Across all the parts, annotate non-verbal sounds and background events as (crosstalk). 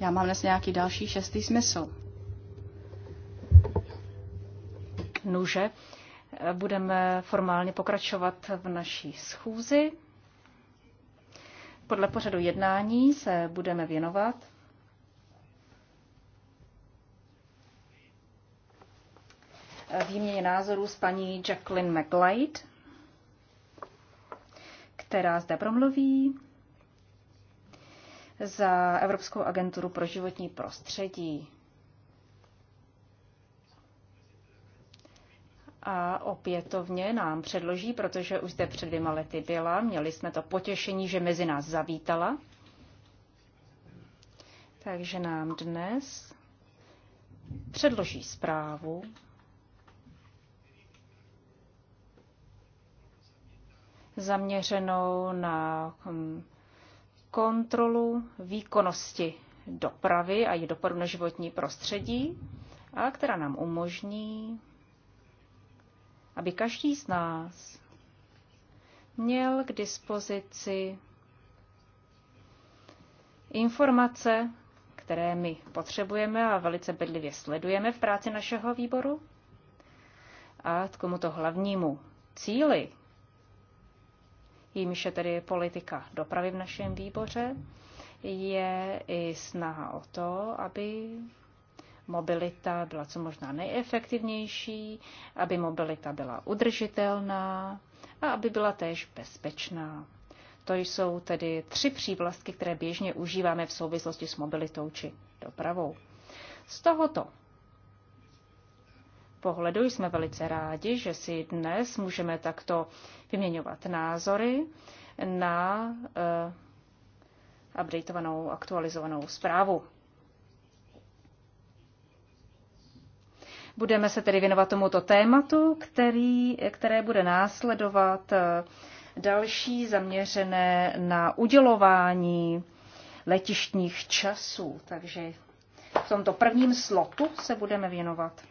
Já mám dnes nějaký další šestý smysl. Nuže, budeme formálně pokračovat v naší schůzi. Podle pořadu jednání se budeme věnovat výměně názorů s paní Jacqueline McLeod, která zde promluví za Evropskou agenturu pro životní prostředí. a opětovně nám předloží, protože už zde před dvěma lety byla. Měli jsme to potěšení, že mezi nás zavítala. Takže nám dnes předloží zprávu zaměřenou na hm, kontrolu výkonnosti dopravy a její dopadu na životní prostředí, a která nám umožní, aby každý z nás měl k dispozici informace, které my potřebujeme a velice bedlivě sledujeme v práci našeho výboru. A k tomuto hlavnímu cíli, jimž je tedy politika dopravy v našem výboře, je i snaha o to, aby mobilita byla co možná nejefektivnější, aby mobilita byla udržitelná a aby byla též bezpečná. To jsou tedy tři přívlastky, které běžně užíváme v souvislosti s mobilitou či dopravou. Z tohoto pohledu jsme velice rádi, že si dnes můžeme takto vyměňovat názory na uh, updateovanou, aktualizovanou zprávu. Budeme se tedy věnovat tomuto tématu, který, které bude následovat eh, další zaměřené na udělování letištních časů. Takže v tomto prvním slotu se budeme věnovat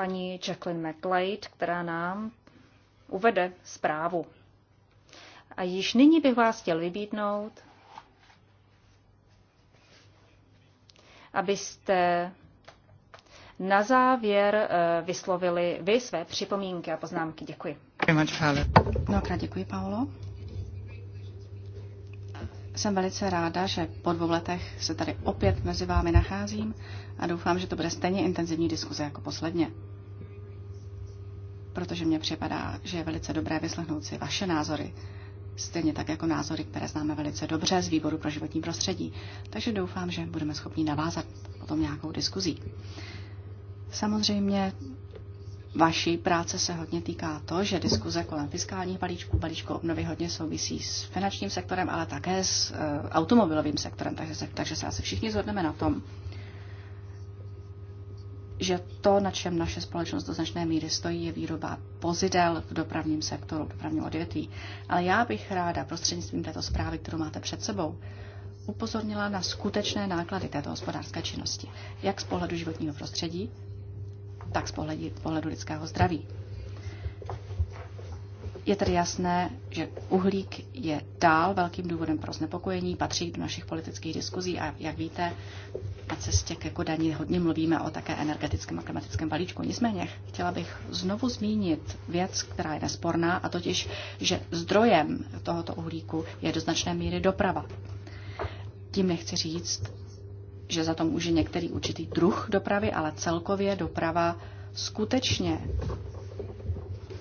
paní Jacqueline McLeod, která nám uvede zprávu. A již nyní bych vás chtěl vybídnout, abyste na závěr eh, vyslovili vy své připomínky a poznámky. Děkuji. Mnohokrát děkuji, Paolo. Jsem velice ráda, že po dvou letech se tady opět mezi vámi nacházím a doufám, že to bude stejně intenzivní diskuze jako posledně protože mně připadá, že je velice dobré vyslechnout si vaše názory, stejně tak jako názory, které známe velice dobře z Výboru pro životní prostředí. Takže doufám, že budeme schopni navázat o tom nějakou diskuzí. Samozřejmě vaší práce se hodně týká to, že diskuze kolem fiskálních balíčků, balíčku obnovy hodně souvisí s finančním sektorem, ale také s e, automobilovým sektorem, takže se, takže se asi všichni zhodneme na tom, že to, na čem naše společnost do značné míry stojí, je výroba pozidel v dopravním sektoru, v dopravním odvětví. Ale já bych ráda prostřednictvím této zprávy, kterou máte před sebou, upozornila na skutečné náklady této hospodářské činnosti, jak z pohledu životního prostředí, tak z pohledu lidského zdraví. Je tedy jasné, že uhlík je dál velkým důvodem pro znepokojení, patří do našich politických diskuzí a jak víte, na cestě ke Kodani hodně mluvíme o také energetickém a klimatickém balíčku. Nicméně chtěla bych znovu zmínit věc, která je nesporná, a totiž, že zdrojem tohoto uhlíku je do značné míry doprava. Tím nechci říct, že za to může některý určitý druh dopravy, ale celkově doprava skutečně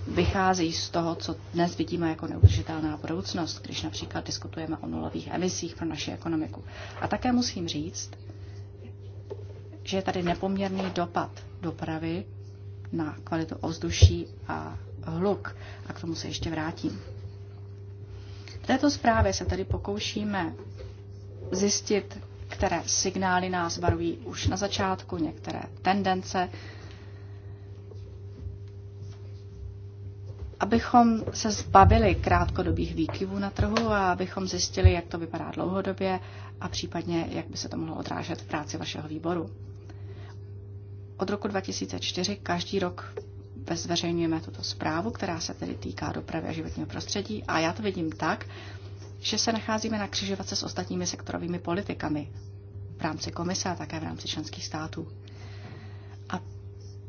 vychází z toho, co dnes vidíme jako neudržitelná budoucnost, když například diskutujeme o nulových emisích pro naši ekonomiku. A také musím říct, že je tady nepoměrný dopad dopravy na kvalitu ovzduší a hluk. A k tomu se ještě vrátím. V této zprávě se tady pokoušíme zjistit, které signály nás varují už na začátku, některé tendence, abychom se zbavili krátkodobých výkyvů na trhu a abychom zjistili, jak to vypadá dlouhodobě a případně, jak by se to mohlo odrážet v práci vašeho výboru. Od roku 2004 každý rok bezveřejňujeme tuto zprávu, která se tedy týká dopravy a životního prostředí a já to vidím tak, že se nacházíme na křižovatce s ostatními sektorovými politikami v rámci komise a také v rámci členských států. A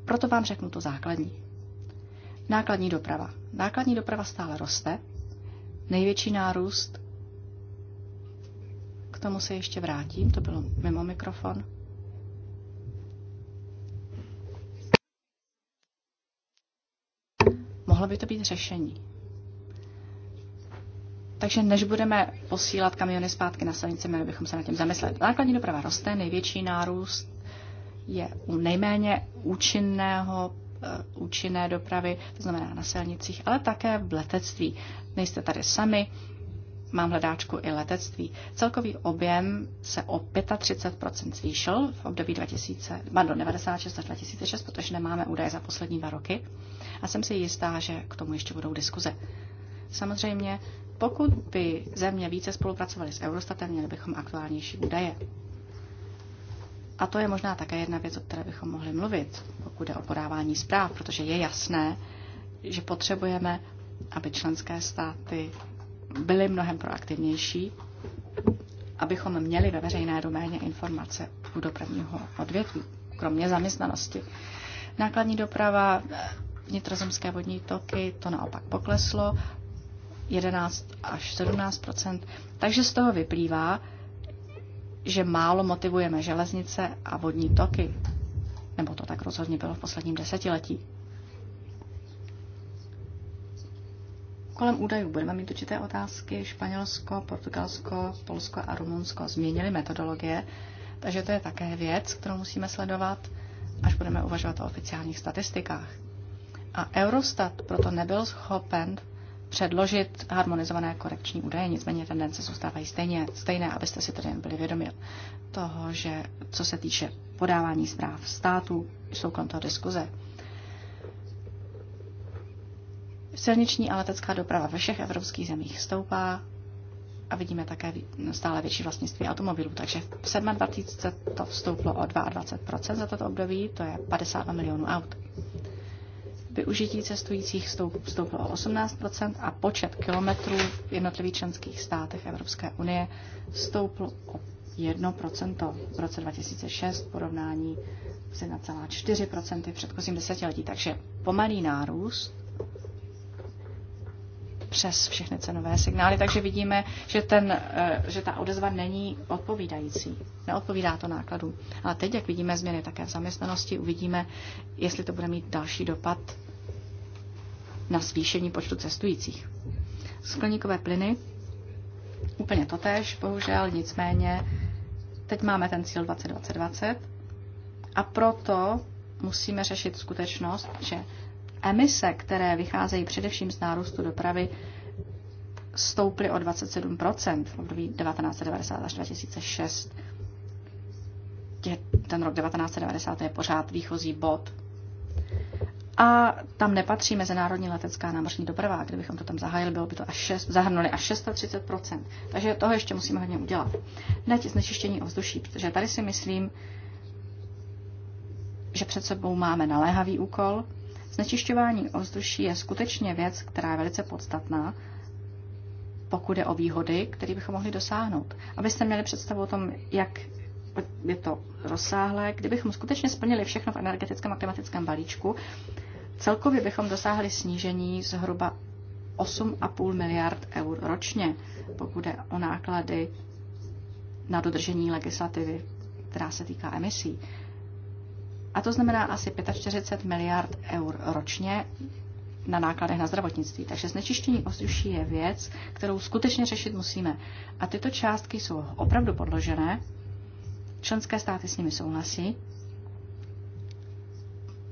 proto vám řeknu to základní Nákladní doprava. Nákladní doprava stále roste. Největší nárůst, k tomu se ještě vrátím, to bylo mimo mikrofon. Mohlo by to být řešení. Takže než budeme posílat kamiony zpátky na silnice, měli bychom se nad tím zamyslet. Nákladní doprava roste, největší nárůst je u nejméně účinného Eh, účinné dopravy, to znamená na silnicích, ale také v letectví. Nejste tady sami, mám hledáčku i letectví. Celkový objem se o 35% zvýšil v období 2000, pardon, 96 až 2006, protože nemáme údaje za poslední dva roky a jsem si jistá, že k tomu ještě budou diskuze. Samozřejmě, pokud by země více spolupracovaly s Eurostatem, měli bychom aktuálnější údaje. A to je možná také jedna věc, o které bychom mohli mluvit, pokud je o podávání zpráv, protože je jasné, že potřebujeme, aby členské státy byly mnohem proaktivnější, abychom měli ve veřejné doméně informace u dopravního odvětví, kromě zaměstnanosti. Nákladní doprava, vnitrozemské vodní toky, to naopak pokleslo 11 až 17 takže z toho vyplývá, že málo motivujeme železnice a vodní toky. Nebo to tak rozhodně bylo v posledním desetiletí. Kolem údajů budeme mít určité otázky. Španělsko, Portugalsko, Polsko a Rumunsko změnili metodologie, takže to je také věc, kterou musíme sledovat, až budeme uvažovat o oficiálních statistikách. A Eurostat proto nebyl schopen předložit harmonizované korekční údaje, nicméně tendence zůstávají stejně, stejné, abyste si tedy byli vědomi toho, že co se týče podávání zpráv státu, jsou kolem toho diskuze. Silniční a letecká doprava ve všech evropských zemích stoupá a vidíme také stále větší vlastnictví automobilů. Takže v 27. to vstouplo o 22% za toto období, to je 52 milionů aut. Využití cestujících stouplo o 18 a počet kilometrů v jednotlivých členských státech Evropské unie stoupl o 1 v roce 2006 v porovnání s 1,4 v předchozím desetiletí. Takže pomalý nárůst přes všechny cenové signály, takže vidíme, že, ten, eh, že ta odezva není odpovídající. Neodpovídá to nákladu. Ale teď, jak vidíme změny také v zaměstnanosti, uvidíme, jestli to bude mít další dopad na zvýšení počtu cestujících. Skleníkové plyny, úplně totéž, bohužel, nicméně, teď máme ten cíl 2020 20, 20, a proto musíme řešit skutečnost, že emise, které vycházejí především z nárůstu dopravy, stouply o 27 v období 1990 až 2006. Ten rok 1990 je pořád výchozí bod. A tam nepatří mezinárodní letecká námořní doprava. Kdybychom to tam zahájili, bylo by to až 6, zahrnuli až 630 Takže toho ještě musíme hodně udělat. Hned znečištění ovzduší, protože tady si myslím, že před sebou máme naléhavý úkol, Znečišťování ovzduší je skutečně věc, která je velice podstatná, pokud je o výhody, které bychom mohli dosáhnout. Abyste měli představu o tom, jak je to rozsáhlé, kdybychom skutečně splnili všechno v energetickém a klimatickém balíčku, celkově bychom dosáhli snížení zhruba 8,5 miliard eur ročně, pokud je o náklady na dodržení legislativy, která se týká emisí. A to znamená asi 45 miliard eur ročně na nákladech na zdravotnictví. Takže znečištění ovzduší je věc, kterou skutečně řešit musíme. A tyto částky jsou opravdu podložené, členské státy s nimi souhlasí.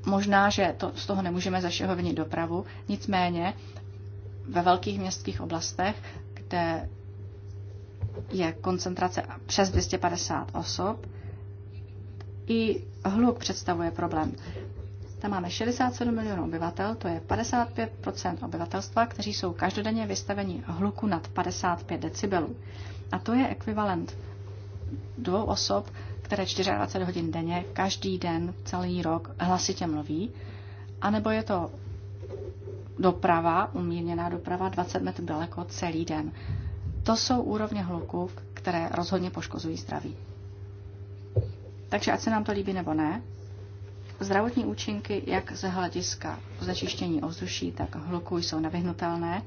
Možná, že to, z toho nemůžeme zašeho dopravu, nicméně ve velkých městských oblastech, kde je koncentrace přes 250 osob, i hluk představuje problém. Tam máme 67 milionů obyvatel, to je 55 obyvatelstva, kteří jsou každodenně vystaveni hluku nad 55 decibelů. A to je ekvivalent dvou osob, které 24 hodin denně, každý den, celý rok hlasitě mluví, nebo je to doprava, umírněná doprava, 20 metrů daleko celý den. To jsou úrovně hluku, které rozhodně poškozují zdraví. Takže ať se nám to líbí nebo ne, zdravotní účinky jak z hlediska znečištění ovzduší, tak hluku jsou nevyhnutelné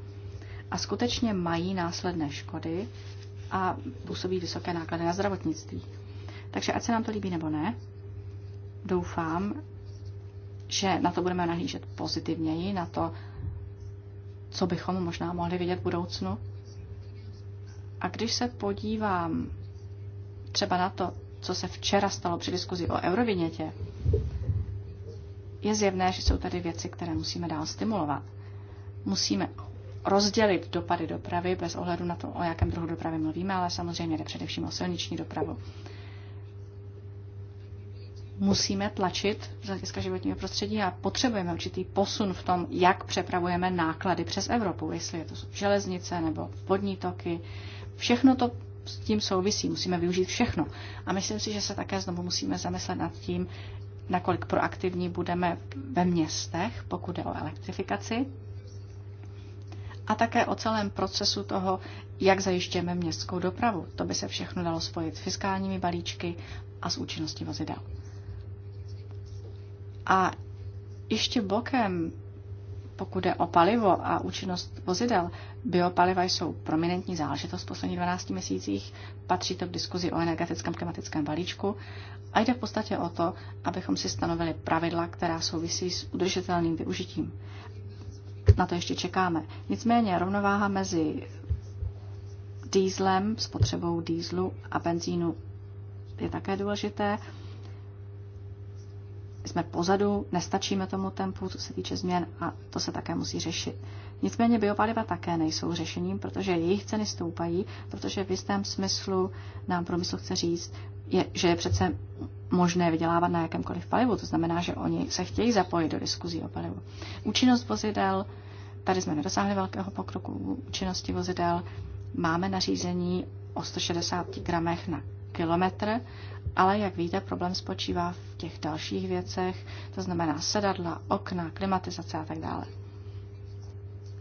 a skutečně mají následné škody a působí vysoké náklady na zdravotnictví. Takže ať se nám to líbí nebo ne, doufám, že na to budeme nahlížet pozitivněji, na to, co bychom možná mohli vidět v budoucnu. A když se podívám třeba na to, co se včera stalo při diskuzi o eurovinětě, je zjevné, že jsou tady věci, které musíme dál stimulovat. Musíme rozdělit dopady dopravy bez ohledu na to, o jakém druhu dopravy mluvíme, ale samozřejmě jde především o silniční dopravu. Musíme tlačit z hlediska životního prostředí a potřebujeme určitý posun v tom, jak přepravujeme náklady přes Evropu, jestli je to železnice nebo vodní toky. Všechno to s tím souvisí. Musíme využít všechno. A myslím si, že se také znovu musíme zamyslet nad tím, nakolik proaktivní budeme ve městech, pokud je o elektrifikaci, a také o celém procesu toho, jak zajišťujeme městskou dopravu. To by se všechno dalo spojit s fiskálními balíčky a s účinností vozidel. A ještě bokem pokud je o palivo a účinnost vozidel, biopaliva jsou prominentní záležitost v posledních 12 měsících, patří to k diskuzi o energetickém klimatickém balíčku a jde v podstatě o to, abychom si stanovili pravidla, která souvisí s udržitelným využitím. Na to ještě čekáme. Nicméně rovnováha mezi dýzlem, spotřebou dýzlu a benzínu je také důležité jsme pozadu, nestačíme tomu tempu, co se týče změn a to se také musí řešit. Nicméně biopaliva také nejsou řešením, protože jejich ceny stoupají, protože v jistém smyslu nám průmysl chce říct, je, že je přece možné vydělávat na jakémkoliv palivu. To znamená, že oni se chtějí zapojit do diskuzí o palivu. Účinnost vozidel, tady jsme nedosáhli velkého pokroku účinnosti vozidel. Máme nařízení o 160 gramech na kilometr, ale jak víte, problém spočívá v těch dalších věcech, to znamená sedadla, okna, klimatizace a tak dále.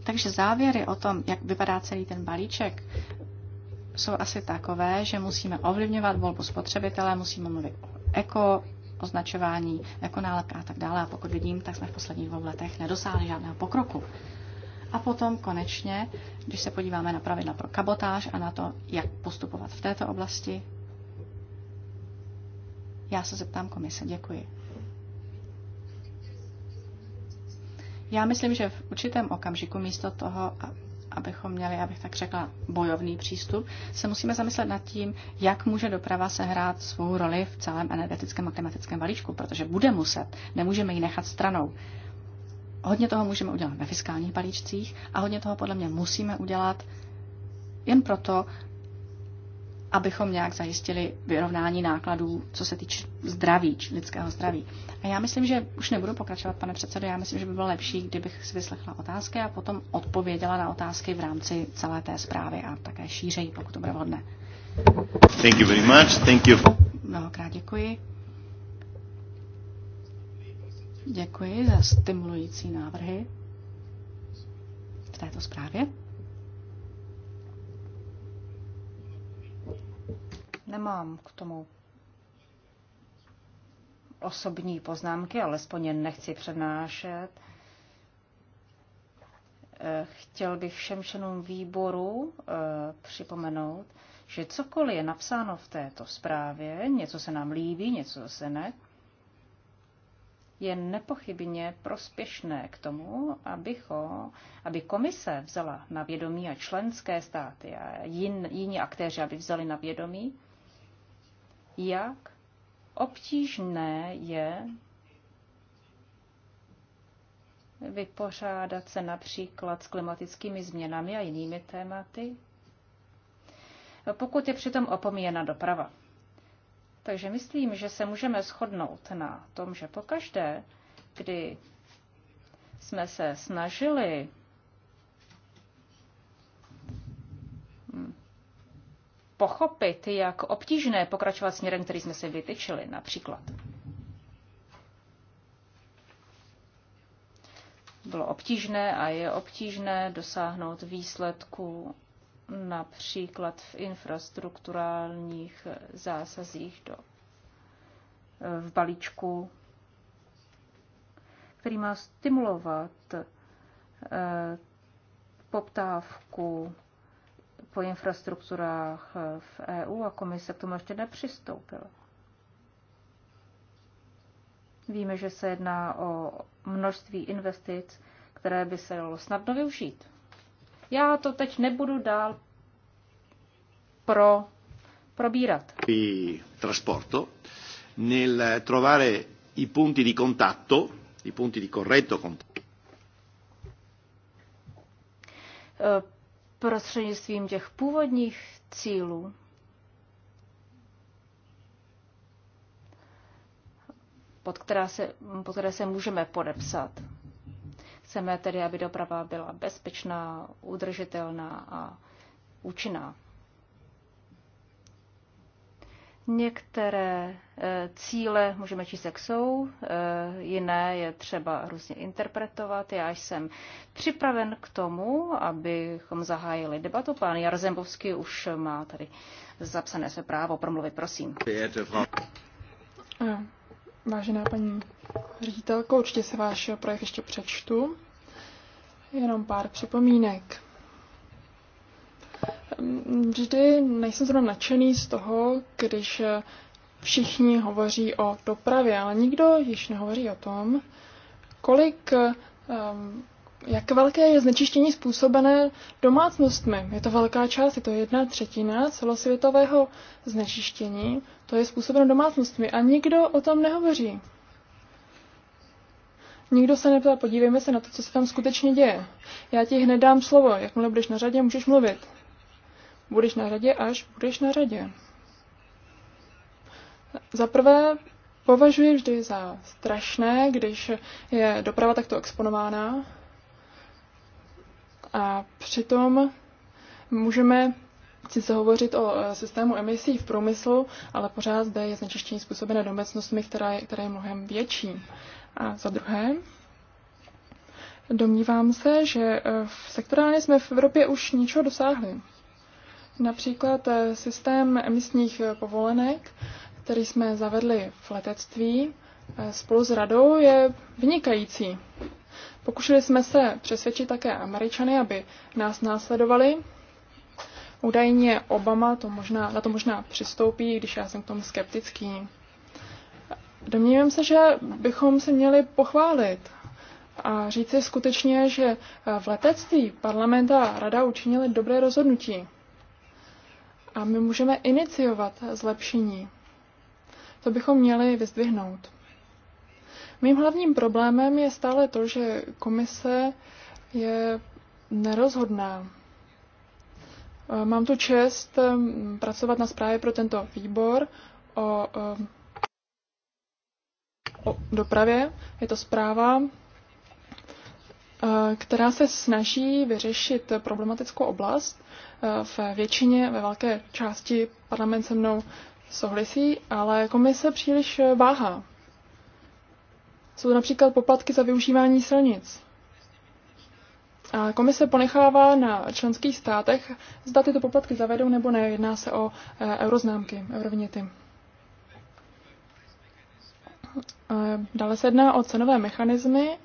Takže závěry o tom, jak vypadá celý ten balíček, jsou asi takové, že musíme ovlivňovat volbu spotřebitele, musíme mluvit o eko, označování, ekonálepka a tak dále. A pokud vidím, tak jsme v posledních dvou letech nedosáhli žádného pokroku. A potom konečně, když se podíváme na pravidla pro kabotáž a na to, jak postupovat v této oblasti, já se zeptám komise. Děkuji. Já myslím, že v určitém okamžiku místo toho, abychom měli, abych tak řekla, bojovný přístup, se musíme zamyslet nad tím, jak může doprava sehrát svou roli v celém energetickém a klimatickém balíčku, protože bude muset, nemůžeme ji nechat stranou. Hodně toho můžeme udělat ve fiskálních balíčcích a hodně toho podle mě musíme udělat jen proto, abychom nějak zajistili vyrovnání nákladů, co se týče zdraví, lidského zdraví. A já myslím, že už nebudu pokračovat, pane předsedo, já myslím, že by bylo lepší, kdybych si vyslechla otázky a potom odpověděla na otázky v rámci celé té zprávy a také šířeji, pokud to bude vhodné. Thank you very much. Thank you. Mnohokrát děkuji. Děkuji za stimulující návrhy v této zprávě. Nemám k tomu osobní poznámky, alespoň je nechci přednášet. Eh, chtěl bych všem členům výboru eh, připomenout, že cokoliv je napsáno v této zprávě, něco se nám líbí, něco se ne, je nepochybně prospěšné k tomu, abycho, aby komise vzala na vědomí a členské státy a jin, jiní aktéři, aby vzali na vědomí, jak obtížné je vypořádat se například s klimatickými změnami a jinými tématy, pokud je přitom opomíjena doprava. Takže myslím, že se můžeme shodnout na tom, že pokaždé, kdy jsme se snažili pochopit, jak obtížné pokračovat směrem, který jsme si vytyčili například. Bylo obtížné a je obtížné dosáhnout výsledku například v infrastrukturálních zásazích do, v balíčku, který má stimulovat eh, poptávku po infrastrukturách eh, v EU a komise k tomu ještě nepřistoupila. Víme, že se jedná o množství investic, které by se dalo snadno využít. Já to teď nebudu dál pro, probírat. transporto. nel trovare i punti di contatto, i punti di corretto contatto. Eh, prostřednictvím těch původních cílů. Pod které, se, pod které se můžeme podepsat. Chceme tedy, aby doprava byla bezpečná, udržitelná a účinná. Některé eh, cíle můžeme číst, jak jsou, eh, jiné je třeba různě interpretovat. Já jsem připraven k tomu, abychom zahájili debatu. Pán Jarzembovský už má tady zapsané své právo promluvit, prosím. Vážená paní ředitelko, určitě se váš projev ještě přečtu. Jenom pár připomínek. Vždy nejsem zrovna nadšený z toho, když všichni hovoří o dopravě, ale nikdo již nehovoří o tom, kolik, ehm, jak velké je znečištění způsobené domácnostmi. Je to velká část, je to jedna třetina celosvětového znečištění, to je způsobeno domácnostmi a nikdo o tom nehovoří. Nikdo se neptal, podívejme se na to, co se tam skutečně děje. Já ti hned dám slovo, jakmile budeš na řadě, můžeš mluvit. Budeš na radě, až budeš na radě. Za prvé považuji vždy za strašné, když je doprava takto exponována. A přitom můžeme sice hovořit o eh, systému emisí v průmyslu, ale pořád zde je znečištění způsobené domácnostmi, která je, která je mnohem větší. A za druhé, domnívám se, že eh, v sektorálně jsme v Evropě už ničeho dosáhli. Například eh, systém emisních eh, povolenek, který jsme zavedli v letectví eh, spolu s radou, je vynikající. Pokušili jsme se přesvědčit také Američany, aby nás následovali. Údajně Obama to možná, na to možná přistoupí, když já jsem k tomu skeptický. Domnívám se, že bychom se měli pochválit a říci skutečně, že v letectví parlament a rada učinili dobré rozhodnutí. A my můžeme iniciovat zlepšení. To bychom měli vyzdvihnout. Mým hlavním problémem je stále to, že komise je nerozhodná. E, mám tu čest e, pracovat na zprávě pro tento výbor o, e, o dopravě. Je to zpráva, která se snaží vyřešit problematickou oblast, v většině, ve velké části parlament se mnou souhlasí, ale komise příliš váhá. Jsou například poplatky za využívání silnic. A komise ponechává na členských státech, zda tyto poplatky zavedou nebo ne. Jedná se o eh, euroznámky, eurovinity. Eh, dále se jedná o cenové mechanismy,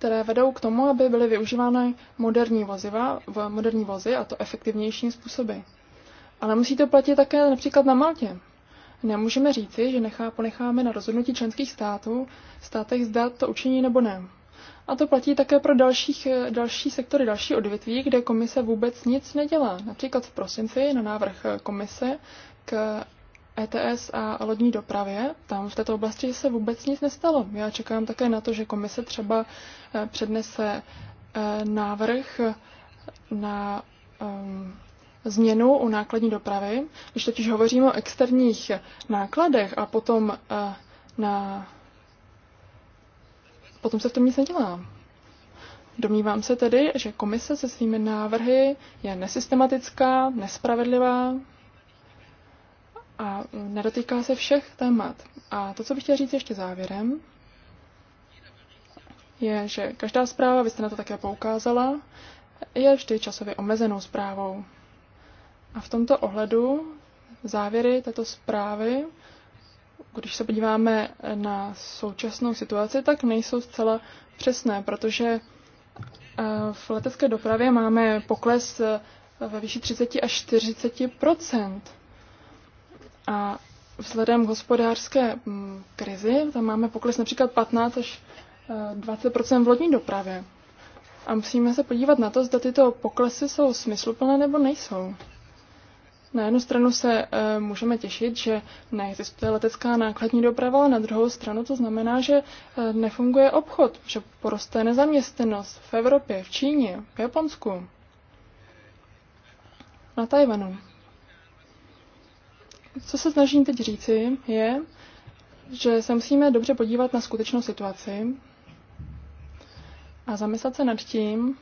které vedou k tomu, aby byly využívány moderní, voziva, moderní vozy a to efektivnější způsoby. Ale musí to platit také například na Maltě. Nemůžeme říci, že nechá, ponecháme na rozhodnutí členských států, státech zda to učiní nebo ne. A to platí také pro dalších, eh, další sektory, další odvětví, kde komise vůbec nic nedělá. Například v prosinci na návrh eh, komise k ETS a lodní dopravě, tam v této oblasti se vůbec nic nestalo. Já čekám také na to, že komise třeba eh, přednese eh, návrh na ehm, změnu u nákladní dopravy. Když totiž hovoříme o externích nákladech a potom eh, na... Potom se v tom nic nedělá. Domnívám se tedy, že komise se svými návrhy je nesystematická, nespravedlivá, a e, nedotýká se všech témat. A to, co bych chtěla říct ještě závěrem, je, že každá zpráva, vy jste na to také poukázala, je vždy časově omezenou zprávou. A v tomto ohledu závěry této zprávy, když se podíváme na současnou situaci, tak nejsou zcela přesné, protože e, v letecké dopravě máme pokles e, ve výši 30 až 40 a vzhledem k hospodářské mm, krizi, tam máme pokles například 15 až 20 e, v lodní dopravě. A musíme se podívat na to, zda tyto poklesy jsou smysluplné nebo nejsou. Na jednu stranu se e, můžeme těšit, že neexistuje letecká nákladní doprava, ale na druhou stranu to znamená, že e, nefunguje obchod, že poroste nezaměstnanost v Evropě, v Číně, v Japonsku, na Tajvanu. Co se snažím teď říci, je, že se musíme dobře podívat na skutečnou situaci a zamyslet se nad tím,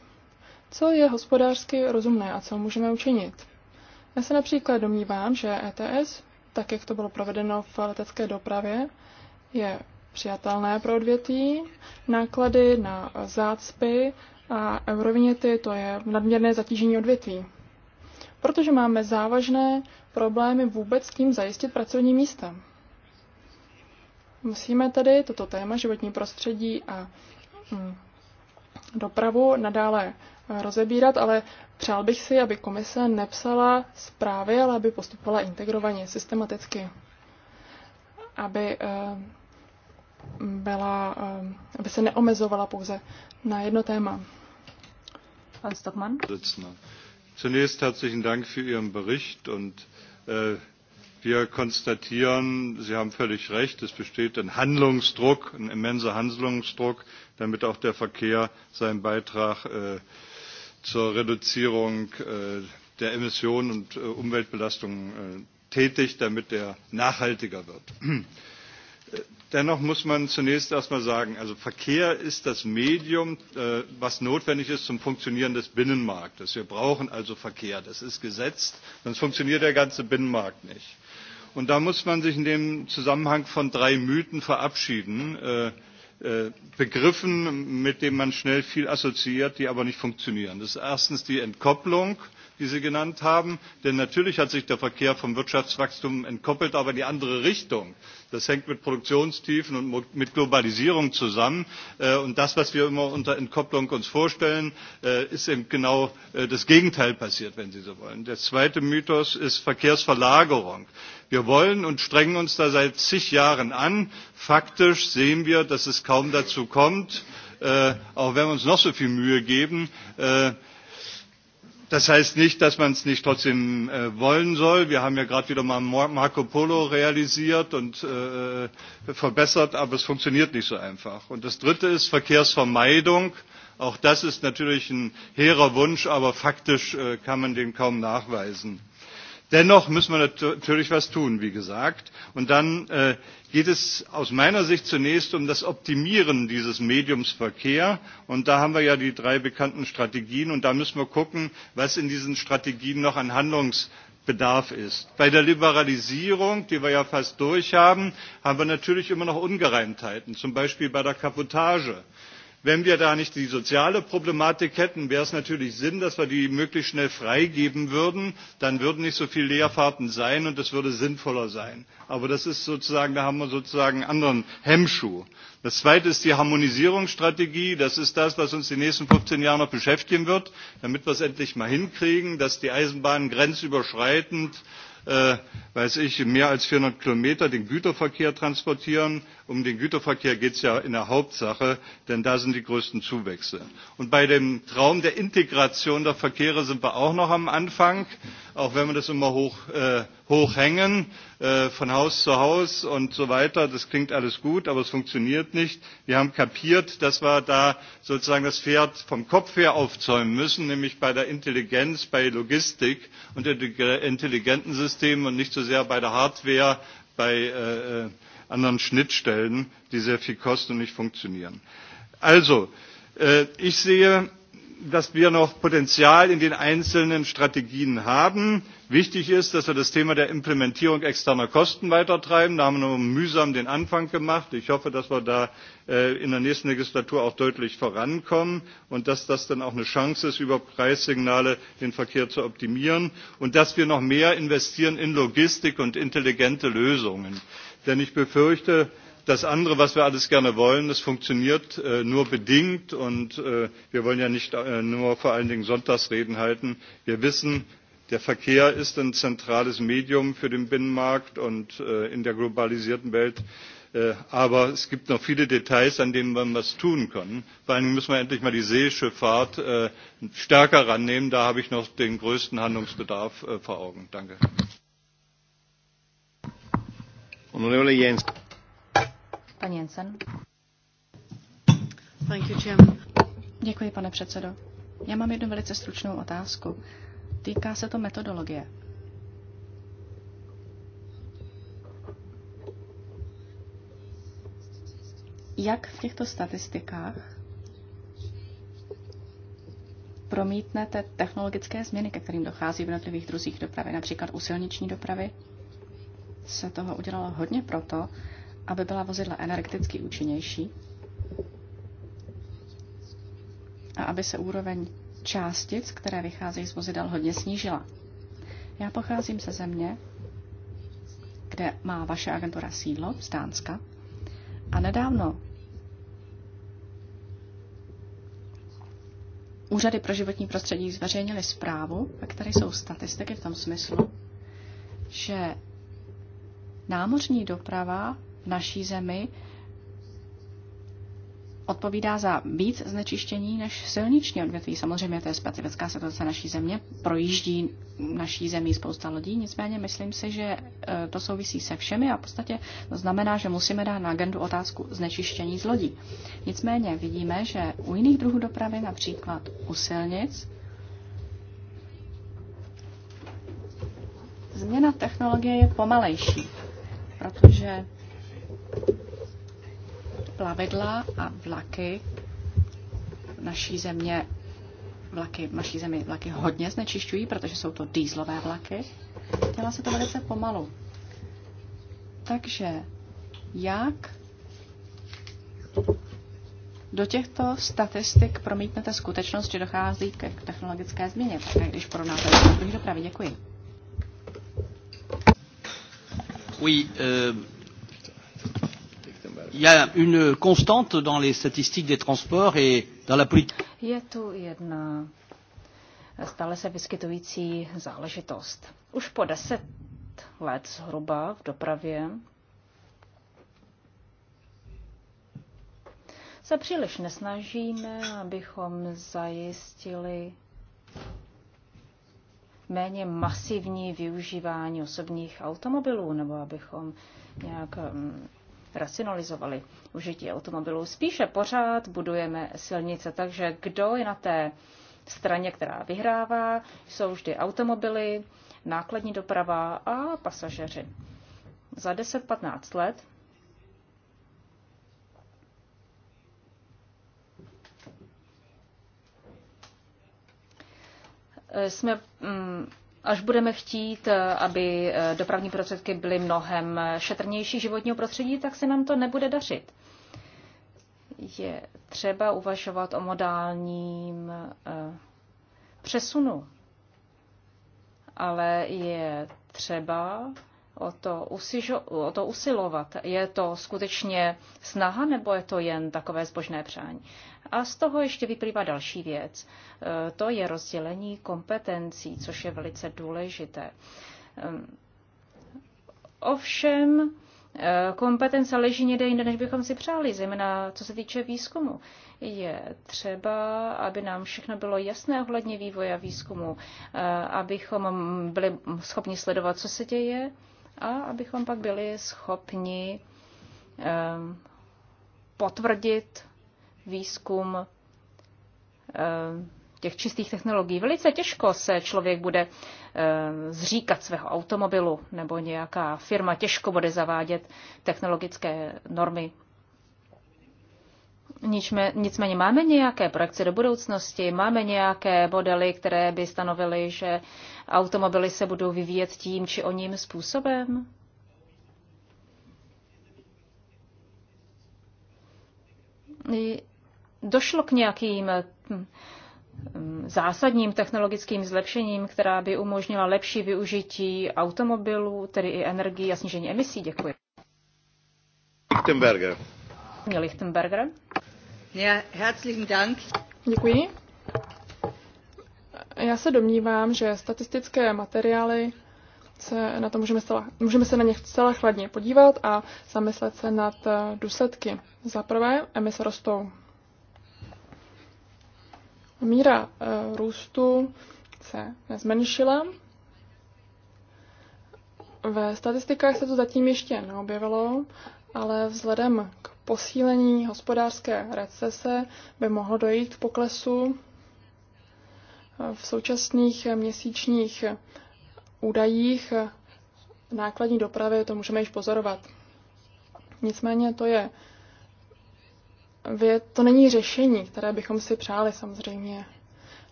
co je hospodářsky rozumné a co můžeme učinit. Já se například domnívám, že ETS, tak jak to bylo provedeno v letecké dopravě, je přijatelné pro odvětví. Náklady na zácpy a eurovinety, to je nadměrné zatížení odvětví protože máme závažné problémy vůbec s tím zajistit pracovní místa. Musíme tedy toto téma životní prostředí a hm, dopravu nadále e, rozebírat, ale přál bych si, aby komise nepsala zprávy, ale aby postupovala integrovaně, systematicky. Aby e, byla, e, aby se neomezovala pouze na jedno téma. Pan Stockman? Zunächst herzlichen Dank für Ihren Bericht und äh, wir konstatieren, Sie haben völlig recht, es besteht ein Handlungsdruck, ein immenser Handlungsdruck, damit auch der Verkehr seinen Beitrag äh, zur Reduzierung äh, der Emissionen und äh, Umweltbelastungen äh, tätigt, damit er nachhaltiger wird. Dennoch muss man zunächst erstmal sagen, also Verkehr ist das Medium, äh, was notwendig ist zum Funktionieren des Binnenmarktes. Wir brauchen also Verkehr. Das ist gesetzt, sonst funktioniert der ganze Binnenmarkt nicht. Und da muss man sich in dem Zusammenhang von drei Mythen verabschieden. Äh, äh, Begriffen, mit denen man schnell viel assoziiert, die aber nicht funktionieren. Das ist erstens die Entkopplung die Sie genannt haben. Denn natürlich hat sich der Verkehr vom Wirtschaftswachstum entkoppelt, aber in die andere Richtung. Das hängt mit Produktionstiefen und mit Globalisierung zusammen. Äh, und das, was wir immer unter Entkopplung uns vorstellen, äh, ist eben genau äh, das Gegenteil passiert, wenn Sie so wollen. Der zweite Mythos ist Verkehrsverlagerung. Wir wollen und strengen uns da seit zig Jahren an. Faktisch sehen wir, dass es kaum dazu kommt, auch wenn wir uns noch so viel Mühe geben. Das heißt nicht, dass man es nicht trotzdem äh, wollen soll. Wir haben ja gerade wieder mal Marco Polo realisiert und äh, äh, verbessert, aber es funktioniert nicht so einfach. Und das Dritte ist Verkehrsvermeidung. Auch das ist natürlich ein hehrer Wunsch, aber faktisch äh, kann man den kaum nachweisen. Dennoch müssen wir natürlich was tun, wie gesagt. Und dann äh, geht es aus meiner Sicht zunächst um das Optimieren dieses Mediums Verkehr. Und da haben wir ja die drei bekannten Strategien. Und da müssen wir gucken, was in diesen Strategien noch an Handlungsbedarf ist. Bei der Liberalisierung, die wir ja fast durch haben, haben wir natürlich immer noch Ungereimtheiten, zum Beispiel bei der Kaputage. Wenn wir da nicht die soziale Problematik hätten, wäre es natürlich Sinn, dass wir die möglichst schnell freigeben würden. Dann würden nicht so viele Leerfahrten sein und es würde sinnvoller sein. Aber das ist sozusagen, da haben wir sozusagen einen anderen Hemmschuh. Das zweite ist die Harmonisierungsstrategie. Das ist das, was uns die nächsten 15 Jahre noch beschäftigen wird, damit wir es endlich mal hinkriegen, dass die Eisenbahnen grenzüberschreitend äh, weiß ich, mehr als 400 Kilometer den Güterverkehr transportieren, um den Güterverkehr geht es ja in der Hauptsache, denn da sind die größten Zuwächse. Und bei dem Traum der Integration der Verkehre sind wir auch noch am Anfang, auch wenn wir das immer hoch, äh, hochhängen, äh, von Haus zu Haus und so weiter. Das klingt alles gut, aber es funktioniert nicht. Wir haben kapiert, dass wir da sozusagen das Pferd vom Kopf her aufzäumen müssen, nämlich bei der Intelligenz, bei Logistik und intelligenten Systemen und nicht so sehr bei der Hardware, bei äh, äh anderen Schnittstellen, die sehr viel kosten und nicht funktionieren. Also, äh, ich sehe, dass wir noch Potenzial in den einzelnen Strategien haben. Wichtig ist, dass wir das Thema der Implementierung externer Kosten weitertreiben. Da haben wir nur mühsam den Anfang gemacht. Ich hoffe, dass wir da äh, in der nächsten Legislatur auch deutlich vorankommen und dass das dann auch eine Chance ist, über Preissignale den Verkehr zu optimieren und dass wir noch mehr investieren in Logistik und intelligente Lösungen denn ich befürchte, das andere, was wir alles gerne wollen, das funktioniert äh, nur bedingt und äh, wir wollen ja nicht äh, nur vor allen Dingen Sonntagsreden halten. Wir wissen, der Verkehr ist ein zentrales Medium für den Binnenmarkt und in der globalisierten Welt. aber es gibt noch viele Details, an denen man was tun kann. Vor allen Dingen müssen wir endlich mal die Seeschifffahrt stärker rannehmen. Da habe ich noch den größten Handlungsbedarf vor Augen. Danke. Honorable Jens. Pan Jensen. Thank you, Jim. Děkuji, pane předsedo. Já mám jednu velice stručnou otázku. Týká se to metodologie. Jak v těchto statistikách promítnete technologické změny, ke kterým dochází v jednotlivých druzích dopravy, například u silniční dopravy se toho udělalo hodně proto, aby byla vozidla energeticky účinnější a aby se úroveň částic, které vycházejí z vozidel, hodně snížila. Já pocházím ze země, kde má vaše agentura sídlo, z Dánska, a nedávno Úřady pro životní prostředí zveřejnily zprávu, ve které jsou statistiky v tom smyslu, že Námořní doprava v naší zemi odpovídá za víc znečištění než silniční odvětví. Samozřejmě to je specifická situace naší země, projíždí naší zemí spousta lodí, nicméně myslím si, že e, to souvisí se všemi a v podstatě to znamená, že musíme dát na agendu otázku znečištění z lodí. Nicméně vidíme, že u jiných druhů dopravy, například u silnic, změna technologie je pomalejší protože plavidla a vlaky v naší země vlaky, v naší zemi vlaky hodně znečišťují, protože jsou to dýzlové vlaky. Dělá se to velice pomalu. Takže jak do těchto statistik promítnete skutečnost, že dochází k technologické změně, tak když porovnáte do dopravy. Děkuji. Oui, euh, il y a une constante dans les statistiques des transports et dans la politique. Je tu jedna stále se vyskytující záležitost. Už po deset let zhruba v dopravě se příliš nesnažíme, abychom zajistili méně masivní využívání osobních automobilů, nebo abychom nějak mm, racionalizovali užití automobilů. Spíše pořád budujeme silnice, takže kdo je na té straně, která vyhrává, jsou vždy automobily, nákladní doprava a pasažeři. Za 10-15 let jsme, mm, až budeme chtít, eh, aby eh, dopravní prostředky byly mnohem šetrnější životního prostředí, tak se nám to nebude dařit. Je třeba uvažovat o modálním eh, přesunu, ale je třeba o to, usižo, o to usilovat. Je to skutečně snaha, nebo je to jen takové zbožné přání? A z toho ještě vyplývá další věc. E, to je rozdělení kompetencí, což je velice důležité. E, ovšem, e, kompetence leží někde jinde, než bychom si přáli, zejména co se týče výzkumu. Je třeba, aby nám všechno bylo jasné ohledně vývoje a výzkumu, abychom byli schopni sledovat, co se děje a abychom pak byli schopni potvrdit výzkum eh, těch čistých technologií. Velice těžko se člověk bude eh, zříkat svého automobilu nebo nějaká firma těžko bude zavádět technologické normy. Nicméně máme nějaké projekce do budoucnosti, máme nějaké modely, které by stanovily, že automobily se budou vyvíjet tím či o ním způsobem? došlo k nějakým hm, hm, zásadním technologickým zlepšením, která by umožnila lepší využití automobilů, tedy i energii a snížení emisí? Děkuji. Lichtenberger. Mě Lichtenberger. Ja, herzlichen Dank. Děkuji. Já se domnívám, že statistické materiály se na to můžeme, stala, můžeme se na ně celé chladně podívat a zamyslet se nad eh, důsledky. Za prvé, emise rostou Míra eh, růstu se nezmenšila. Ve statistikách se to zatím ještě neobjevilo, ale vzhledem k posílení hospodářské recese by mohlo dojít k poklesu. V současných měsíčních údajích nákladní dopravy to můžeme již pozorovat. Nicméně to je věd, to není řešení, které bychom si přáli samozřejmě.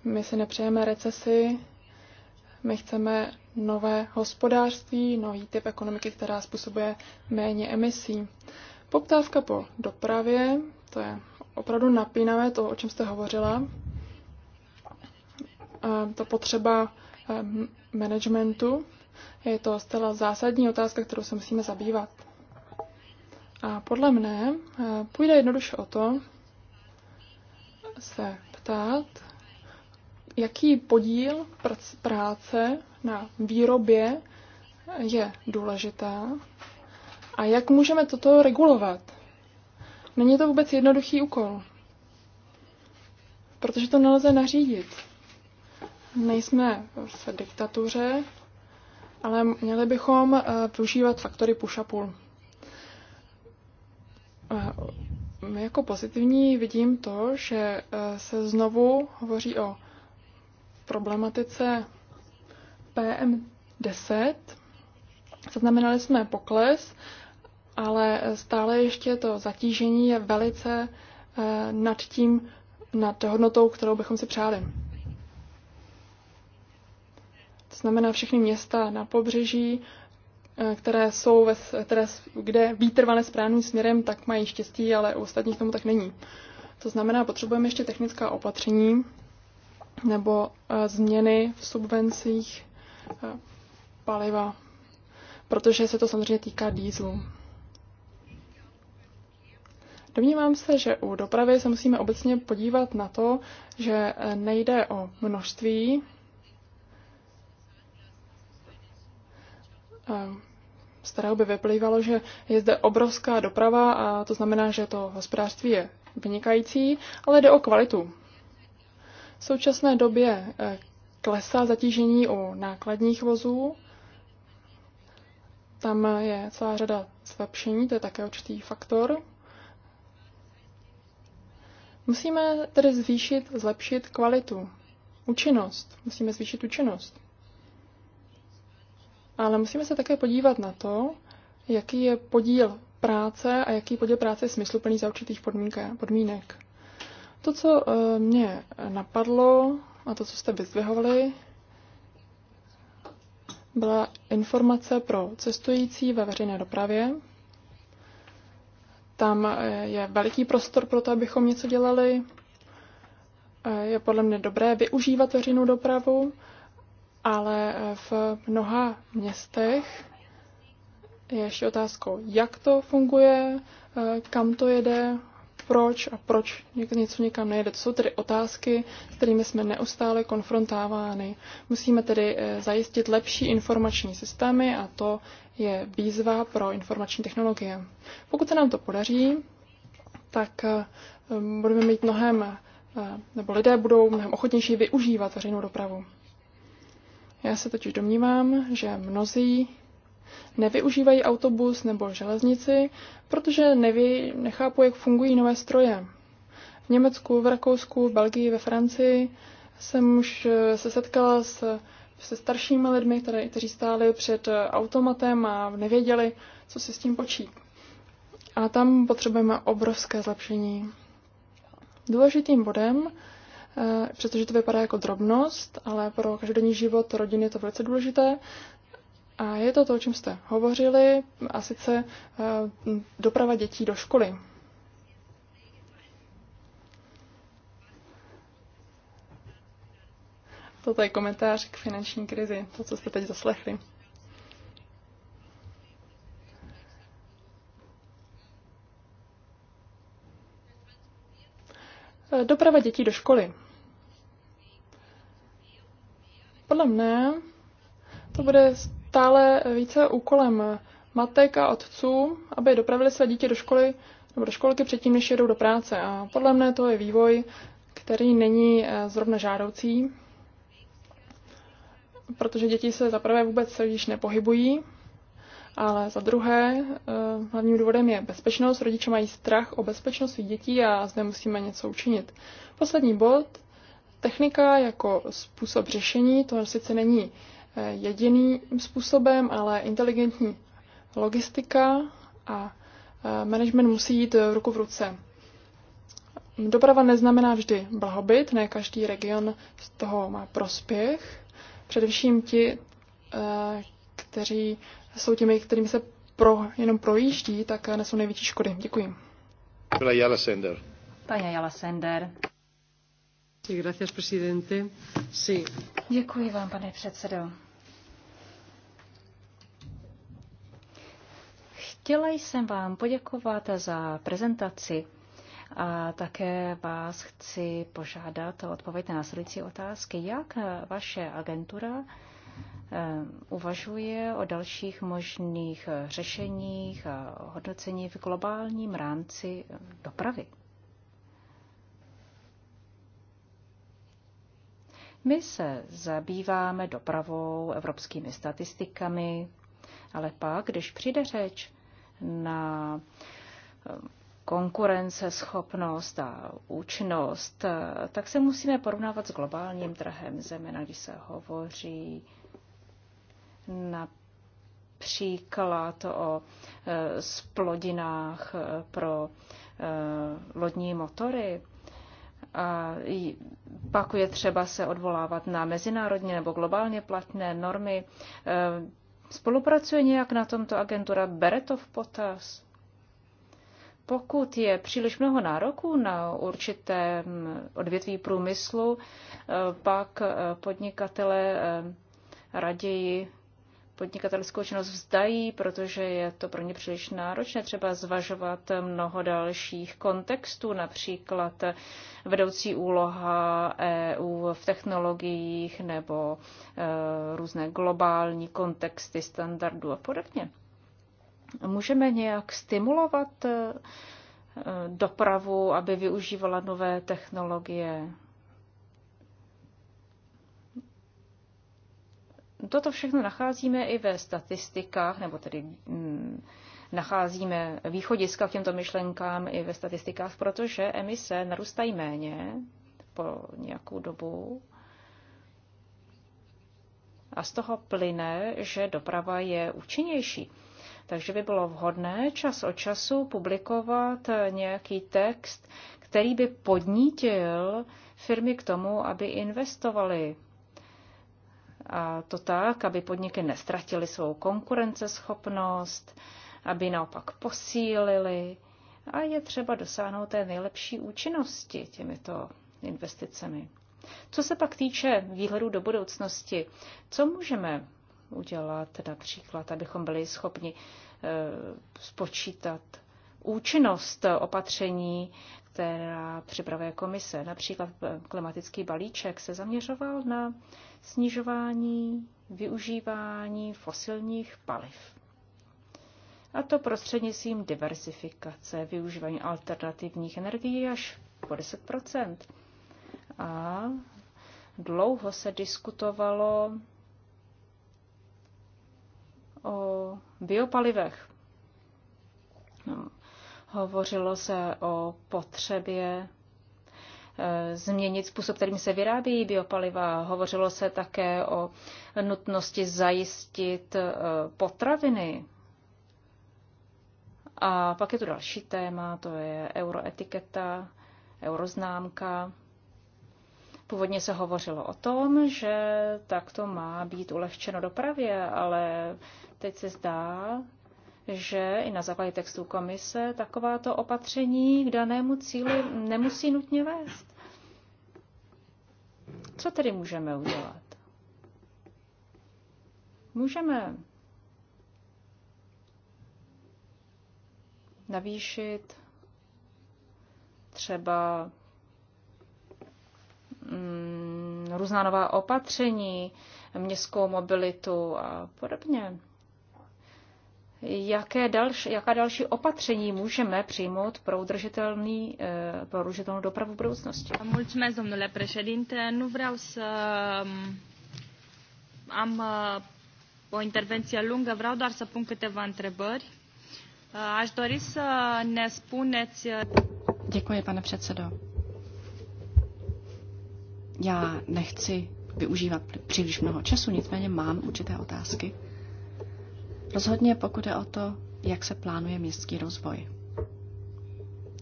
My si nepřejeme recesi, my chceme nové hospodářství, nový typ ekonomiky, která způsobuje méně emisí. Poptávka po dopravě, to je opravdu napínavé, to, o čem jste hovořila. To potřeba eh, managementu, je to zcela zásadní otázka, kterou se musíme zabývat. A podle mne eh, půjde jednoduše o to se ptát, jaký podíl práce na výrobě je důležitá a jak můžeme toto regulovat. Není to vůbec jednoduchý úkol, protože to nelze nařídit. Nejsme v diktatuře, ale měli bychom eh, využívat faktory push up pull Eh, jako pozitivní vidím to, že eh, se znovu hovoří o problematice PM10. Zaznamenali jsme pokles, ale stále ještě to zatížení je velice eh, nad tím, nad hodnotou, kterou bychom si přáli. To znamená všechny města na pobřeží Eh, které jsou, ve, které, kde výtrvané správným směrem, tak mají štěstí, ale u ostatních tomu tak není. To znamená, potřebujeme ještě technická opatření nebo eh, změny v subvencích eh, paliva, protože se to samozřejmě týká dýzlu. Domnívám se, že u dopravy se musíme obecně podívat na to, že nejde o množství z kterého by vyplývalo, že je zde obrovská doprava a to znamená, že to hospodářství je vynikající, ale jde o kvalitu. V současné době eh, klesá zatížení u nákladních vozů. Tam je celá řada zlepšení, to je také určitý faktor. Musíme tedy zvýšit, zlepšit kvalitu, účinnost. Musíme zvýšit účinnost. Ale musíme se také podívat na to, jaký je podíl práce a jaký podíl práce je smysluplný za určitých podmínek. To, co eh, mě napadlo a to, co jste vyzdvihovali, byla informace pro cestující ve veřejné dopravě. Tam eh, je veliký prostor pro to, abychom něco dělali. Eh, je podle mě dobré využívat veřejnou dopravu ale eh, v mnoha městech je ještě otázkou, jak to funguje, eh, kam to jede, proč a proč něco někam nejde. To jsou tedy otázky, s kterými jsme neustále konfrontávány. Musíme tedy eh, zajistit lepší informační systémy a to je výzva pro informační technologie. Pokud se nám to podaří, tak budeme mít mnohem, nebo lidé budou mnohem ochotnější využívat veřejnou dopravu. Já se totiž domnívám, že mnozí nevyužívají autobus nebo železnici, protože neví, nechápu, jak fungují nové stroje. V Německu, v Rakousku, v Belgii, ve Francii jsem už eh, se setkala s, se staršími lidmi, které, kteří stáli před eh, automatem a nevěděli, co si s tím počít. A tam potřebujeme obrovské zlepšení. Důležitým bodem Eh, přestože to vypadá jako drobnost, ale pro každodenní život rodiny je to velice důležité. A je to to, o čem jste hovořili, a sice eh, doprava dětí do školy. Toto je komentář k finanční krizi, to, co jste teď zaslechli. Eh, doprava dětí do školy. Podle mne to bude stále více úkolem matek a otců, aby dopravili své dítě do školy nebo do školky předtím, než jedou do práce. A podle mne to je vývoj, který není eh, zrovna žádoucí, protože děti se za prvé vůbec již nepohybují, ale za druhé eh, hlavním důvodem je bezpečnost. Rodiče mají strach o bezpečnost svých dětí a zde musíme něco učinit. Poslední bod Technika jako způsob řešení, to sice není eh, jediným způsobem, ale inteligentní logistika a eh, management musí jít ruku v ruce. Doprava neznamená vždy blahobyt, ne každý region z toho má prospěch. Především ti, eh, kteří jsou těmi, kterými se pro, jenom projíždí, tak nesou největší škody. Děkuji. Byla Jala Sender. Paní Jala Sender. Děkuji vám, pane předsedo. Chtěla jsem vám poděkovat za prezentaci a také vás chci požádat o odpověď na následující otázky. Jak vaše agentura eh, uvažuje o dalších možných řešeních a hodnocení v globálním rámci dopravy? My se zabýváme dopravou, evropskými statistikami, ale pak, když přijde řeč na eh, konkurenceschopnost a účinnost, eh, tak se musíme porovnávat s globálním trhem, zejména když se hovoří například o eh, splodinách pro lodní motory. A pak je třeba se odvolávat na mezinárodně nebo globálně platné normy. E, spolupracuje nějak na tomto agentura? Bere to v potaz? Pokud je příliš mnoho nároků na určité odvětví průmyslu, e, pak e, podnikatele raději podnikatelskou činnost vzdají, protože je to pro ně příliš náročné třeba zvažovat mnoho dalších kontextů, například vedoucí úloha EU v technologiích nebo eh, různé globální kontexty standardů a podobně. Můžeme nějak stimulovat eh, dopravu, aby využívala nové technologie, Toto všechno nacházíme i ve statistikách, nebo tedy mm, nacházíme východiska k těmto myšlenkám i ve statistikách, protože emise narůstají méně po nějakou dobu. A z toho plyne, že doprava je účinnější. Takže by bylo vhodné čas od času publikovat nějaký text, který by podnítil firmy k tomu, aby investovali. A to tak, aby podniky nestratily svou konkurenceschopnost, aby naopak posílili. A je třeba dosáhnout té nejlepší účinnosti těmito investicemi. Co se pak týče výhledu do budoucnosti, co můžeme udělat například, abychom byli schopni eh, spočítat účinnost opatření, která připravuje komise. Například klimatický balíček se zaměřoval na snižování využívání fosilních paliv. A to prostřednictvím diversifikace, využívání alternativních energií až po 10 A dlouho se diskutovalo o biopalivech. No Hovořilo se o potřebě e, změnit způsob, kterým se vyrábí biopaliva. Hovořilo se také o nutnosti zajistit e, potraviny. A pak je tu další téma, to je euroetiketa, euroznámka. Původně se hovořilo o tom, že takto má být ulehčeno dopravě, ale teď se zdá, že i na základě textu komise takováto opatření k danému cíli nemusí nutně vést. Co tedy můžeme udělat? Můžeme navýšit třeba mm, různá nová opatření, městskou mobilitu a podobně jaké další, jaká další opatření můžeme přijmout pro, udržitelný, eh, pro udržitelnou dopravu v budoucnosti. Mulțumesc, domnule președinte. Nu vreau să mm, am eh, o intervenție lungă, vreau doar să pun câteva întrebări. Eh, aș dori să ne spuneți... Děkuji, pane předsedo. Já nechci využívat příliš mnoho času, nicméně mám určité otázky. Rozhodně pokud je o to, jak se plánuje městský rozvoj.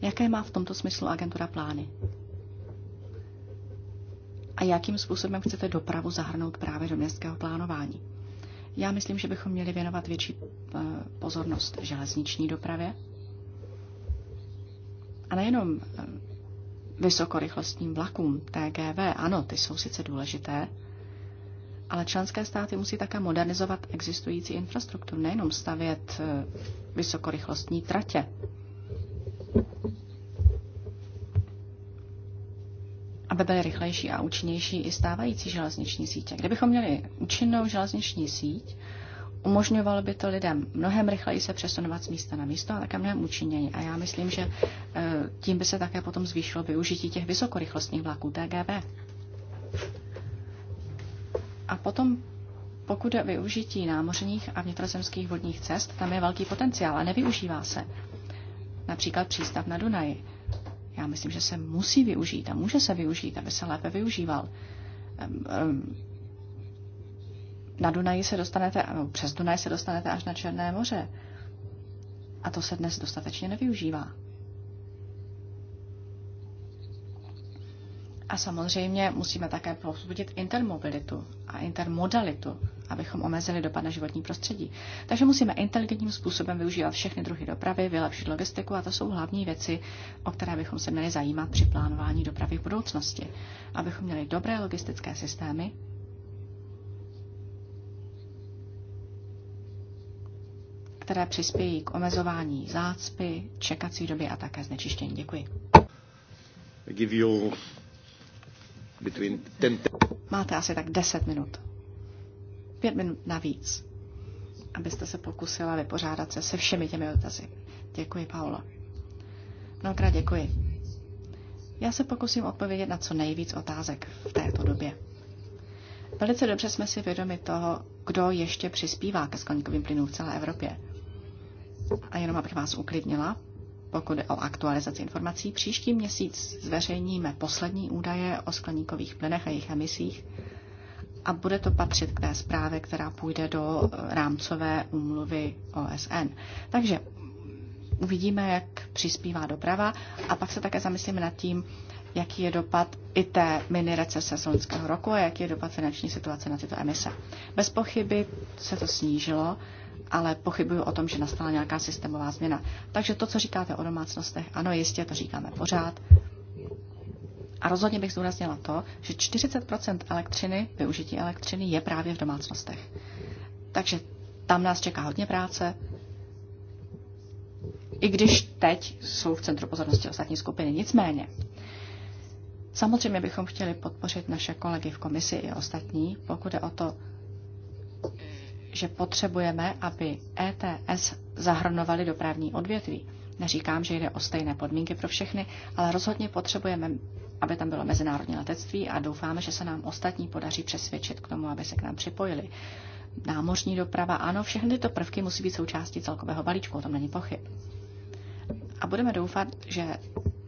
Jaké má v tomto smyslu agentura plány? A jakým způsobem chcete dopravu zahrnout právě do městského plánování? Já myslím, že bychom měli věnovat větší eh, pozornost železniční dopravě a nejenom eh, vysokorychlostním vlakům, TGV, ano, ty jsou sice důležité, ale členské státy musí také modernizovat existující infrastrukturu, nejenom stavět eh, vysokorychlostní tratě. aby byly rychlejší a účinnější i stávající železniční sítě. Kdybychom měli účinnou železniční síť, umožňovalo by to lidem mnohem rychleji se přesunovat z místa na místo a také mnohem účinněji. A já myslím, že eh, tím by se také potom zvýšilo využití těch vysokorychlostních vlaků TGV. A potom, pokud je využití námořních a vnitrozemských vodních cest, tam je velký potenciál a nevyužívá se. Například přístav na Dunaji. Já myslím, že se musí využít a může se využít, aby se lépe využíval. Ehm, ehm, na Dunaji se dostanete, přes Dunaj se dostanete až na Černé moře. A to se dnes dostatečně nevyužívá. A samozřejmě musíme také povzbudit intermobilitu a intermodalitu, abychom omezili dopad na životní prostředí. Takže musíme inteligentním způsobem využívat všechny druhy dopravy, vylepšit logistiku a to jsou hlavní věci, o které bychom se měli zajímat při plánování dopravy v budoucnosti. Abychom měli dobré logistické systémy, které přispějí k omezování zácpy, čekací doby a také znečištění. Děkuji between ten... Máte asi tak 10 minut. Pět minut navíc, abyste se pokusila vypořádat se se všemi těmi otazy. Děkuji, Paula. Mnohokrát děkuji. Já se pokusím odpovědět na co nejvíc otázek v této době. Velice dobře jsme si vědomi toho, kdo ještě přispívá ke skleníkovým plynům v celé Evropě. A jenom abych vás uklidnila, pokud je o aktualizaci informací. Příští měsíc zveřejníme poslední údaje o skleníkových plynech a jejich emisích a bude to patřit k té zprávě, která půjde do rámcové úmluvy OSN. Takže uvidíme, jak přispívá doprava a pak se také zamyslíme nad tím, jaký je dopad i té mini recese z loňského roku a jaký je dopad finanční situace na tyto emise. Bez pochyby se to snížilo, ale pochybuju o tom, že nastala nějaká systémová změna. Takže to, co říkáte o domácnostech, ano, jistě, to říkáme pořád. A rozhodně bych zdůraznila to, že 40 elektřiny, využití elektřiny, je právě v domácnostech. Takže tam nás čeká hodně práce. I když teď jsou v centru pozornosti ostatní skupiny, nicméně. Samozřejmě bychom chtěli podpořit naše kolegy v komisi i ostatní, pokud je o to, že potřebujeme, aby ETS zahrnovaly dopravní odvětví. Neříkám, že jde o stejné podmínky pro všechny, ale rozhodně potřebujeme, aby tam bylo mezinárodní letectví a doufáme, že se nám ostatní podaří přesvědčit k tomu, aby se k nám připojili. Námořní doprava, ano, všechny tyto prvky musí být součástí celkového balíčku, o tom není pochyb. A budeme doufat, že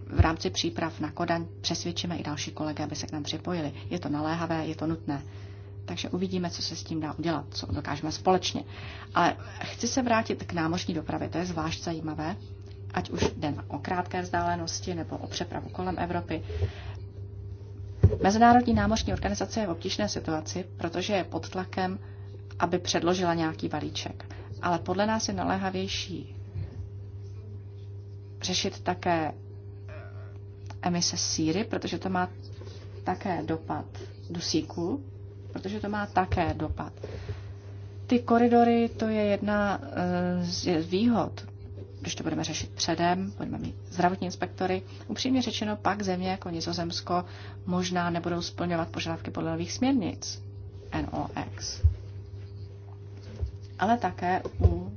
v rámci příprav na Kodaň přesvědčíme i další kolegy, aby se k nám připojili. Je to naléhavé, je to nutné. Takže uvidíme, co se s tím dá udělat, co dokážeme společně. Ale chci se vrátit k námořní dopravě, to je zvlášť zajímavé, ať už jde o krátké vzdálenosti nebo o přepravu kolem Evropy. Mezinárodní námořní organizace je v obtížné situaci, protože je pod tlakem, aby předložila nějaký balíček. Ale podle nás je naléhavější řešit také emise síry, protože to má také dopad dusíku protože to má také dopad. Ty koridory, to je jedna eh, z výhod, když to budeme řešit předem, budeme mít zdravotní inspektory. Upřímně řečeno, pak země jako Nizozemsko možná nebudou splňovat požadavky podle nových směrnic NOx. Ale také u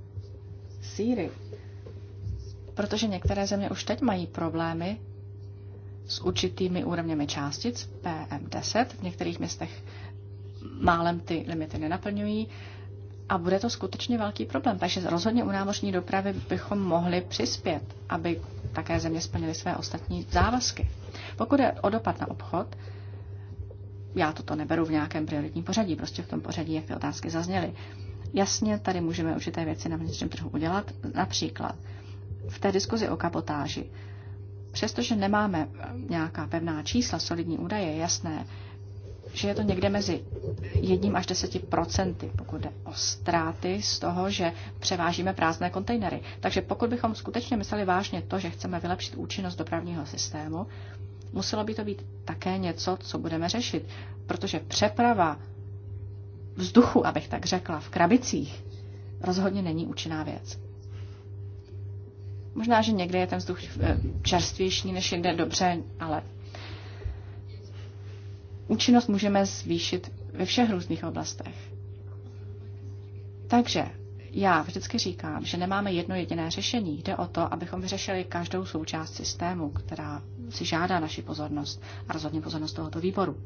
síry, protože některé země už teď mají problémy s určitými úrovněmi částic PM10. V některých městech málem ty limity nenaplňují a bude to skutečně velký problém. Takže rozhodně u námořní dopravy bychom mohli přispět, aby také země splnily své ostatní závazky. Pokud je o dopad na obchod, já toto neberu v nějakém prioritním pořadí, prostě v tom pořadí, jak ty otázky zazněly. Jasně, tady můžeme určité věci na vnitřním trhu udělat. Například v té diskuzi o kapotáži. Přestože nemáme nějaká pevná čísla, solidní údaje, jasné, že je to někde mezi jedním až deseti procenty, pokud jde o ztráty z toho, že převážíme prázdné kontejnery. Takže pokud bychom skutečně mysleli vážně to, že chceme vylepšit účinnost dopravního systému, muselo by to být také něco, co budeme řešit, protože přeprava vzduchu, abych tak řekla, v krabicích rozhodně není účinná věc. Možná, že někde je ten vzduch eh, čerstvější než jinde dobře, ale účinnost můžeme zvýšit ve všech různých oblastech. Takže já vždycky říkám, že nemáme jedno jediné řešení. Jde o to, abychom vyřešili každou součást systému, která si žádá naši pozornost a rozhodně pozornost tohoto výboru.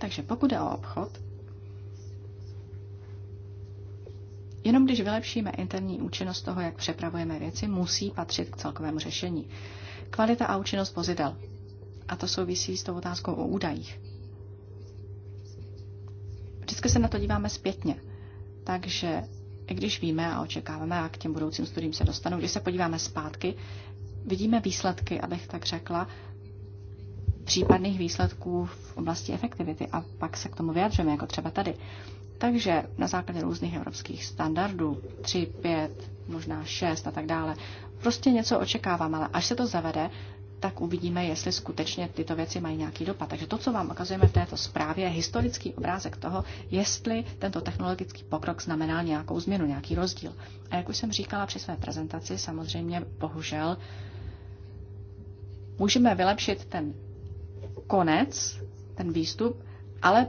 Takže pokud jde o obchod, jenom když vylepšíme interní účinnost toho, jak přepravujeme věci, musí patřit k celkovému řešení. Kvalita a účinnost vozidel. A to souvisí s tou otázkou o údajích. Vždycky se na to díváme zpětně. Takže i když víme a očekáváme, a k těm budoucím studiím se dostanu, když se podíváme zpátky, vidíme výsledky, abych tak řekla, případných výsledků v oblasti efektivity a pak se k tomu vyjadřujeme, jako třeba tady. Takže na základě různých evropských standardů, 3, 5, možná 6 a tak dále, prostě něco očekávám, ale až se to zavede, tak uvidíme, jestli skutečně tyto věci mají nějaký dopad. Takže to, co vám ukazujeme v této zprávě, je historický obrázek toho, jestli tento technologický pokrok znamená nějakou změnu, nějaký rozdíl. A jak už jsem říkala při své prezentaci, samozřejmě bohužel můžeme vylepšit ten konec, ten výstup, ale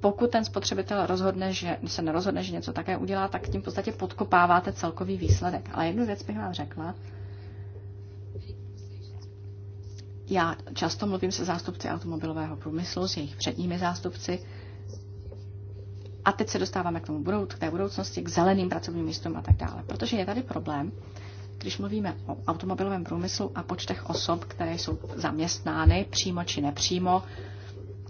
pokud ten spotřebitel rozhodne, že se nerozhodne, že něco také udělá, tak tím v podstatě podkopáváte celkový výsledek. Ale jednu věc bych vám řekla, já často mluvím se zástupci automobilového průmyslu, s jejich předními zástupci. A teď se dostáváme k, tomu budou, k té budoucnosti, k zeleným pracovním místům a tak dále. Protože je tady problém, když mluvíme o automobilovém průmyslu a počtech osob, které jsou zaměstnány přímo či nepřímo,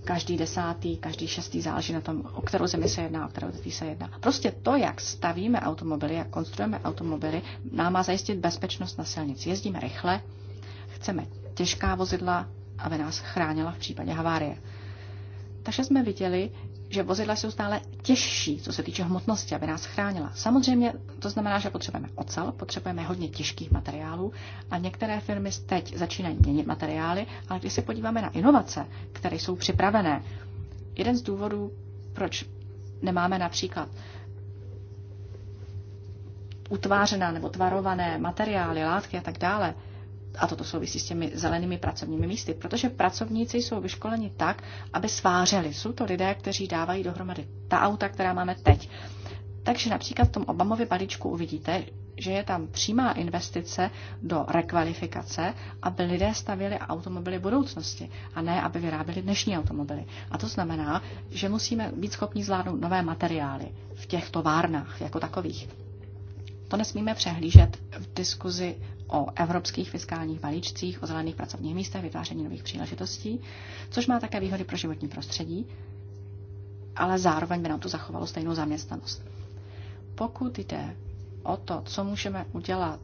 každý desátý, každý šestý, záleží na tom, o kterou zemi se jedná, o kterou zemi se jedná. Prostě to, jak stavíme automobily, jak konstruujeme automobily, nám má zajistit bezpečnost na silnici. Jezdíme rychle, chceme těžká vozidla, aby nás chránila v případě havárie. Takže jsme viděli, že vozidla jsou stále těžší, co se týče hmotnosti, aby nás chránila. Samozřejmě to znamená, že potřebujeme ocel, potřebujeme hodně těžkých materiálů a některé firmy teď začínají měnit materiály, ale když se podíváme na inovace, které jsou připravené, jeden z důvodů, proč nemáme například utvářené nebo tvarované materiály, látky a tak dále, a toto souvisí s těmi zelenými pracovními místy, protože pracovníci jsou vyškoleni tak, aby svářeli. Jsou to lidé, kteří dávají dohromady ta auta, která máme teď. Takže například v tom Obamově balíčku uvidíte, že je tam přímá investice do rekvalifikace, aby lidé stavěli automobily budoucnosti a ne, aby vyráběli dnešní automobily. A to znamená, že musíme být schopni zvládnout nové materiály v těch továrnách jako takových. To nesmíme přehlížet v diskuzi o evropských fiskálních balíčcích, o zelených pracovních místech, vytváření nových příležitostí, což má také výhody pro životní prostředí, ale zároveň by nám to zachovalo stejnou zaměstnanost. Pokud jde o to, co můžeme udělat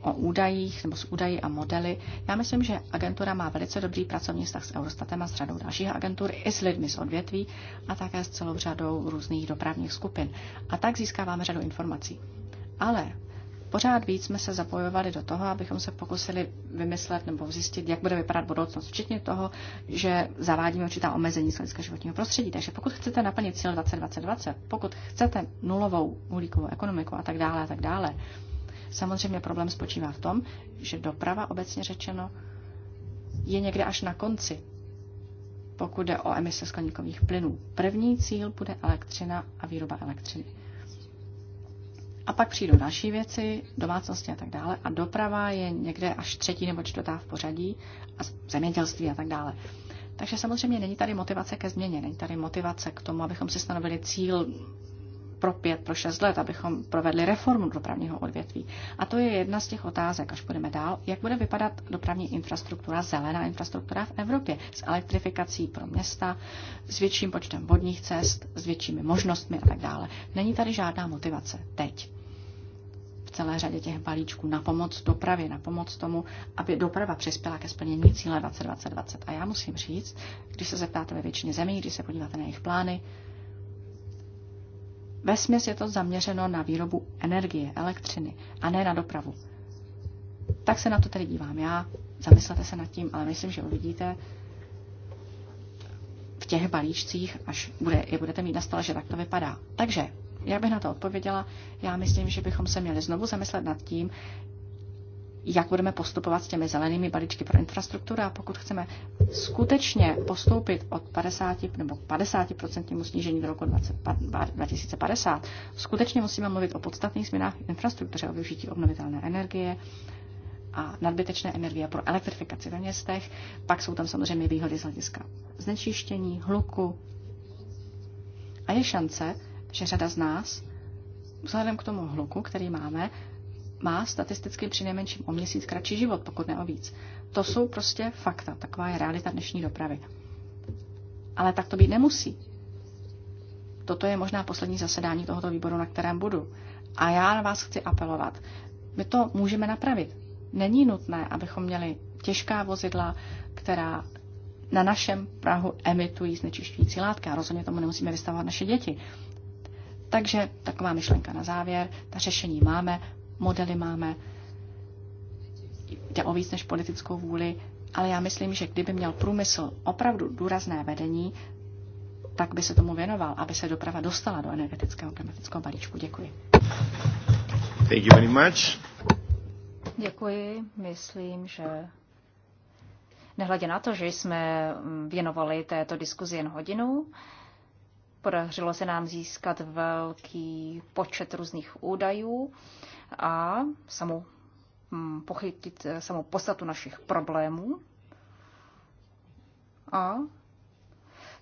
o údajích nebo s údaji a modely, já myslím, že agentura má velice dobrý pracovní vztah s Eurostatem a s řadou dalších agentur i s lidmi z odvětví a také s celou řadou různých dopravních skupin. A tak získáváme řadu informací. Ale pořád víc jsme se zapojovali do toho, abychom se pokusili vymyslet nebo zjistit, jak bude vypadat budoucnost, včetně toho, že zavádíme určitá omezení z hlediska životního prostředí. Takže pokud chcete naplnit cíl 2020, pokud chcete nulovou uhlíkovou ekonomiku a tak dále a tak dále, samozřejmě problém spočívá v tom, že doprava obecně řečeno je někde až na konci pokud jde o emise skleníkových plynů. První cíl bude elektřina a výroba elektřiny. A pak přijdou další věci, domácnosti a tak dále. A doprava je někde až třetí nebo čtvrtá v pořadí a zemědělství a tak dále. Takže samozřejmě není tady motivace ke změně, není tady motivace k tomu, abychom si stanovili cíl pro pět, pro šest let, abychom provedli reformu dopravního odvětví. A to je jedna z těch otázek, až půjdeme dál, jak bude vypadat dopravní infrastruktura, zelená infrastruktura v Evropě s elektrifikací pro města, s větším počtem vodních cest, s většími možnostmi a tak dále. Není tady žádná motivace teď v celé řadě těch balíčků na pomoc dopravě, na pomoc tomu, aby doprava přispěla ke splnění cíle 2020. A já musím říct, když se zeptáte ve většině zemí, když se podíváte na jejich plány, ve směs je to zaměřeno na výrobu energie, elektřiny a ne na dopravu. Tak se na to tedy dívám já, zamyslete se nad tím, ale myslím, že uvidíte v těch balíčcích, až bude, je budete mít na stole, že tak to vypadá. Takže já bych na to odpověděla? Já myslím, že bychom se měli znovu zamyslet nad tím, jak budeme postupovat s těmi zelenými balíčky pro infrastrukturu a pokud chceme skutečně postoupit od 50 nebo 50% snížení do roku 2050, skutečně musíme mluvit o podstatných změnách v infrastruktuře, o využití obnovitelné energie a nadbytečné energie pro elektrifikaci ve městech. Pak jsou tam samozřejmě výhody z hlediska znečištění, hluku a je šance, že řada z nás, vzhledem k tomu hluku, který máme, má statisticky nejmenším o měsíc kratší život, pokud ne o víc. To jsou prostě fakta, taková je realita dnešní dopravy. Ale tak to být nemusí. Toto je možná poslední zasedání tohoto výboru, na kterém budu. A já na vás chci apelovat. My to můžeme napravit. Není nutné, abychom měli těžká vozidla, která na našem Prahu emitují znečišťující látky. A rozhodně tomu nemusíme vystavovat naše děti. Takže taková myšlenka na závěr. Ta řešení máme, modely máme, jde o víc než politickou vůli, ale já myslím, že kdyby měl průmysl opravdu důrazné vedení, tak by se tomu věnoval, aby se doprava dostala do energetického klimatického balíčku. Děkuji. Thank you very much. Děkuji. Myslím, že nehledě na to, že jsme věnovali této diskuzi jen hodinu, Podařilo se nám získat velký počet různých údajů a samou, mm, pochytit eh, samou podstatu našich problémů. A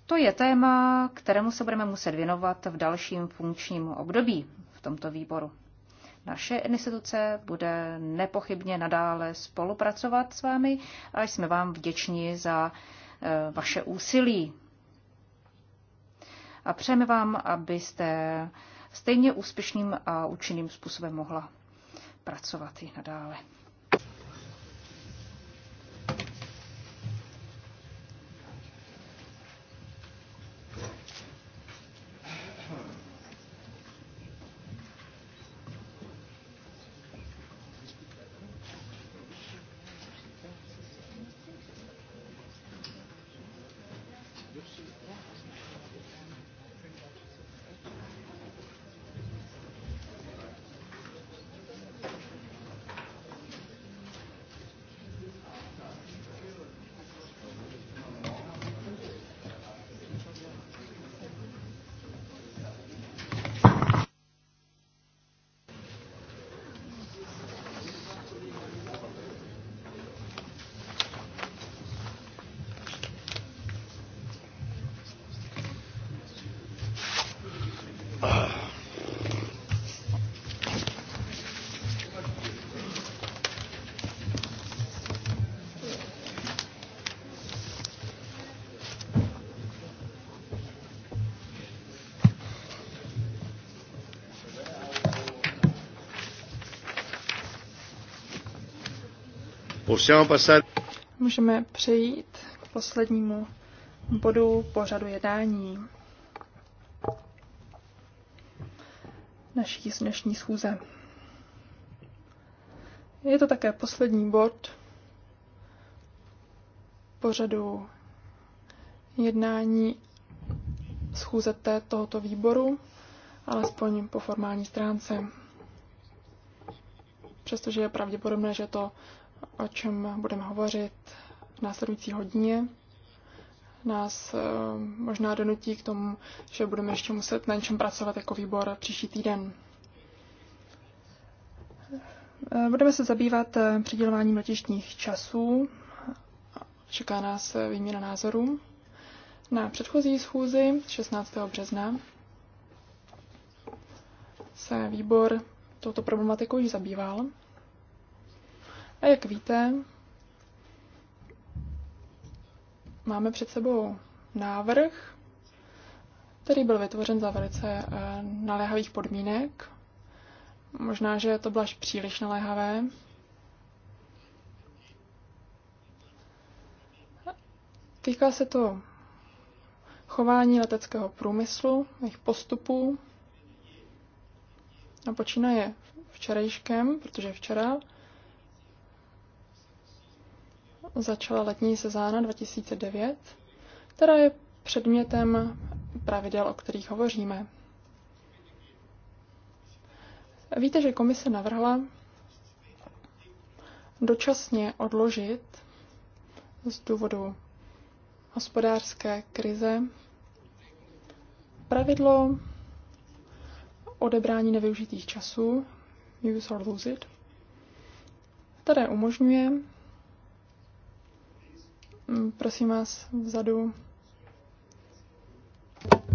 to je téma, kterému se budeme muset věnovat v dalším funkčním období v tomto výboru. Naše instituce bude nepochybně nadále spolupracovat s vámi a jsme vám vděční za eh, vaše úsilí a přejeme vám, abyste stejně úspěšným a účinným způsobem mohla pracovat i nadále. Můžeme přejít k poslednímu bodu pořadu jednání naší dnešní schůze. Je to také poslední bod pořadu jednání schůze té tohoto výboru, alespoň po formální stránce. Přestože je pravděpodobné, že to o čem budeme hovořit v následující hodině, nás eh, možná donutí k tomu, že budeme ještě muset na něčem pracovat jako výbor příští týden. Eh, budeme se zabývat eh, přidělováním letištních časů. Čeká nás výměna názorů. Na předchozí schůzi 16. března se výbor touto problematikou již zabýval. A jak víte, máme před sebou návrh, který byl vytvořen za velice eh, naléhavých podmínek. Možná, že to bylo až příliš naléhavé. Týká se to chování leteckého průmyslu, jejich postupů. A počínaje včerejškem, protože včera začala letní sezána 2009, která je předmětem pravidel, o kterých hovoříme. Víte, že komise navrhla dočasně odložit z důvodu hospodářské krize pravidlo odebrání nevyužitých časů, use or lose it, které umožňuje Mm, prosím vás, vzadu.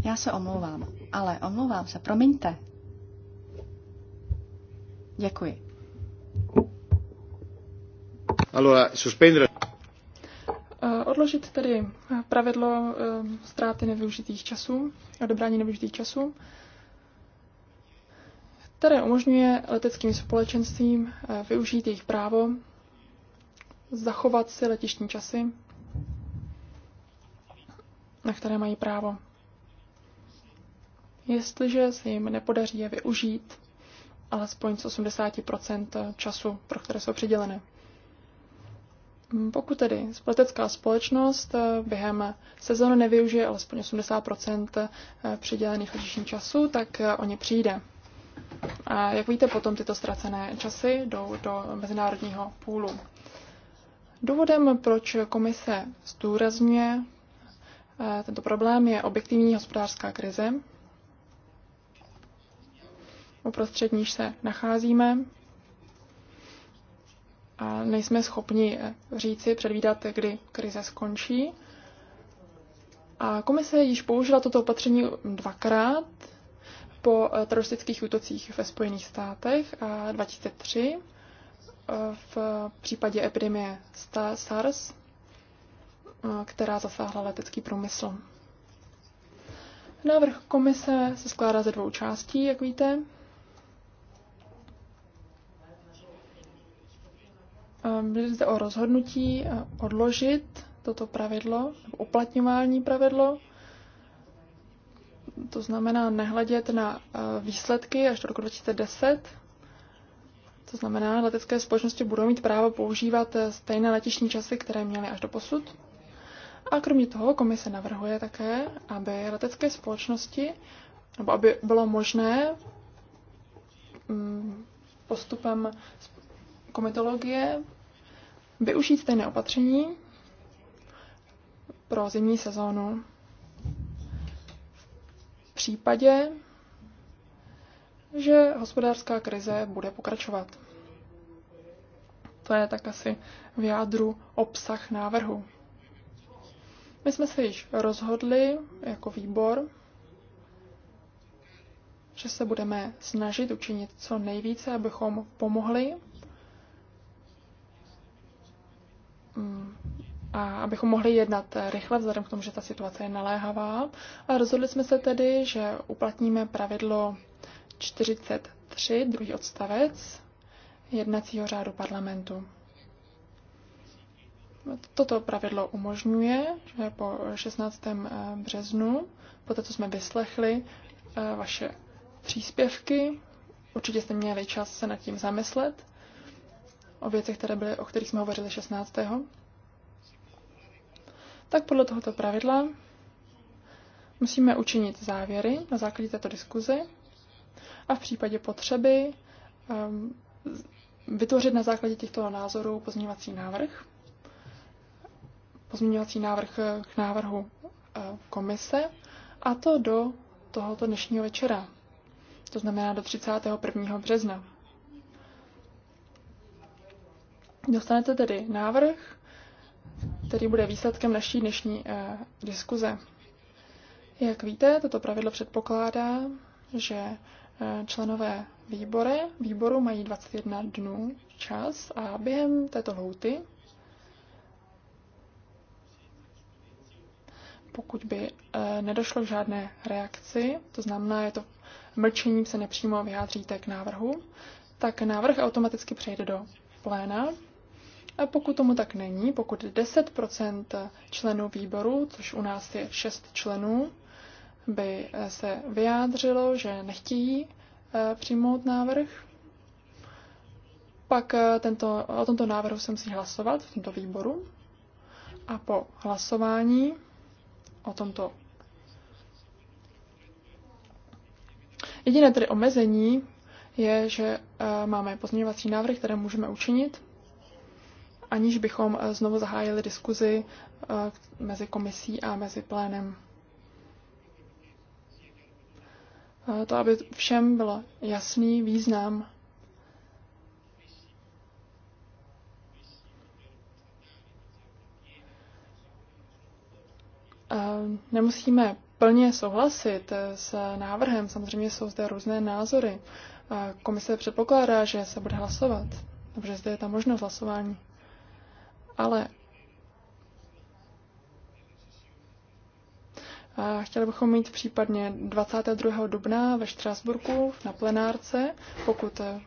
Já se omlouvám, ale omlouvám se, promiňte. Děkuji. Allora, suspendere. Eh, odložit tedy eh, pravidlo eh, ztráty nevyužitých časů, odebrání nevyužitých časů, které umožňuje leteckým společenstvím využít jejich právo, zachovat si letištní časy na které mají právo. Jestliže se jim nepodaří je využít, alespoň z 80 času, pro které jsou přidělené. Pokud tedy spletecká společnost eh, během sezóny nevyužije alespoň 80 eh, přidělených letišních času, tak eh, o ně přijde. A jak víte, potom tyto ztracené časy jdou do mezinárodního půlu. Důvodem, proč komise zdůrazňuje tento problém je objektivní hospodářská krize, uprostřed níž se nacházíme a nejsme schopni eh, říci, předvídat, kdy krize skončí. A komise již použila toto opatření dvakrát po eh, teroristických útocích ve Spojených státech a 2003 eh, v případě epidemie SARS která zasáhla letecký průmysl. Návrh komise se skládá ze dvou částí, jak víte. Byli zde o rozhodnutí odložit toto pravidlo, nebo uplatňování pravidlo, to znamená nehledět na výsledky až do roku 2010. To znamená, letecké společnosti budou mít právo používat e, stejné letišní časy, které měly až do posud. A kromě toho komise navrhuje také, aby letecké společnosti, nebo aby bylo možné mm, postupem komitologie využít stejné opatření pro zimní sezónu. V případě, že hospodářská krize bude pokračovat. To je tak asi v jádru obsah návrhu. My jsme se již rozhodli jako výbor, že se budeme snažit učinit co nejvíce, abychom pomohli mm, a abychom mohli jednat rychle, vzhledem k tomu, že ta situace je naléhavá. A rozhodli jsme se tedy, že uplatníme pravidlo 43, druhý odstavec jednacího řádu parlamentu. Toto pravidlo umožňuje, že po 16. Eh, březnu, po té, co jsme vyslechli eh, vaše příspěvky, určitě jste měli čas se nad tím zamyslet, o věcech, které byly, o kterých jsme hovořili 16. Tak podle tohoto pravidla musíme učinit závěry na základě této diskuze a v případě potřeby ehm, vytvořit na základě těchto názorů pozměňovací návrh pozměňovací návrh eh, k návrhu eh, komise a to do tohoto dnešního večera, to znamená do 31. března. Dostanete tedy návrh, který bude výsledkem naší dnešní eh, diskuze. Jak víte, toto pravidlo předpokládá, že eh, členové výbore, výboru mají 21 dnů čas a během této lhouty pokud by eh, nedošlo k žádné reakci, to znamená, je to mlčením se nepřímo vyjádříte k návrhu, tak návrh automaticky přejde do pléna. A pokud tomu tak není, pokud 10 členů výboru, což u nás je 6 členů, by eh, se vyjádřilo, že nechtějí eh, přijmout návrh, pak tento, o tomto návrhu se musí hlasovat v tomto výboru. A po hlasování o tomto. Jediné tedy omezení je, že eh, máme pozměňovací návrh, které můžeme učinit, aniž bychom eh, znovu zahájili diskuzi eh, mezi komisí a mezi plénem. To, aby všem byl jasný význam Eh, nemusíme plně souhlasit eh, s návrhem, samozřejmě jsou zde různé názory. Komise předpokládá, že se bude hlasovat, protože zde je ta možnost hlasování. Ale A chtěli bychom mít případně 22. dubna ve Štrasburku na plenárce, pokud eh,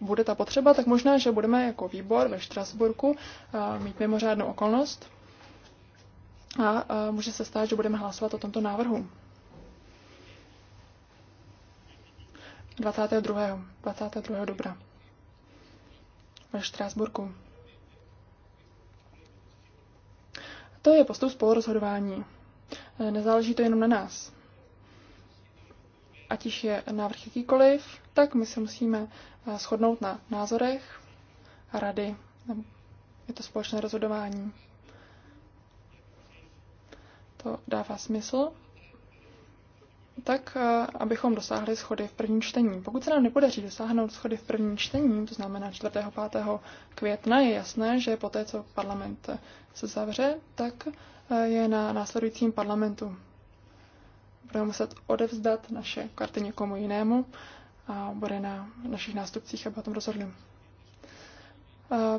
bude ta potřeba, tak možná, že budeme jako výbor ve Štrasburku mít mimořádnou okolnost, a může se stát, že budeme hlasovat o tomto návrhu. 22. 22. dobra. Ve Štrásburku. To je postup spolurozhodování. E, nezáleží to jenom na nás. Ať již je návrh jakýkoliv, tak my se musíme e, shodnout na názorech a rady. Je to společné rozhodování to dává smysl, tak eh, abychom dosáhli schody v prvním čtení. Pokud se nám nepodaří dosáhnout schody v prvním čtení, to znamená 4. 5. května, je jasné, že poté, co parlament se zavře, tak eh, je na následujícím parlamentu. Budeme muset odevzdat naše karty někomu jinému a bude na našich nástupcích, aby o tom rozhodli.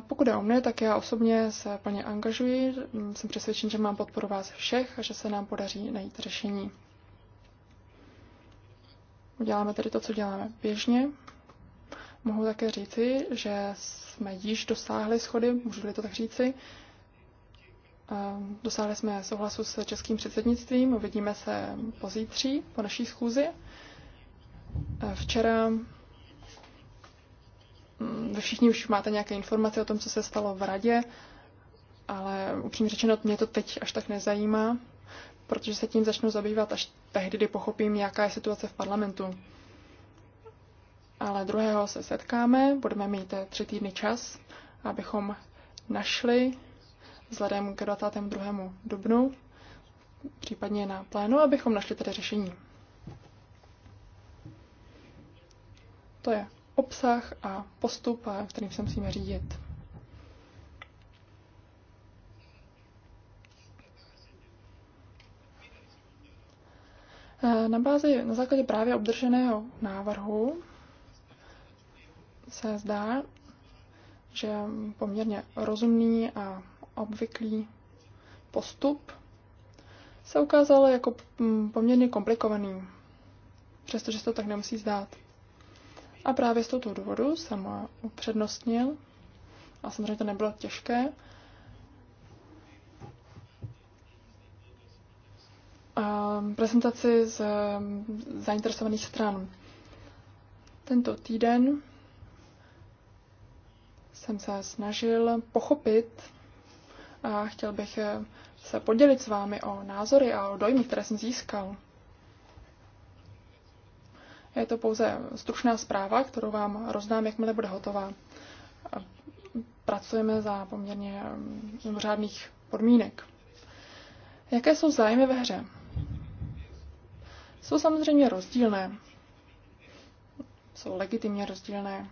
Pokud je o mě, tak já osobně se plně angažuji. Jsem přesvědčen, že mám podporu vás všech a že se nám podaří najít řešení. Uděláme tedy to, co děláme běžně. Mohu také říci, že jsme již dosáhli schody, můžu-li to tak říci. Dosáhli jsme souhlasu s českým předsednictvím, uvidíme se pozítří po naší schůzi. Včera Mm, vy všichni už máte nějaké informace o tom, co se stalo v radě, ale upřímně řečeno, mě to teď až tak nezajímá, protože se tím začnu zabývat až tehdy, kdy pochopím, jaká je situace v parlamentu. Ale druhého se setkáme, budeme mít tři týdny čas, abychom našli vzhledem k 22. dubnu, případně na plénu, abychom našli tedy řešení. To je obsah a postup, a kterým se musíme řídit. Eh, na bázi, na základě právě obdrženého návrhu se zdá, že poměrně rozumný a obvyklý postup se ukázal jako mm, poměrně komplikovaný, přestože se to tak nemusí zdát. A právě z tohoto důvodu jsem upřednostnil, a samozřejmě to nebylo těžké, prezentaci z ehm, zainteresovaných stran. Tento týden jsem se snažil pochopit a chtěl bych se podělit s vámi o názory a o dojmy, které jsem získal. Je to pouze stručná zpráva, kterou vám rozdám, jakmile bude hotová. Pracujeme za poměrně mm, mimořádných podmínek. Jaké jsou zájmy ve hře? Jsou samozřejmě rozdílné. Jsou legitimně rozdílné.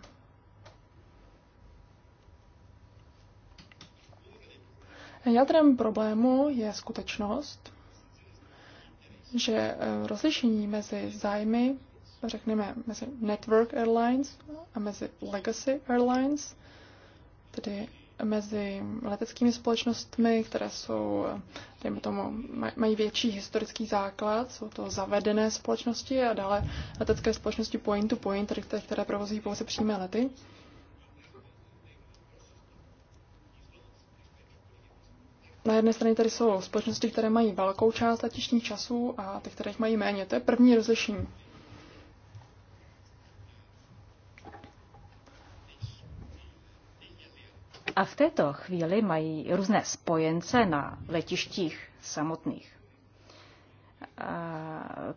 Jádrem problému je skutečnost, že eh, rozlišení mezi zájmy řekněme, mezi Network Airlines a mezi Legacy Airlines, tedy mezi leteckými společnostmi, které jsou, dejme tomu, mají větší historický základ, jsou to zavedené společnosti a dále letecké společnosti point to point, tedy které, které provozují pouze přímé lety. Na jedné straně tady jsou společnosti, které mají velkou část letišních časů a ty, které jich mají méně. To je první rozlišení. A v této chvíli mají různé spojence na letištích samotných. A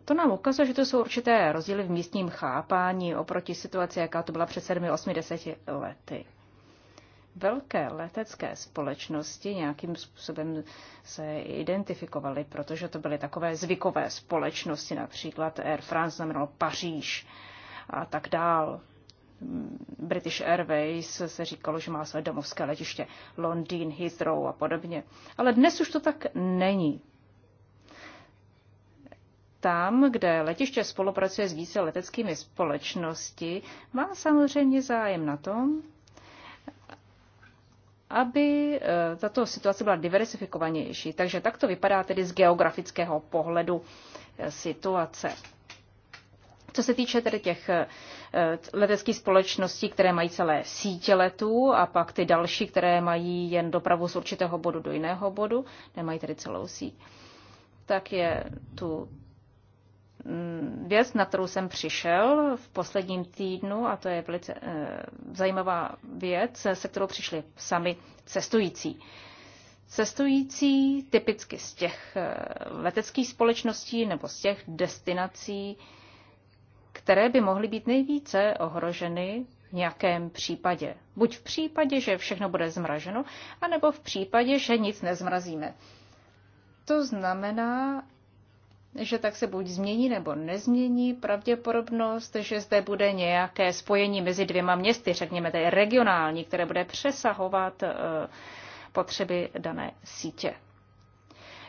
to nám ukazuje, že to jsou určité rozdíly v místním chápání oproti situaci, jaká to byla před 7, 8, 10 lety. Velké letecké společnosti nějakým způsobem se identifikovaly, protože to byly takové zvykové společnosti, například Air France znamenalo Paříž a tak dál. British Airways se říkalo, že má své domovské letiště Londýn, Heathrow a podobně. Ale dnes už to tak není. Tam, kde letiště spolupracuje s více leteckými společnosti, má samozřejmě zájem na tom, aby eh, tato situace byla diversifikovanější. Takže tak to vypadá tedy z geografického pohledu eh, situace. Co se týče tedy těch eh, leteckých společností, které mají celé sítě letů a pak ty další, které mají jen dopravu z určitého bodu do jiného bodu, nemají tedy celou síť, tak je tu mm, věc, na kterou jsem přišel v posledním týdnu, a to je velice e, zajímavá věc, se kterou přišli sami cestující. Cestující typicky z těch eh, leteckých společností nebo z těch destinací, které by mohly být nejvíce ohroženy v nějakém případě. Buď v případě, že všechno bude zmraženo, anebo v případě, že nic nezmrazíme. To znamená, že tak se buď změní nebo nezmění pravděpodobnost, že zde bude nějaké spojení mezi dvěma městy, řekněme tedy regionální, které bude přesahovat eh, potřeby dané sítě.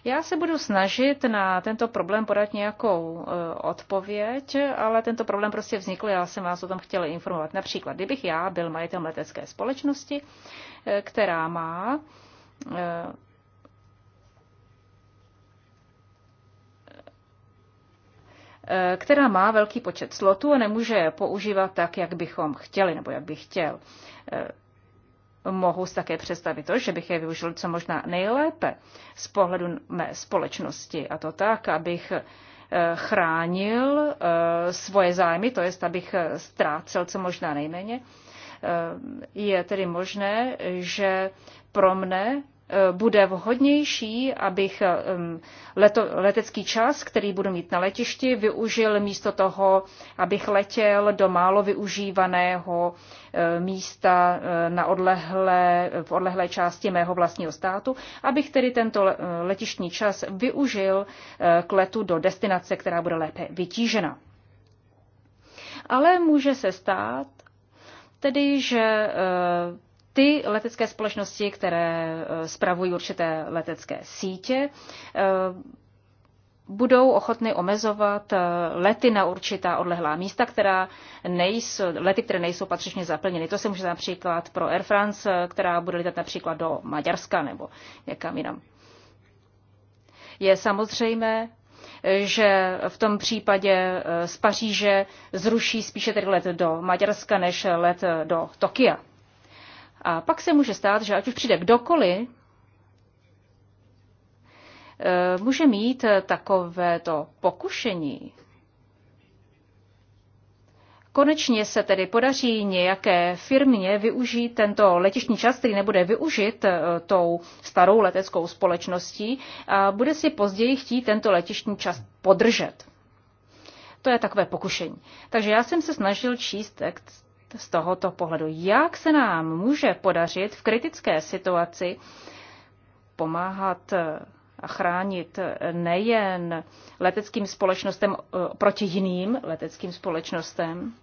Já se budu snažit na tento problém podat nějakou e, odpověď, ale tento problém prostě vznikl, já jsem vás o tom chtěla informovat. Například, kdybych já byl majitelem letecké společnosti, e, která má e, která má velký počet slotů a nemůže je používat tak, jak bychom chtěli nebo jak bych chtěl mohu si také představit to, že bych je využil co možná nejlépe z pohledu mé společnosti a to tak, abych eh, chránil eh, svoje zájmy, to jest, abych eh, ztrácel co možná nejméně. Je tedy možné, že pro mne Eh, bude vhodnější, abych leto, letecký čas, který budu mít na letišti, využil místo toho, abych letěl do málo využívaného eh, místa eh, na odlehlé, v odlehlé části mého vlastního státu, abych tedy tento letištní čas využil k letu do destinace, která bude lépe vytížena. Ale může se stát, tedy, že ty letecké společnosti, které eh, spravují určité letecké sítě, eh, budou ochotny omezovat eh, lety na určitá odlehlá místa, která nejsou, lety, které nejsou patřičně zaplněny. To se může například pro Air France, která bude letat například do Maďarska nebo někam jinam. Je samozřejmé, že v tom případě z Paříže zruší spíše tedy let do Maďarska než let do Tokia. A pak se může stát, že ať už přijde kdokoliv, eh, může mít takovéto pokušení. Konečně se tedy podaří nějaké firmě využít tento letišní čas, který nebude využit eh, tou starou leteckou společností a bude si později chtít tento letišní čas podržet. To je takové pokušení. Takže já jsem se snažil číst text z tohoto pohledu. Jak se nám může podařit v kritické situaci pomáhat eh, a chránit eh, nejen leteckým společnostem eh, proti jiným leteckým společnostem,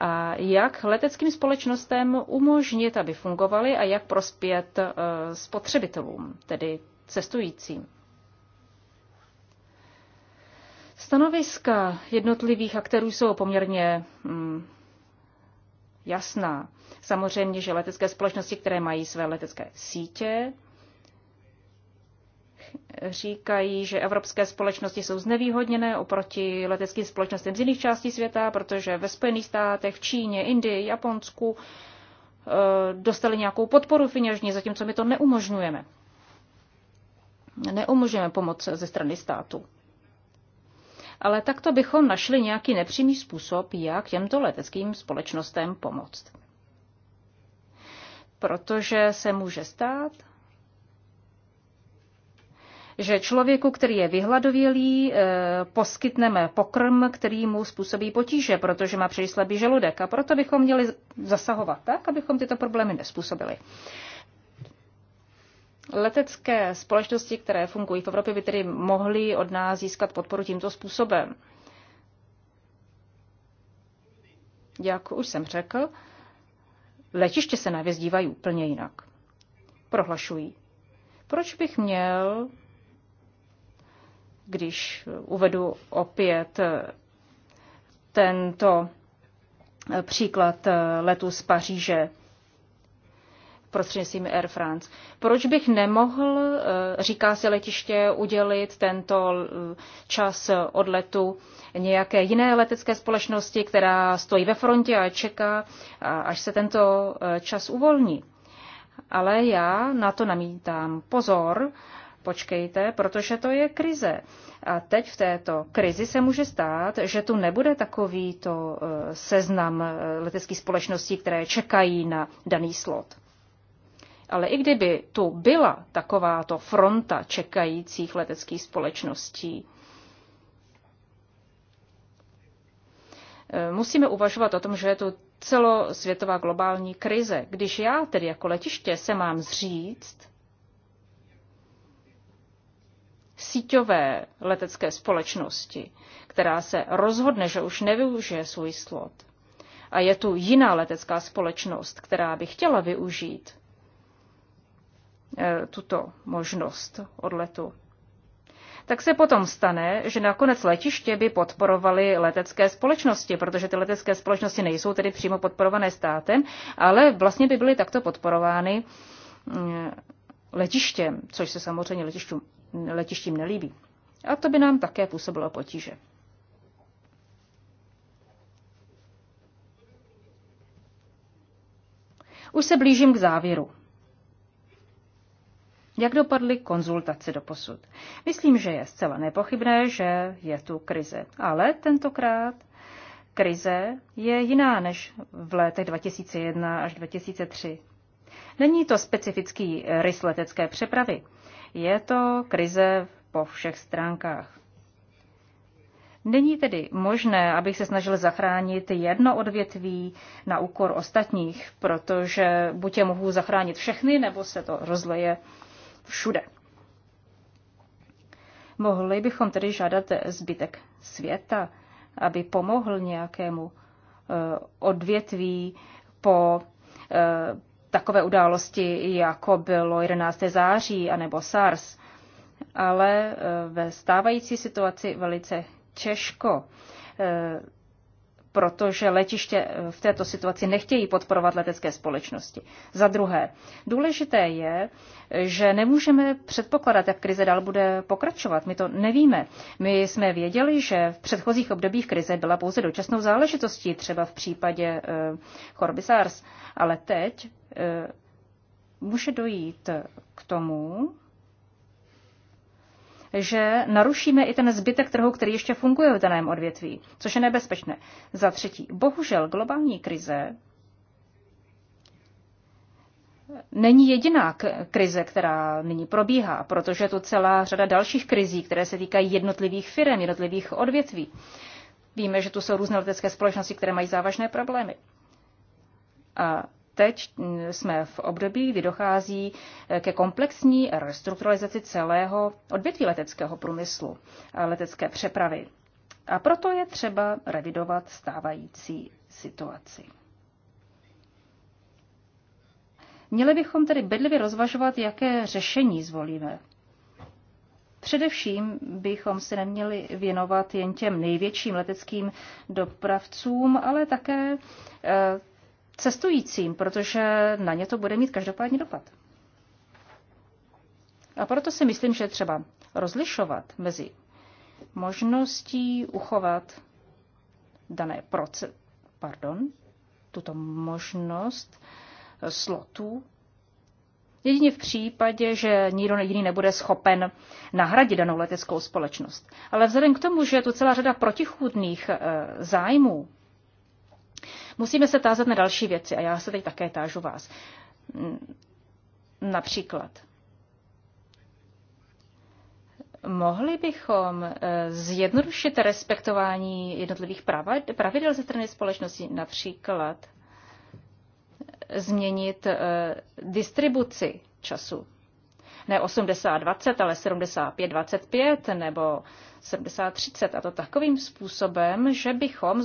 a jak leteckým společnostem umožnit, aby fungovaly a jak prospět spotřebitelům, tedy cestujícím. Stanoviska jednotlivých aktérů jsou poměrně hmm, jasná. Samozřejmě, že letecké společnosti, které mají své letecké sítě, říkají, že evropské společnosti jsou znevýhodněné oproti leteckým společnostem z jiných částí světa, protože ve Spojených státech, v Číně, Indii, Japonsku e, dostali nějakou podporu finanční, zatímco my to neumožňujeme. Neumožňujeme pomoc ze strany státu ale takto bychom našli nějaký nepřímý způsob, jak těmto leteckým společnostem pomoct. Protože se může stát, že člověku, který je vyhladovělý, eh, poskytneme pokrm, který mu způsobí potíže, protože má příliš slabý žaludek. A proto bychom měli zasahovat tak, abychom tyto problémy nespůsobili. Letecké společnosti, které fungují v Evropě, by tedy mohly od nás získat podporu tímto způsobem. Jak už jsem řekl, letiště se navíc dívají úplně jinak. Prohlašují. Proč bych měl, když uvedu opět tento příklad letu z Paříže prostřednictvím Air France. Proč bych nemohl, eh, říká si letiště, udělit tento eh, čas odletu nějaké jiné letecké společnosti, která stojí ve frontě a čeká, až se tento eh, čas uvolní? Ale já na to namítám pozor, počkejte, protože to je krize. A teď v této krizi se může stát, že tu nebude takovýto seznam leteckých společností, které čekají na daný slot. Ale i kdyby tu byla takováto fronta čekajících leteckých společností, eh, musíme uvažovat o tom, že je tu celosvětová globální krize. Když já tedy jako letiště se mám zříct síťové letecké společnosti, která se rozhodne, že už nevyužije svůj slot, a je tu jiná letecká společnost, která by chtěla využít Eh, tuto možnost odletu. Tak se potom stane, že nakonec letiště by podporovaly letecké společnosti, protože ty letecké společnosti nejsou tedy přímo podporované státem, ale vlastně by byly takto podporovány eh, letištěm, což se samozřejmě letišťům, letištím nelíbí. A to by nám také působilo potíže. Už se blížím k závěru. Jak dopadly konzultace do posud? Myslím, že je zcela nepochybné, že je tu krize. Ale tentokrát krize je jiná než v letech 2001 až 2003. Není to specifický rys letecké přepravy. Je to krize po všech stránkách. Není tedy možné, abych se snažil zachránit jedno odvětví na úkor ostatních, protože buď je mohu zachránit všechny, nebo se to rozleje všude. Mohli bychom tedy žádat zbytek světa, aby pomohl nějakému eh, odvětví po eh, takové události, jako bylo 11. září anebo SARS. Ale eh, ve stávající situaci velice těžko protože letiště eh, v této situaci nechtějí podporovat letecké společnosti. Za druhé, důležité je, že nemůžeme předpokládat, jak krize dál bude pokračovat. My to nevíme. My jsme věděli, že v předchozích obdobích krize byla pouze dočasnou záležitostí, třeba v případě eh, choroby SARS, ale teď eh, může dojít k tomu, že narušíme i ten zbytek trhu, který ještě funguje v daném odvětví, což je nebezpečné. Za třetí, bohužel globální krize není jediná krize, která nyní probíhá, protože je tu celá řada dalších krizí, které se týkají jednotlivých firm, jednotlivých odvětví. Víme, že tu jsou různé letecké společnosti, které mají závažné problémy. A teď jsme v období, kdy dochází eh, ke komplexní restrukturalizaci celého odvětví leteckého průmyslu a eh, letecké přepravy. A proto je třeba revidovat stávající situaci. Měli bychom tedy bedlivě rozvažovat, jaké řešení zvolíme. Především bychom se neměli věnovat jen těm největším leteckým dopravcům, ale také eh, cestujícím, protože na ně to bude mít každopádně dopad. A proto si myslím, že třeba rozlišovat mezi možností uchovat dané proce, pardon, tuto možnost eh, slotů, jedině v případě, že nikdo jiný nebude schopen nahradit danou leteckou společnost. Ale vzhledem k tomu, že je tu celá řada protichůdných eh, zájmů, Musíme se tázat na další věci a já se teď také tážu vás. Mm, například, mohli bychom eh, zjednodušit respektování jednotlivých pravidel ze strany společnosti, například eh, změnit eh, distribuci času. Ne 80-20, ale 75-25 nebo 70-30 a to takovým způsobem, že bychom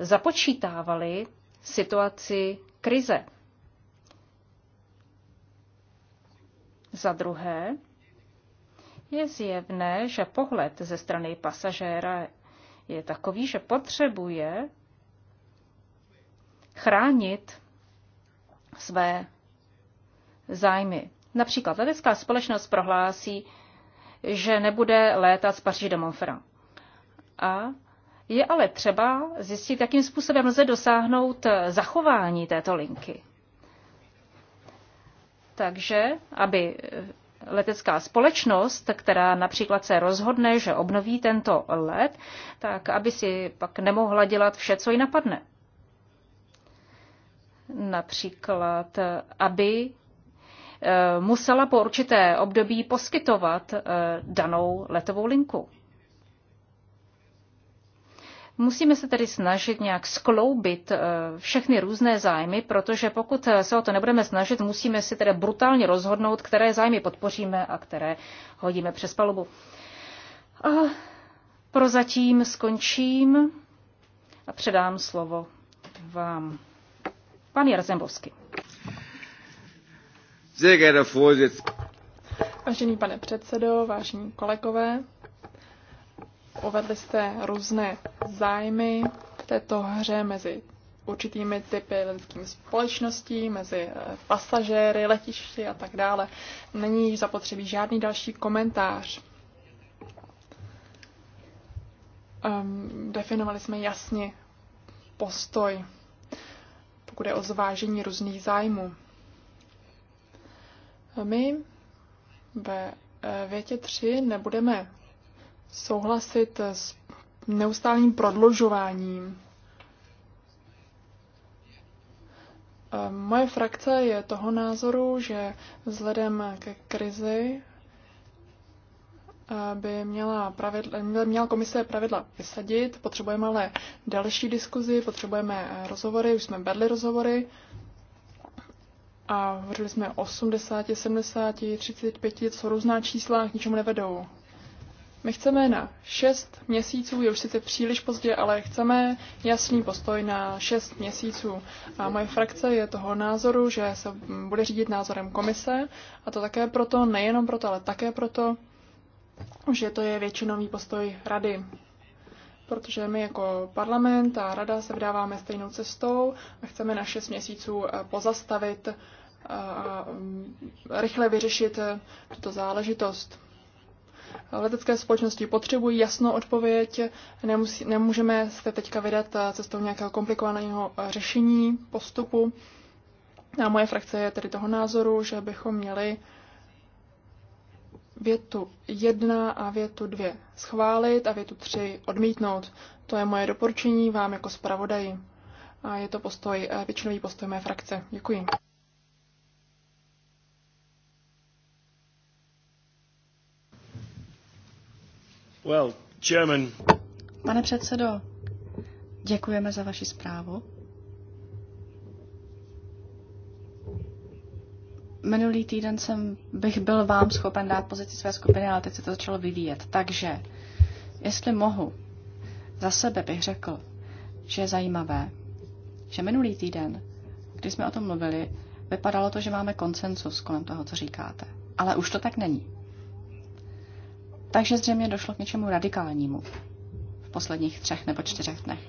započítávali situaci krize. Za druhé, je zjevné, že pohled ze strany pasažéra je takový, že potřebuje chránit své zájmy. Například letecká společnost prohlásí, že nebude létat z Paříže do Montferrand. A je ale třeba zjistit, jakým způsobem lze dosáhnout eh, zachování této linky. Takže, aby eh, letecká společnost, která například se rozhodne, že obnoví tento let, tak aby si pak nemohla dělat vše, co ji napadne. Například, eh, aby musela po určité období poskytovat danou letovou linku. Musíme se tedy snažit nějak skloubit eh, všechny různé zájmy, protože pokud eh, se o to nebudeme snažit, musíme si tedy brutálně rozhodnout, které zájmy podpoříme a které hodíme přes palubu. A prozatím skončím a předám slovo vám. Pan Jarzembovský. Vážený pane předsedo, vážení kolegové, Uvedli jste různé zájmy v této hře mezi určitými typy lidským společností, mezi eh, pasažéry, letišti a tak dále. Není již zapotřebí žádný další komentář. Um, definovali jsme jasně postoj, pokud je o zvážení různých zájmů. My ve eh, větě 3 nebudeme souhlasit s neustálým prodlužováním. Eh, moje frakce je toho názoru, že vzhledem ke krizi eh, by měla, pravidla, měla komise pravidla vysadit. Potřebujeme ale další diskuzi, potřebujeme eh, rozhovory, už jsme vedli rozhovory a hovořili jsme o 80, 70, 35, co různá čísla k ničemu nevedou. My chceme na 6 měsíců, je už sice příliš pozdě, ale chceme jasný postoj na 6 měsíců. A moje frakce je toho názoru, že se bude řídit názorem komise, a to také proto, nejenom proto, ale také proto, že to je většinový postoj rady. Protože my jako parlament a rada se vydáváme stejnou cestou a chceme na 6 měsíců eh, pozastavit eh, a mm, rychle vyřešit eh, tuto záležitost letecké společnosti potřebují jasnou odpověď. Nemusí, nemůžeme se teďka vydat eh, cestou nějakého komplikovaného eh, řešení postupu. A moje frakce je tedy toho názoru, že bychom měli větu 1 a větu 2 schválit a větu 3 odmítnout. To je moje doporučení vám jako zpravodaji. A je to postoj, eh, většinový postoj mé frakce. Děkuji. Well, Pane předsedo, děkujeme za vaši zprávu. Minulý týden jsem, bych byl vám schopen dát pozici své skupiny, ale teď se to začalo vyvíjet. Takže, jestli mohu, za sebe bych řekl, že je zajímavé, že minulý týden, když jsme o tom mluvili, vypadalo to, že máme konsensus kolem toho, co říkáte. Ale už to tak není. Takže zřejmě došlo k něčemu radikálnímu v posledních třech nebo čtyřech dnech.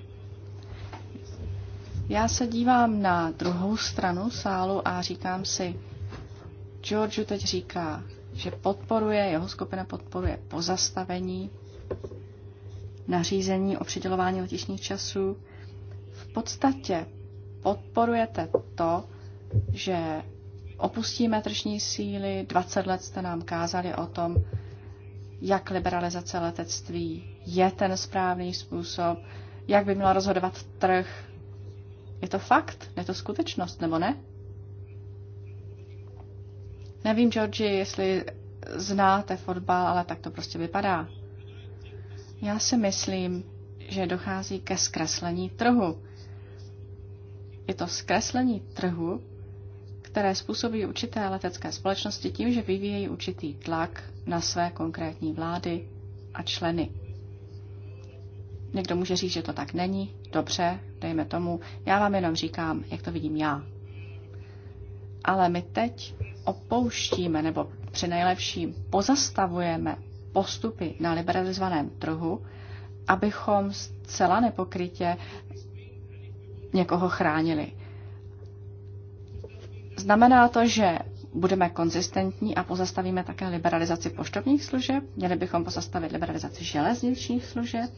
Já se dívám na druhou stranu sálu a říkám si, George teď říká, že podporuje, jeho skupina podporuje pozastavení nařízení o přidělování letišních časů. V podstatě podporujete to, že opustíme tržní síly, 20 let jste nám kázali o tom, jak liberalizace letectví je ten správný způsob, jak by měla rozhodovat trh. Je to fakt? Je to skutečnost, nebo ne? Nevím, Georgi, jestli znáte fotbal, ale tak to prostě vypadá. Já si myslím, že dochází ke zkreslení trhu. Je to zkreslení trhu, které způsobí určité letecké společnosti tím, že vyvíjejí určitý tlak na své konkrétní vlády a členy. Někdo může říct, že to tak není. Dobře, dejme tomu. Já vám jenom říkám, jak to vidím já. Ale my teď opouštíme nebo při nejlepším pozastavujeme postupy na liberalizovaném trhu, abychom zcela nepokrytě někoho chránili. Znamená to, že budeme konzistentní a pozastavíme také liberalizaci poštovních služeb, měli bychom pozastavit liberalizaci železničních služeb.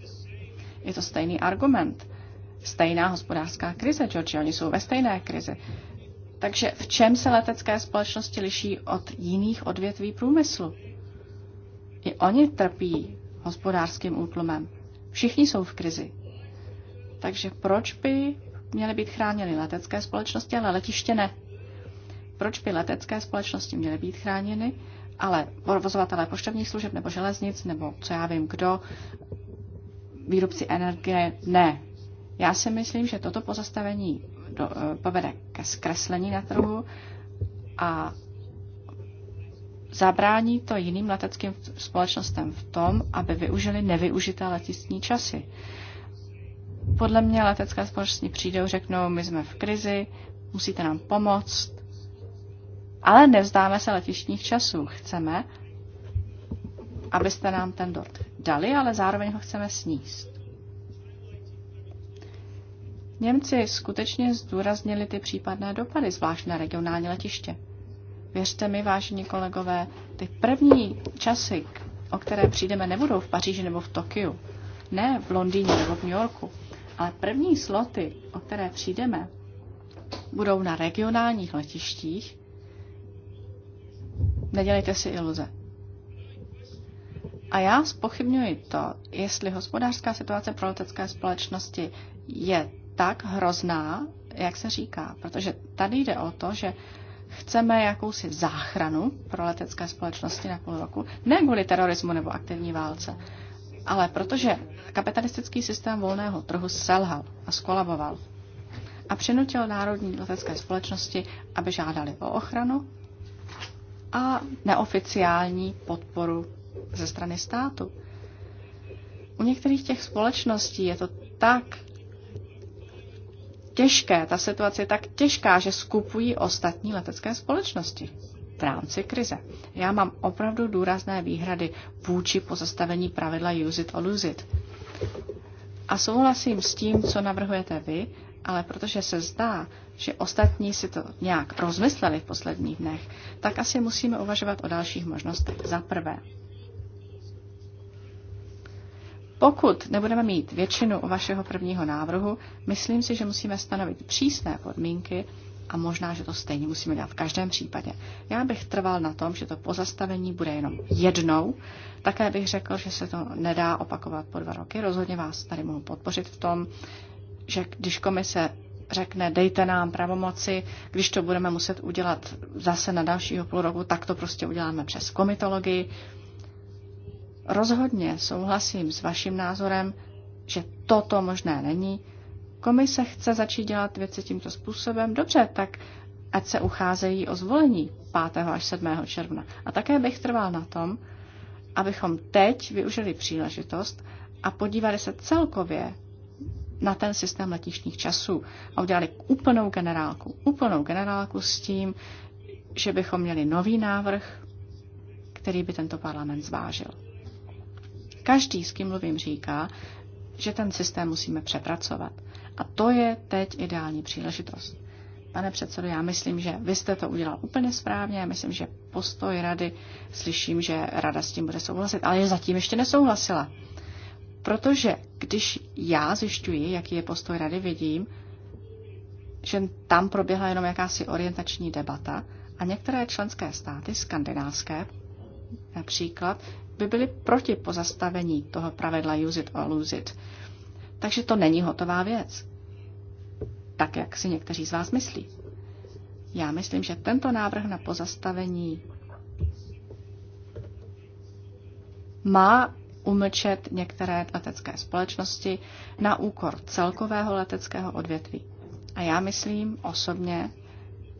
Je to stejný argument. Stejná hospodářská krize, George, oni jsou ve stejné krizi. Takže v čem se letecké společnosti liší od jiných odvětví průmyslu? I oni trpí hospodářským útlumem. Všichni jsou v krizi. Takže proč by měly být chráněny letecké společnosti, ale letiště ne? proč by letecké společnosti měly být chráněny, ale provozovatelé poštovních služeb nebo železnic, nebo co já vím kdo, výrobci energie, ne. Já si myslím, že toto pozastavení do, eh, povede ke zkreslení na trhu a zabrání to jiným leteckým společnostem v tom, aby využili nevyužité letistní časy. Podle mě letecké společnosti přijdou, řeknou, my jsme v krizi, musíte nám pomoct, ale nevzdáme se letišních časů. Chceme, abyste nám ten dort dali, ale zároveň ho chceme sníst. Němci skutečně zdůraznili ty případné dopady, zvlášť na regionální letiště. Věřte mi, vážení kolegové, ty první časy, o které přijdeme, nebudou v Paříži nebo v Tokiu, ne v Londýně nebo v New Yorku, ale první sloty, o které přijdeme, budou na regionálních letištích Nedělejte si iluze. A já spochybňuji to, jestli hospodářská situace pro letecké společnosti je tak hrozná, jak se říká. Protože tady jde o to, že chceme jakousi záchranu pro letecké společnosti na půl roku, ne kvůli terorismu nebo aktivní válce, ale protože kapitalistický systém volného trhu selhal a skolaboval a přinutil národní letecké společnosti, aby žádali o ochranu a neoficiální podporu ze strany státu. U některých těch společností je to tak těžké, ta situace je tak těžká, že skupují ostatní letecké společnosti v rámci krize. Já mám opravdu důrazné výhrady vůči pozastavení pravidla use it or lose it. A souhlasím s tím, co navrhujete vy, ale protože se zdá, že ostatní si to nějak rozmysleli v posledních dnech, tak asi musíme uvažovat o dalších možnostech. Za prvé, pokud nebudeme mít většinu u vašeho prvního návrhu, myslím si, že musíme stanovit přísné podmínky a možná, že to stejně musíme dělat v každém případě. Já bych trval na tom, že to pozastavení bude jenom jednou. Také bych řekl, že se to nedá opakovat po dva roky. Rozhodně vás tady mohu podpořit v tom, že když komise řekne, dejte nám pravomoci, když to budeme muset udělat zase na dalšího půl roku, tak to prostě uděláme přes komitologii. Rozhodně souhlasím s vaším názorem, že toto možné není. Komise chce začít dělat věci tímto způsobem. Dobře, tak ať se ucházejí o zvolení 5. až 7. června. A také bych trval na tom, abychom teď využili příležitost a podívali se celkově na ten systém letišních časů a udělali úplnou generálku. Úplnou generálku s tím, že bychom měli nový návrh, který by tento parlament zvážil. Každý, s kým mluvím, říká, že ten systém musíme přepracovat. A to je teď ideální příležitost. Pane předsedo, já myslím, že vy jste to udělal úplně správně. Já myslím, že postoj rady, slyším, že rada s tím bude souhlasit, ale je zatím ještě nesouhlasila. Protože když já zjišťuji, jaký je postoj rady, vidím, že tam proběhla jenom jakási orientační debata a některé členské státy, skandinávské například, by byly proti pozastavení toho pravidla use it or lose it. Takže to není hotová věc. Tak, jak si někteří z vás myslí. Já myslím, že tento návrh na pozastavení má umlčet některé letecké společnosti na úkor celkového leteckého odvětví. A já myslím osobně,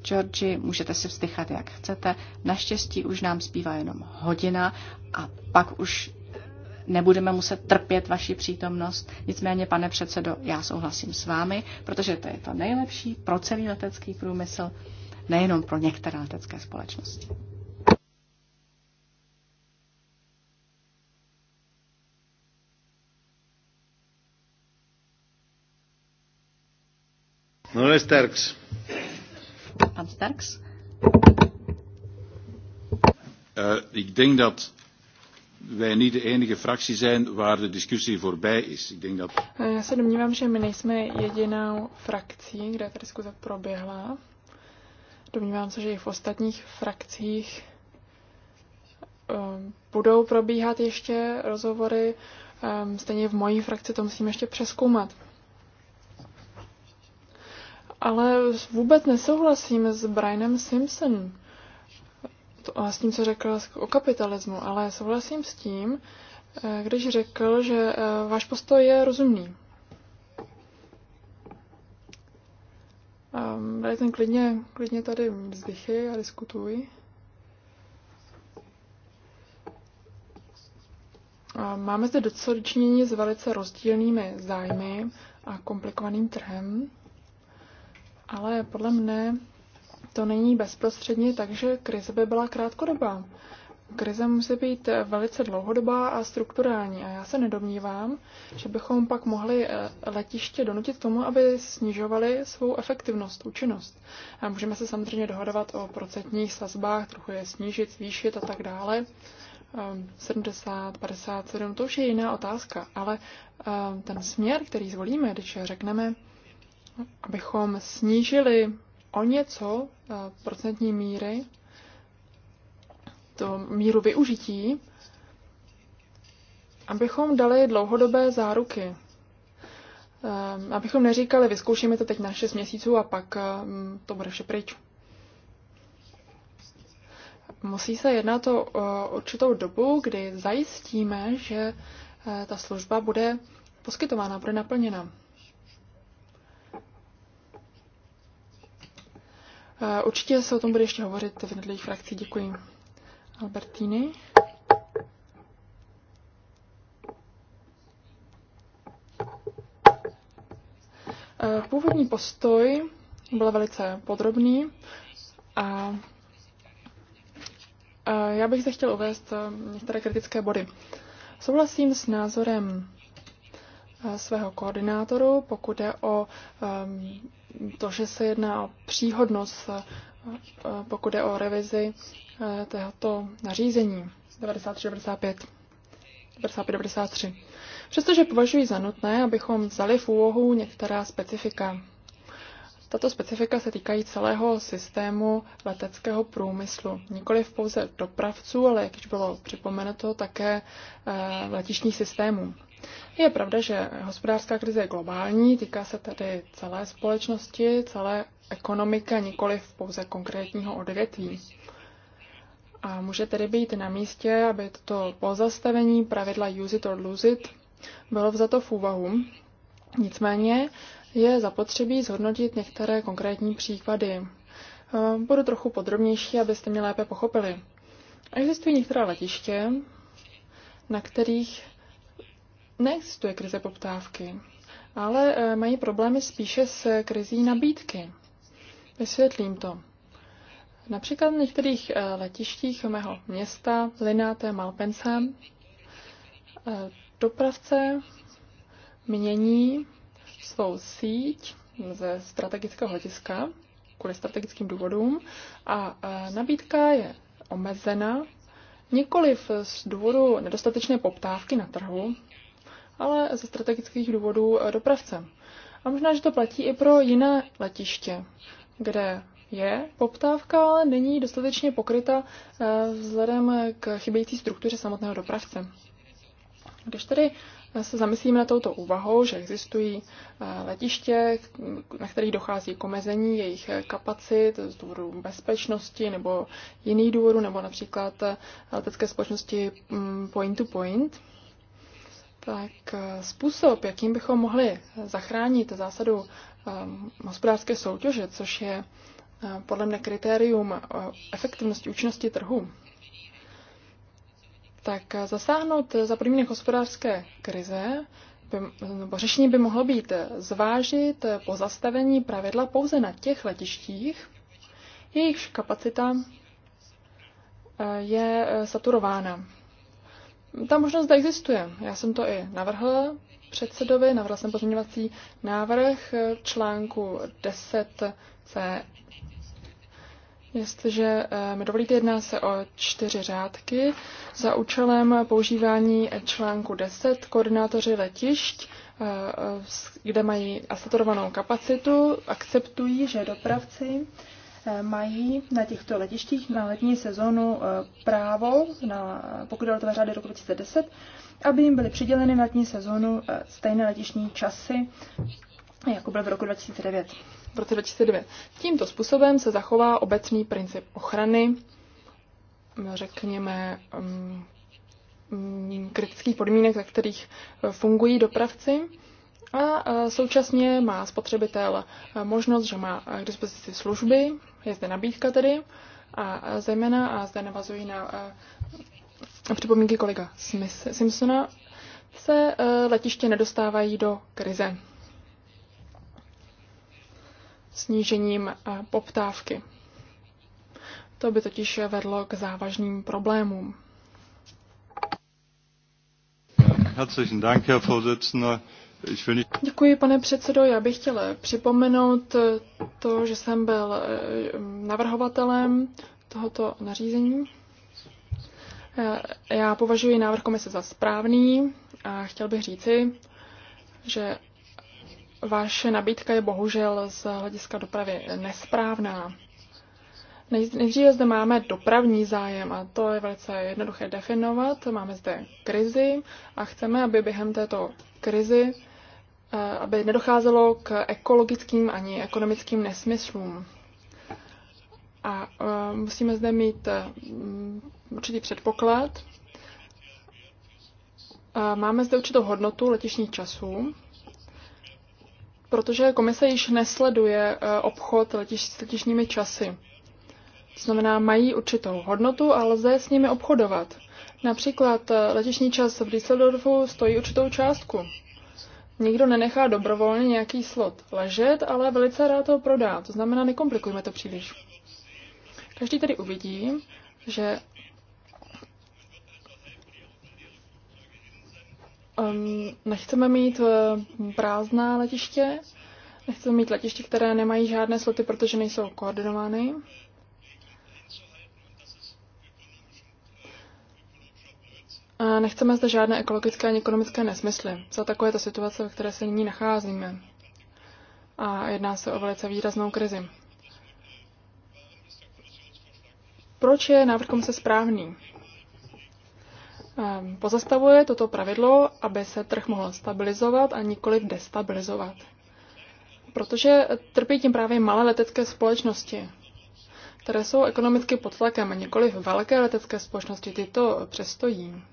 Georgi, můžete si vzdychat, jak chcete. Naštěstí už nám zpívá jenom hodina a pak už nebudeme muset trpět vaši přítomnost. Nicméně, pane předsedo, já souhlasím s vámi, protože to je to nejlepší pro celý letecký průmysl, nejenom pro některé letecké společnosti. Honorable Sterks. Pan Uh, eh, ik denk dat wij niet de enige fractie zijn waar de discussie voorbij is. Ik denk dat... Eh, já se domnívám, že my nejsme jedinou frakcí, kde ta diskuze proběhla. Domnívám se, že i v ostatních frakcích ehm, budou probíhat ještě rozhovory. Ehm, stejně v mojí frakci to musíme ještě přeskoumat ale vůbec nesouhlasím s Brianem Simpson. a s tím, co řekl o kapitalismu, ale souhlasím s tím, eh, když řekl, že eh, váš postoj je rozumný. Ehm, Dali ten klidně, klidně tady vzdychy a diskutuj. Máme zde docela dočinění s velice rozdílnými zájmy a komplikovaným trhem ale podle mne to není bezprostředně, takže krize by byla krátkodobá. Krize musí být velice dlouhodobá a strukturální a já se nedomnívám, že bychom pak mohli eh, letiště donutit tomu, aby snižovali svou efektivnost, účinnost. A můžeme se samozřejmě dohadovat o procentních sazbách, trochu je snížit, zvýšit a tak dále. 70, ehm, 57, to už je jiná otázka, ale ehm, ten směr, který zvolíme, když řekneme, abychom snížili o něco eh, procentní míry, to míru využití, abychom dali dlouhodobé záruky. Eh, abychom neříkali, vyzkoušíme to teď na 6 měsíců a pak eh, to bude vše pryč. Musí se jednat o určitou dobu, kdy zajistíme, že ta služba bude poskytována, bude naplněna. Eh, určitě se o tom bude ještě hovořit v jednotlivých frakcích. Děkuji. Albertini. Eh, původní postoj byl velice podrobný a eh, já bych zde chtěl uvést některé kritické body. Souhlasím s názorem svého koordinátoru, pokud je o um, to, že se jedná o příhodnost, pokud je o revizi e, tohoto nařízení 93-95. 95-93. Přestože považuji za nutné, abychom vzali v úvahu některá specifika. Tato specifika se týkají celého systému leteckého průmyslu. Nikoliv pouze dopravců, ale jak již bylo připomenuto, také e, letišních systémů. Je pravda, že hospodářská krize je globální, týká se tedy celé společnosti, celé ekonomiky, nikoli pouze konkrétního odvětví. A může tedy být na místě, aby toto pozastavení pravidla use it or lose it bylo vzato v úvahu. Nicméně je zapotřebí zhodnotit některé konkrétní příklady. Eh, budu trochu podrobnější, abyste mě lépe pochopili. Existují některá letiště, na kterých neexistuje krize poptávky, ale eh, mají problémy spíše s krizí nabídky. Vysvětlím to. Například v některých eh, letištích mého města, Lináte Malpense, eh, dopravce mění svou síť ze strategického hlediska, kvůli strategickým důvodům, a nabídka je omezena nikoliv z důvodu nedostatečné poptávky na trhu, ale ze strategických důvodů eh, dopravcem. A možná, že to platí i pro jiné letiště, kde je poptávka, ale není dostatečně pokryta eh, vzhledem k chybějící struktuře samotného dopravce. Když tedy eh, se zamyslíme na touto úvahou, že existují letiště, na kterých dochází k omezení jejich kapacit z důvodu bezpečnosti nebo jiných důvodů, nebo například letecké společnosti mm, point to point, tak eh, způsob, jakým bychom mohli zachránit zásadu ehm, hospodářské soutěže, což je eh, podle mne kritérium eh, efektivnosti účinnosti trhu, tak zasáhnout za podmínek hospodářské krize by, nebo řešení by mohlo být zvážit pozastavení pravidla pouze na těch letištích, jejichž kapacita je saturována ta možnost zde existuje. Já jsem to i navrhl předsedovi, navrhl jsem pozměňovací návrh článku 10c. Jestliže eh, mi dovolíte, jedná se o čtyři řádky. Za účelem používání článku 10 koordinátoři letišť, eh, eh, kde mají asaturovanou kapacitu, akceptují, že dopravci Eh, mají na těchto letištích na letní sezonu eh, právo, na, pokud je o to řády roku 2010, aby jim byly přiděleny na letní sezonu eh, stejné letišní časy, jako byl v roku 2009. V roce 2009. Tímto způsobem se zachová obecný princip ochrany, mm, řekněme, mm, mm, kritických podmínek, za kterých fungují dopravci. A současně má spotřebitel možnost, že má k dispozici služby, je zde nabídka tedy a zejména, a zde navazují na připomínky kolega Simpsona, se e, letiště nedostávají do krize snížením e, poptávky. To by totiž vedlo k závažným problémům. Herzlichen Dank, Herr Vorsitzender. Děkuji, pane předsedo. Já bych chtěla připomenout to, že jsem byl eh, navrhovatelem tohoto nařízení. Eh, já považuji návrh komise za správný a chtěl bych říci, že vaše nabídka je bohužel z hlediska dopravy nesprávná. Nejdříve zde máme dopravní zájem a to je velice jednoduché definovat. Máme zde krizi a chceme, aby během této krizi Eh, aby nedocházelo k ekologickým ani ekonomickým nesmyslům. A eh, musíme zde mít eh, mm, určitý předpoklad. Máme zde určitou hodnotu letišních časů, protože komise již nesleduje obchod letiš, s letišními časy. To znamená, mají určitou hodnotu a lze s nimi obchodovat. Například letišní čas v Düsseldorfu stojí určitou částku nikdo nenechá dobrovolně nějaký slot ležet, ale velice rád ho prodá. To znamená, nekomplikujme to příliš. Každý tedy uvidí, že um, nechceme mít uh, prázdná letiště, nechceme mít letiště, které nemají žádné sloty, protože nejsou koordinovány. Nechceme zde žádné ekologické ani ekonomické nesmysly za takovéto situace, ve které se nyní nacházíme. A jedná se o velice výraznou krizi. Proč je návrh komise správný? Ehm, pozastavuje toto pravidlo, aby se trh mohl stabilizovat a nikoli destabilizovat. Protože trpí tím právě malé letecké společnosti, které jsou ekonomicky pod tlakem a nikoli velké letecké společnosti tyto přestojí.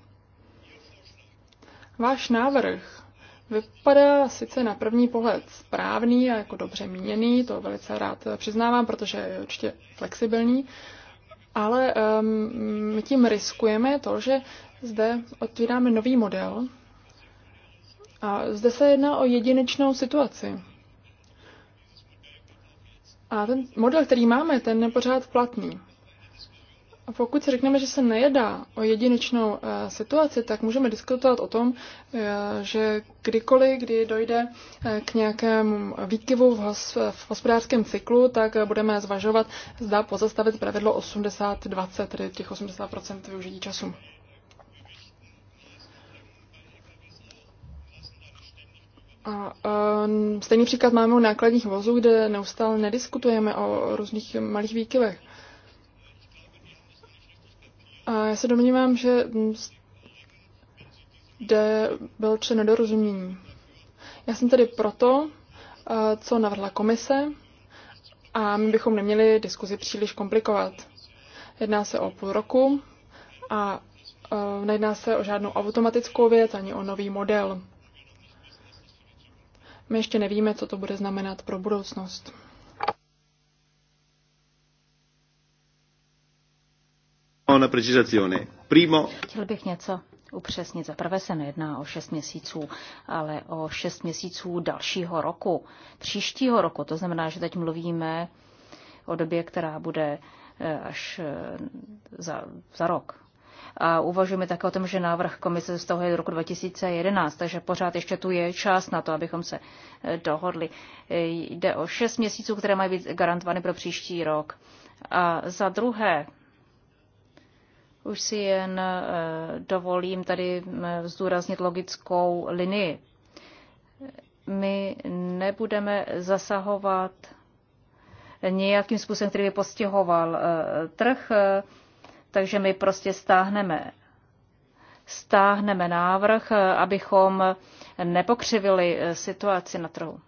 Váš návrh vypadá sice na první pohled správný a jako dobře míněný, to velice rád přiznávám, protože je určitě flexibilní, ale ehm, my tím riskujeme to, že zde otvíráme nový model a zde se jedná o jedinečnou situaci. A ten model, který máme, ten je pořád platný. A pokud si řekneme, že se nejedá o jedinečnou eh, situaci, tak můžeme diskutovat o tom, eh, že kdykoliv, kdy dojde eh, k nějakému výkyvu v, hos, v hospodářském cyklu, tak budeme zvažovat, zda pozastavit pravidlo 80-20, tedy těch 80% využití času. A, um, stejný příklad máme u nákladních vozů, kde neustále nediskutujeme o různých malých výkyvech. A já se domnívám, že jde, byl či nedorozumění. Já jsem tedy proto, eh, co navrhla komise, a my bychom neměli diskuzi příliš komplikovat. Jedná se o půl roku a eh, nejedná se o žádnou automatickou věc ani o nový model. My ještě nevíme, co to bude znamenat pro budoucnost. una precisazione. Primo... Chtěl bych něco upřesnit. Za prvé se nejedná o šest měsíců, ale o šest měsíců dalšího roku, příštího roku. To znamená, že teď mluvíme o době, která bude eh, až eh, za, za rok. A uvažujeme také o tom, že návrh komise zůstavuje do roku 2011, takže pořád ještě tu je čas na to, abychom se eh, dohodli. Jde o šest měsíců, které mají být garantovány pro příští rok. A za druhé, už si jen eh, dovolím tady eh, zdůraznit logickou linii. My nebudeme zasahovat nějakým způsobem, který by postihoval eh, trh, takže my prostě stáhneme stáhneme návrh, abychom nepokřivili situaci na trhu.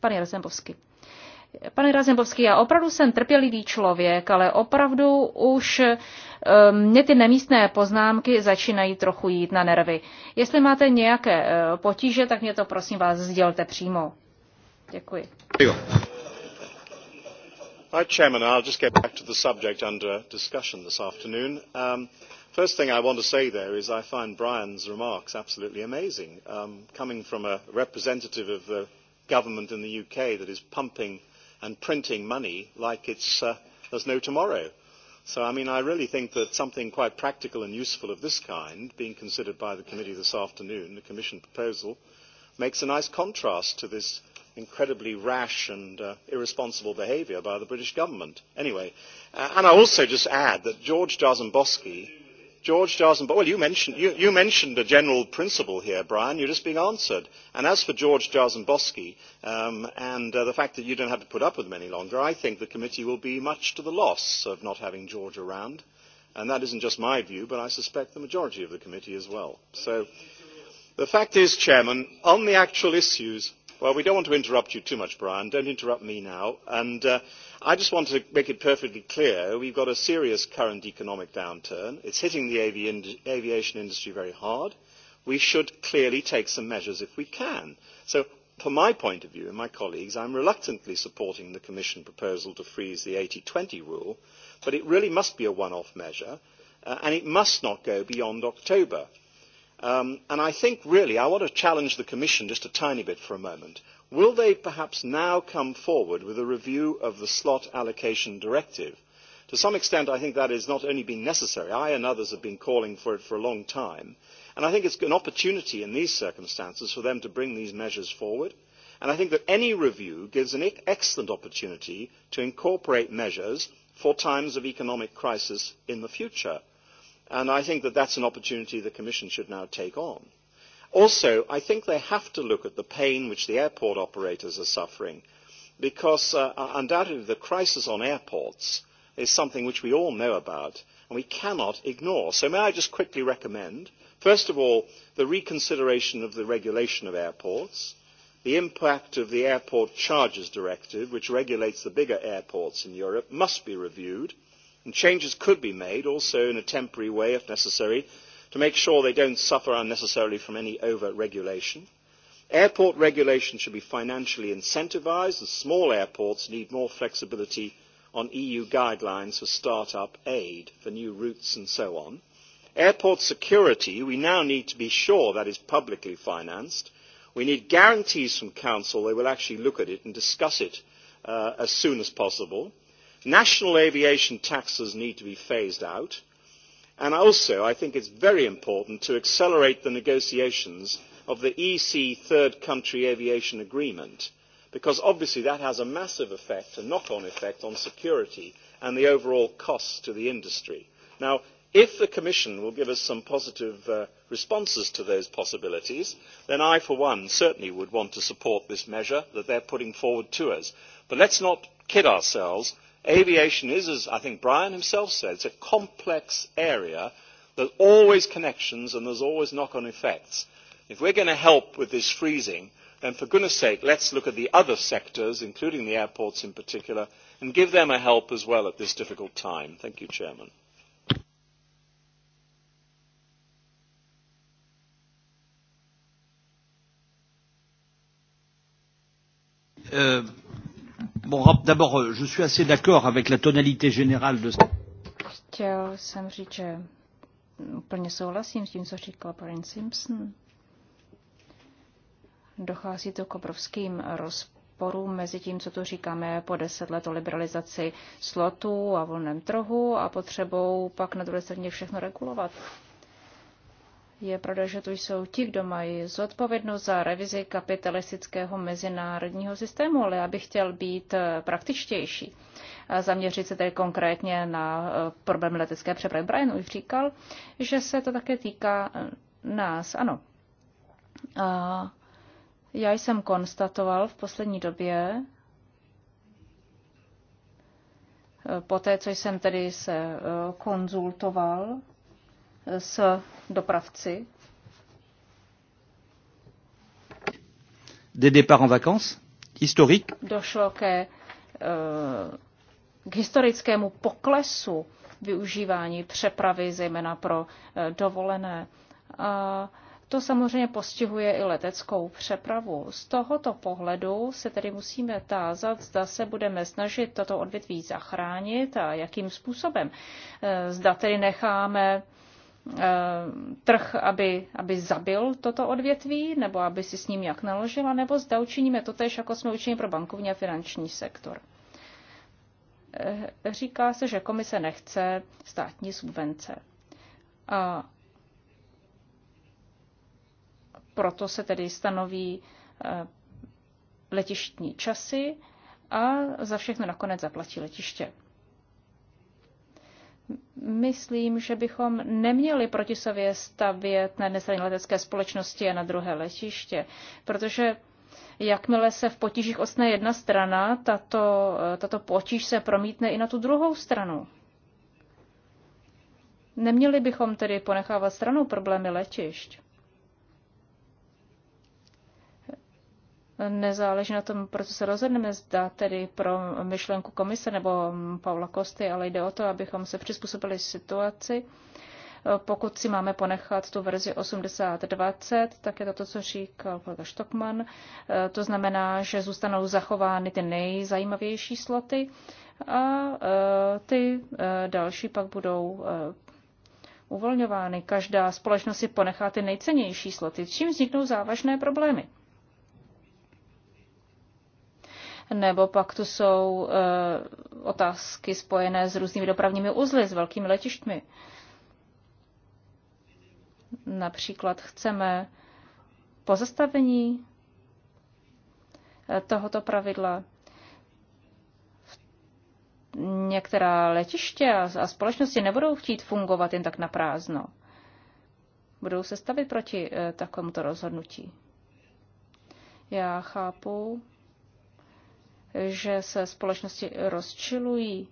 Pan Jarzembovský. Pane Razembovský, já opravdu jsem trpělivý člověk, ale opravdu už ehm, mě ty nemístné poznámky začínají trochu jít na nervy. Jestli máte nějaké eh, potíže, tak mě to prosím vás sdělte přímo. Děkuji. Hi, Chairman. I'll just get back to the subject under discussion this afternoon. Um, first thing I want to say, though, is I find Brian's remarks absolutely amazing. Um, coming from a representative of the government in the UK that is pumping – and printing money like it's, uh, there's no tomorrow. So, I mean, I really think that something quite practical and useful of this kind, being considered by the committee this afternoon, the Commission proposal, makes a nice contrast to this incredibly rash and uh, irresponsible behaviour by the British government. Anyway, uh, and I also just add that George Jarzembowski George Darzenbaugh, well, you mentioned, you, you mentioned a general principle here, Brian. You're just being answered. And as for George Darzenbosky um, and uh, the fact that you don't have to put up with him any longer, I think the committee will be much to the loss of not having George around. And that isn't just my view, but I suspect the majority of the committee as well. So the fact is, Chairman, on the actual issues, Well, we don't want to interrupt you too much, Brian. Don't interrupt me now. And uh, I just want to make it perfectly clear we've got a serious current economic downturn. It's hitting the avi ind aviation industry very hard. We should clearly take some measures if we can. So, from my point of view and my colleagues, I'm reluctantly supporting the Commission proposal to freeze the 80-20 rule, but it really must be a one-off measure, uh, and it must not go beyond October Um, and I think really I want to challenge the Commission just a tiny bit for a moment. Will they perhaps now come forward with a review of the slot allocation directive? To some extent, I think that has not only been necessary, I and others have been calling for it for a long time. And I think it's an opportunity in these circumstances for them to bring these measures forward. And I think that any review gives an excellent opportunity to incorporate measures for times of economic crisis in the future. And I think that that's an opportunity the Commission should now take on. Also, I think they have to look at the pain which the airport operators are suffering, because uh, undoubtedly the crisis on airports is something which we all know about and we cannot ignore. So may I just quickly recommend, first of all, the reconsideration of the regulation of airports, the impact of the Airport Charges Directive, which regulates the bigger airports in Europe, must be reviewed and changes could be made also in a temporary way if necessary to make sure they do not suffer unnecessarily from any over regulation. airport regulation should be financially incentivised as small airports need more flexibility on eu guidelines for start up aid for new routes and so on. airport security we now need to be sure that is publicly financed. we need guarantees from council they will actually look at it and discuss it uh, as soon as possible National aviation taxes need to be phased out. And also, I think it's very important to accelerate the negotiations of the EC Third Country Aviation Agreement, because obviously that has a massive effect, a knock-on effect on security and the overall costs to the industry. Now, if the Commission will give us some positive uh, responses to those possibilities, then I, for one, certainly would want to support this measure that they're putting forward to us. But let's not kid ourselves aviation is, as I think Brian himself said, it's a complex area. There's always connections and there's always knock-on effects. If we're going to help with this freezing, then for goodness sake, let's look at the other sectors, including the airports in particular, and give them a help as well at this difficult time. Thank you, Chairman. Uh, Bon, d'abord, euh, je suis assez d'accord avec la tonalité générale de... Chtěl jsem říct, že úplně souhlasím s tím, co říkal Brian Simpson. Dochází to k obrovským rozporům mezi tím, co tu říkáme po deset let o liberalizaci slotů a volném trhu a potřebou pak na druhé straně všechno regulovat. Je pravda, že tu jsou ti, kdo mají zodpovědnost za revizi kapitalistického mezinárodního systému, ale já bych chtěl být eh, praktičtější a zaměřit se tedy konkrétně na eh, problém letecké přepravy. Brian už říkal, že se to také týká eh, nás. Ano. A já jsem konstatoval v poslední době, poté, co jsem tedy se konzultoval s dopravci? Des départs en vacances historiques. Došlo ke, eh, k historickému poklesu využívání přepravy, zejména pro eh, dovolené. A to samozřejmě postihuje i leteckou přepravu. Z tohoto pohledu se tedy musíme tázat, zda se budeme snažit toto odvětví zachránit a jakým způsobem. Eh, zda tedy necháme Eh, trh, aby, aby zabil toto odvětví, nebo aby si s ním jak naložila, nebo zda učiníme to tež, jako jsme učinili pro bankovní a finanční sektor. Eh, říká se, že komise nechce státní subvence. A proto se tedy stanoví eh, letištní časy a za všechno nakonec zaplatí letiště myslím, že bychom neměli proti sobě stavět na jedné straně letecké společnosti a na druhé letiště, protože jakmile se v potížích ostne jedna strana, tato, tato potíž se promítne i na tu druhou stranu. Neměli bychom tedy ponechávat stranou problémy letišť. nezáleží na tom, proč se rozhodneme, zda tedy pro myšlenku komise nebo Paula Kosty, ale jde o to, abychom se přizpůsobili situaci. Pokud si máme ponechat tu verzi 80-20, tak je to to, co říkal kolega Stockman. To znamená, že zůstanou zachovány ty nejzajímavější sloty a e, ty e, další pak budou e, uvolňovány. Každá společnost si ponechá ty nejcennější sloty, čím vzniknou závažné problémy. nebo pak tu jsou eh, otázky spojené s různými dopravními uzly, s velkými letištmi. Například chceme pozastavení eh, tohoto pravidla. Některá letiště a společnosti nebudou chtít fungovat jen tak na prázdno. Budou se stavit proti eh, takovému rozhodnutí. Já chápu že se společnosti rozčilují,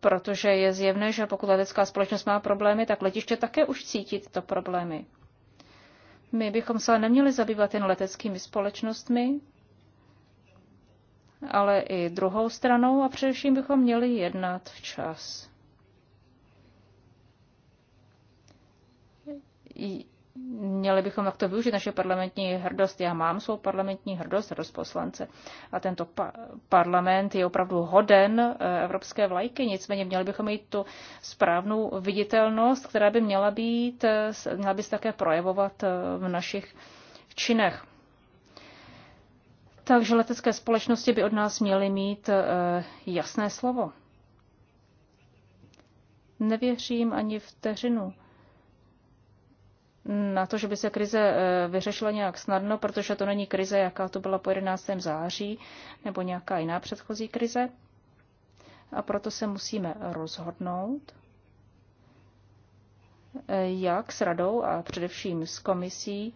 protože je zjevné, že pokud letecká společnost má problémy, tak letiště také už cítí tyto problémy. My bychom se neměli zabývat jen leteckými společnostmi, ale i druhou stranou a především bychom měli jednat včas. Měli bychom takto využít naše parlamentní hrdost. Já mám svou parlamentní hrdost, hrdost poslance. A tento pa- parlament je opravdu hoden eh, evropské vlajky, nicméně měli bychom mít tu správnou viditelnost, která by měla, být, eh, měla by se také projevovat eh, v našich činech. Takže letecké společnosti by od nás měly mít jasné slovo. Nevěřím ani vteřinu na to, že by se krize eh, vyřešila nějak snadno, protože to není krize, jaká to byla po 11. září, nebo nějaká jiná předchozí krize. A proto se musíme rozhodnout, eh, jak s radou a především s komisí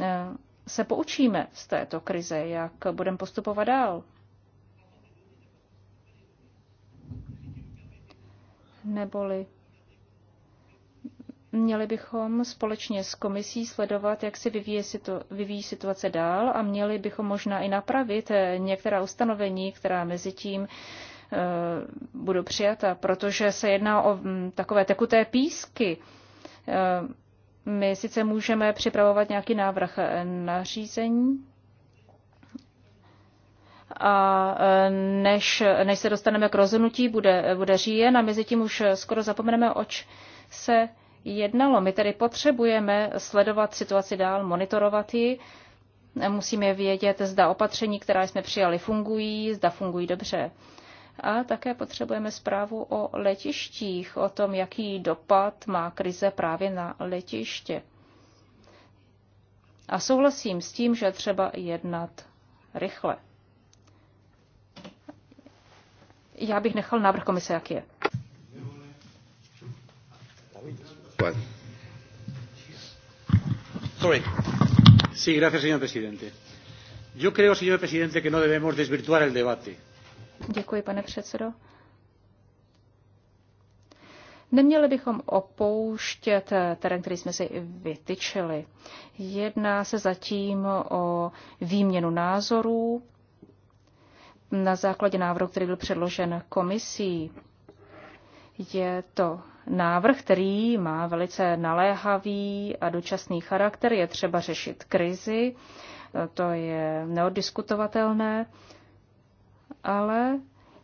eh, se poučíme z této krize, jak budeme postupovat dál. Neboli Měli bychom společně s komisí sledovat, jak se vyvíjí situace dál a měli bychom možná i napravit eh, některá ustanovení, která mezi tím eh, budou přijata, protože se jedná o mm, takové tekuté písky. Eh, my sice můžeme připravovat nějaký návrh nařízení, a než, než se dostaneme k rozhodnutí, bude, bude říjen a mezi tím už skoro zapomeneme, oč se jednalo. My tedy potřebujeme sledovat situaci dál, monitorovat ji. Musíme vědět, zda opatření, která jsme přijali, fungují, zda fungují dobře. A také potřebujeme zprávu o letištích, o tom, jaký dopad má krize právě na letiště. A souhlasím s tím, že třeba jednat rychle. Já bych nechal návrh komise, jak je. Pascual. Sorry. Sí, gracias, señor presidente. Yo creo, señor presidente, que no debemos desvirtuar el debate. Děkuji, pane předsedo. Neměli bychom opouštět terén, který jsme si vytyčili. Jedná se zatím o výměnu názorů na základě návrhu, který byl předložen komisí. Je to návrh, který má velice naléhavý a dočasný charakter. Je třeba řešit krizi, to je neodiskutovatelné, ale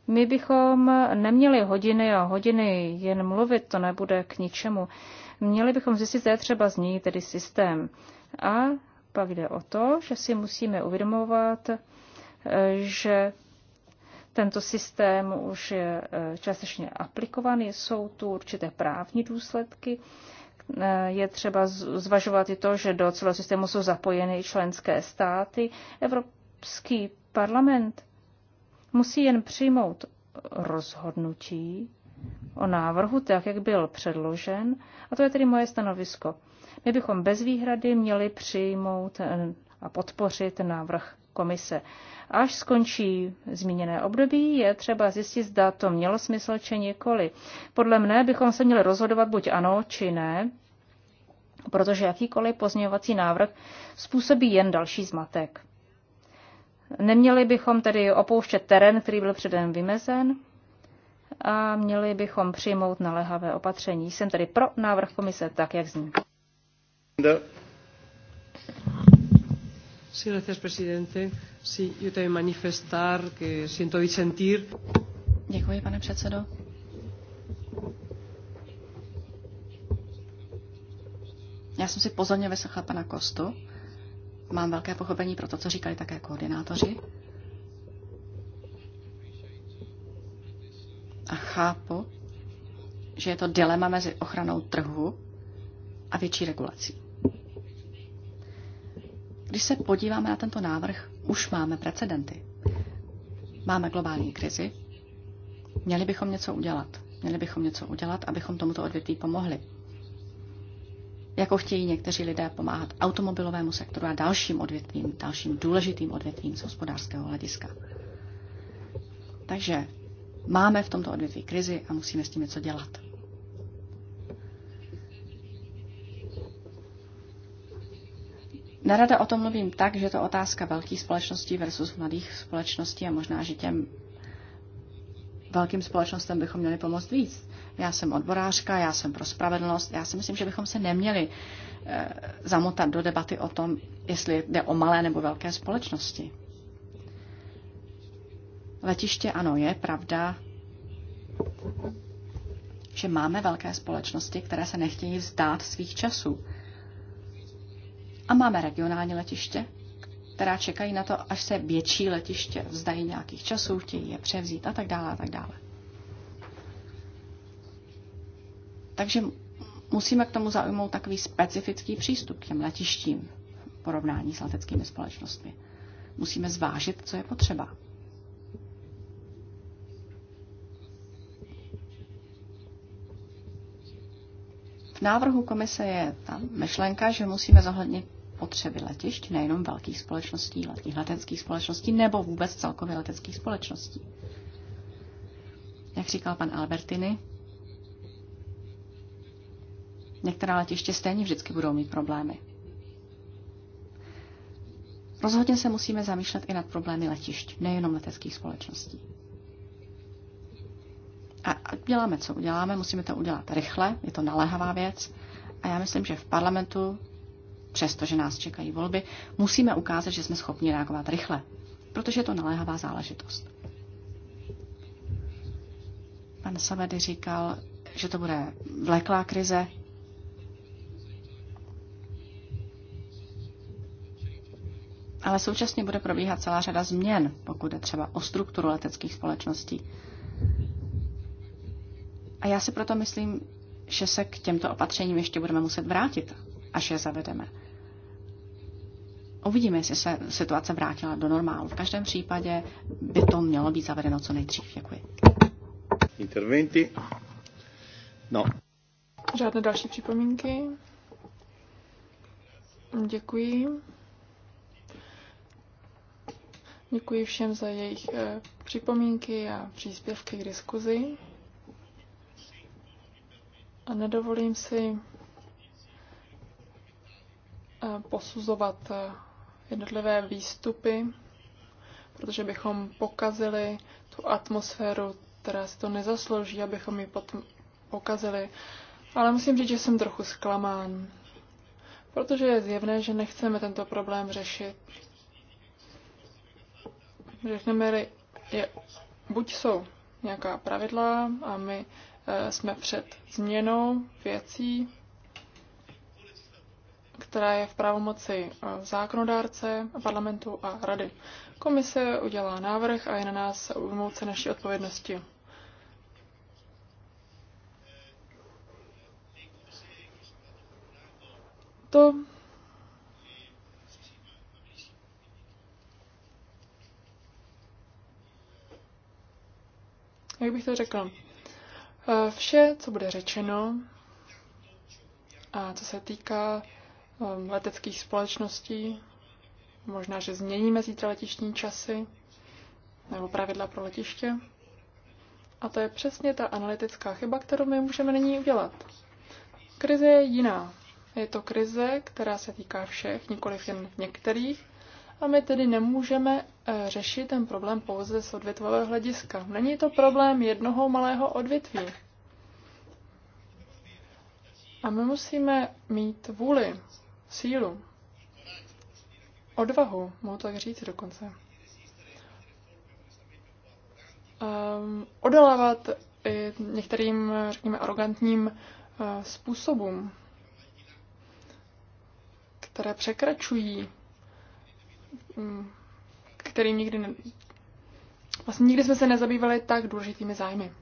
my bychom neměli hodiny a hodiny jen mluvit, to nebude k ničemu. Měli bychom zjistit, že je třeba zní tedy systém. A pak jde o to, že si musíme uvědomovat, že tento systém už je eh, částečně aplikovaný, jsou tu určité právní důsledky. Eh, je třeba zvažovat i to, že do celého systému jsou zapojeny i členské státy. Evropský parlament musí jen přijmout rozhodnutí o návrhu, tak jak byl předložen, a to je tedy moje stanovisko. My bychom bez výhrady měli přijmout eh, a podpořit návrh komise. Až skončí zmíněné období, je třeba zjistit, zda to mělo smysl či nikoli. Podle mne bychom se měli rozhodovat buď ano, či ne, protože jakýkoliv pozměňovací návrh způsobí jen další zmatek. Neměli bychom tedy opouštět terén, který byl předem vymezen, a měli bychom přijmout naléhavé opatření. Jsem tedy pro návrh komise tak, jak zní gracias, presidente. Sí, yo también manifestar que siento disentir. Děkuji, pane předsedo. Já jsem si pozorně vyslechla pana Kostu. Mám velké pochopení pro to, co říkali také koordinátoři. A chápu, že je to dilema mezi ochranou trhu a větší regulací. Když se podíváme na tento návrh, už máme precedenty. Máme globální krizi, měli bychom něco udělat. Měli bychom něco udělat, abychom tomuto odvětví pomohli. Jako chtějí někteří lidé pomáhat automobilovému sektoru a dalším odvětvím, dalším důležitým odvětvím z hospodářského hlediska. Takže máme v tomto odvětví krizi a musíme s tím něco dělat. Narada o tom mluvím tak, že to otázka velkých společností versus mladých společností a možná, že těm velkým společnostem bychom měli pomoct víc. Já jsem odborářka, já jsem pro spravedlnost, já si myslím, že bychom se neměli e, zamotat do debaty o tom, jestli jde o malé nebo velké společnosti. Letiště, ano, je pravda, že máme velké společnosti, které se nechtějí vzdát svých časů. A máme regionální letiště, která čekají na to, až se větší letiště vzdají nějakých časů, chtějí je převzít a tak dále a tak dále. Takže musíme k tomu zaujmout takový specifický přístup k těm letištím v porovnání s leteckými společnostmi. Musíme zvážit, co je potřeba. V návrhu komise je ta myšlenka, že musíme zohlednit potřeby letišť, nejenom velkých společností, letních leteckých společností nebo vůbec celkově leteckých společností. Jak říkal pan Albertini, některá letiště stejně vždycky budou mít problémy. Rozhodně se musíme zamýšlet i nad problémy letišť, nejenom leteckých společností. A děláme, co uděláme, musíme to udělat rychle, je to naléhavá věc. A já myslím, že v parlamentu přestože nás čekají volby, musíme ukázat, že jsme schopni reagovat rychle, protože je to naléhavá záležitost. Pan Savedy říkal, že to bude vleklá krize. Ale současně bude probíhat celá řada změn, pokud je třeba o strukturu leteckých společností. A já si proto myslím, že se k těmto opatřením ještě budeme muset vrátit, až je zavedeme. Uvidíme, jestli se situace vrátila do normálu. V každém případě by to mělo být zavedeno co nejdřív. Děkuji. Interventi? No. Žádné další připomínky? Děkuji. Děkuji všem za jejich eh, připomínky a příspěvky k diskuzi. A nedovolím si eh, posuzovat eh, jednotlivé výstupy, protože bychom pokazili tu atmosféru, která si to nezaslouží, abychom ji potom pokazili. Ale musím říct, že jsem trochu zklamán, protože je zjevné, že nechceme tento problém řešit. Řekneme, je, buď jsou nějaká pravidla a my eh, jsme před změnou věcí, která je v právomoci eh, zákonodárce, parlamentu a rady. Komise udělá návrh a je na nás ujmout se naší odpovědnosti. To jak bych to řekl, eh, vše, co bude řečeno a co se týká Um, leteckých společností. Možná, že změníme zítra letištní časy nebo pravidla pro letiště. A to je přesně ta analytická chyba, kterou my můžeme nyní udělat. Krize je jiná. Je to krize, která se týká všech, nikoliv jen některých, a my tedy nemůžeme eh, řešit ten problém pouze z odvětvového hlediska. Není to problém jednoho malého odvětví. A my musíme mít vůli sílu, odvahu, mohu tak říct dokonce. Um, odolávat i některým, řekněme, arrogantním uh, způsobům, které překračují, um, kterým nikdy ne... Vlastně nikdy jsme se nezabývali tak důležitými zájmy.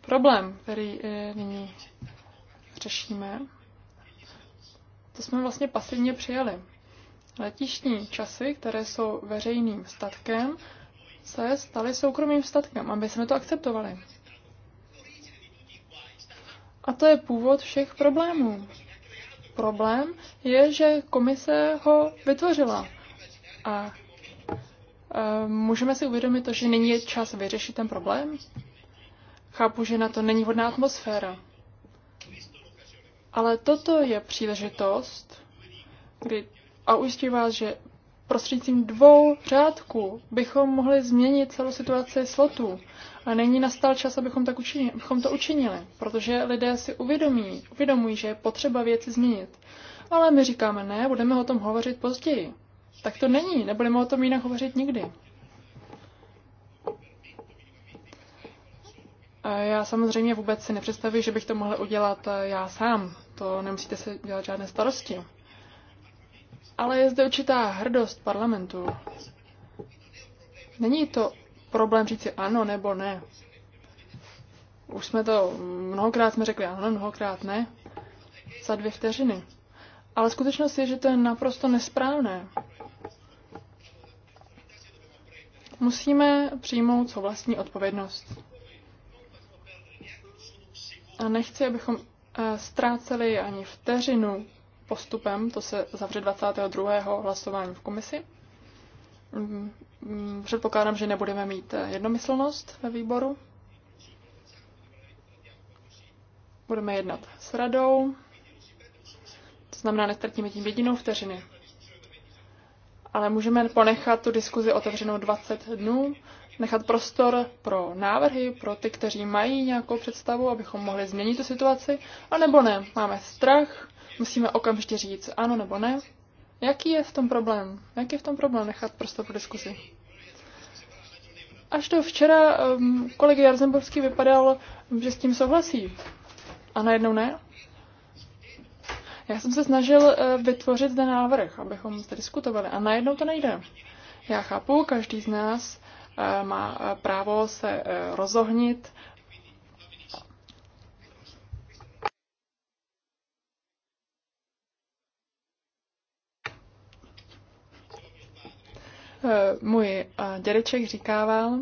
Problém, který eh, nyní řešíme, to jsme vlastně pasivně přijali. Letištní časy, které jsou veřejným statkem, se staly soukromým statkem, aby jsme to akceptovali. A to je původ všech problémů. Problém je, že komise ho vytvořila. A e, můžeme si uvědomit to, že není čas vyřešit ten problém? Chápu, že na to není vhodná atmosféra. Ale toto je příležitost, kdy, a ujistím vás, že prostřednictvím dvou řádků bychom mohli změnit celou situaci slotů. A není nastal čas, abychom, tak učinili, abychom to učinili, protože lidé si uvědomí, uvědomují, že je potřeba věci změnit. Ale my říkáme ne, budeme o tom hovořit později. Tak to není, nebudeme o tom jinak hovořit nikdy. Já samozřejmě vůbec si nepředstavuji, že bych to mohl udělat eh, já sám. To nemusíte se dělat žádné starosti. Ale je zde určitá hrdost parlamentu. Není to problém říci ano nebo ne. Už jsme to mnohokrát jsme řekli ano, mnohokrát ne. Za dvě vteřiny. Ale skutečnost je, že to je naprosto nesprávné. Musíme přijmout svou vlastní odpovědnost. A nechci, abychom eh, ztráceli ani vteřinu postupem, to se zavře 22. hlasování v komisi. Mm, mm, předpokládám, že nebudeme mít eh, jednomyslnost ve výboru. Budeme jednat s radou, to znamená, nestratíme tím jedinou vteřiny. Ale můžeme ponechat tu diskuzi otevřenou 20 dnů, nechat prostor pro návrhy, pro ty, kteří mají nějakou představu, abychom mohli změnit tu situaci, anebo ne. Máme strach, musíme okamžitě říct ano nebo ne. Jaký je v tom problém? Jaký je v tom problém nechat prostor pro diskusi? Až do včera um, kolega Jarzembovský vypadal, že s tím souhlasí. A najednou ne. Já jsem se snažil uh, vytvořit zde návrh, abychom zde diskutovali. A najednou to nejde. Já chápu, každý z nás Eh, má eh, právo se eh, rozohnit. Můj dědeček říkával,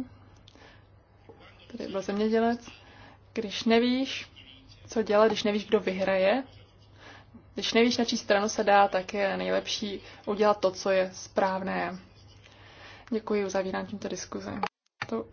který byl zemědělec, když nevíš, co dělat, když nevíš, kdo vyhraje, když nevíš, na čí stranu se dá, tak je nejlepší udělat to, co je správné. Děkuji, uzavírám tímto diskuzi. To...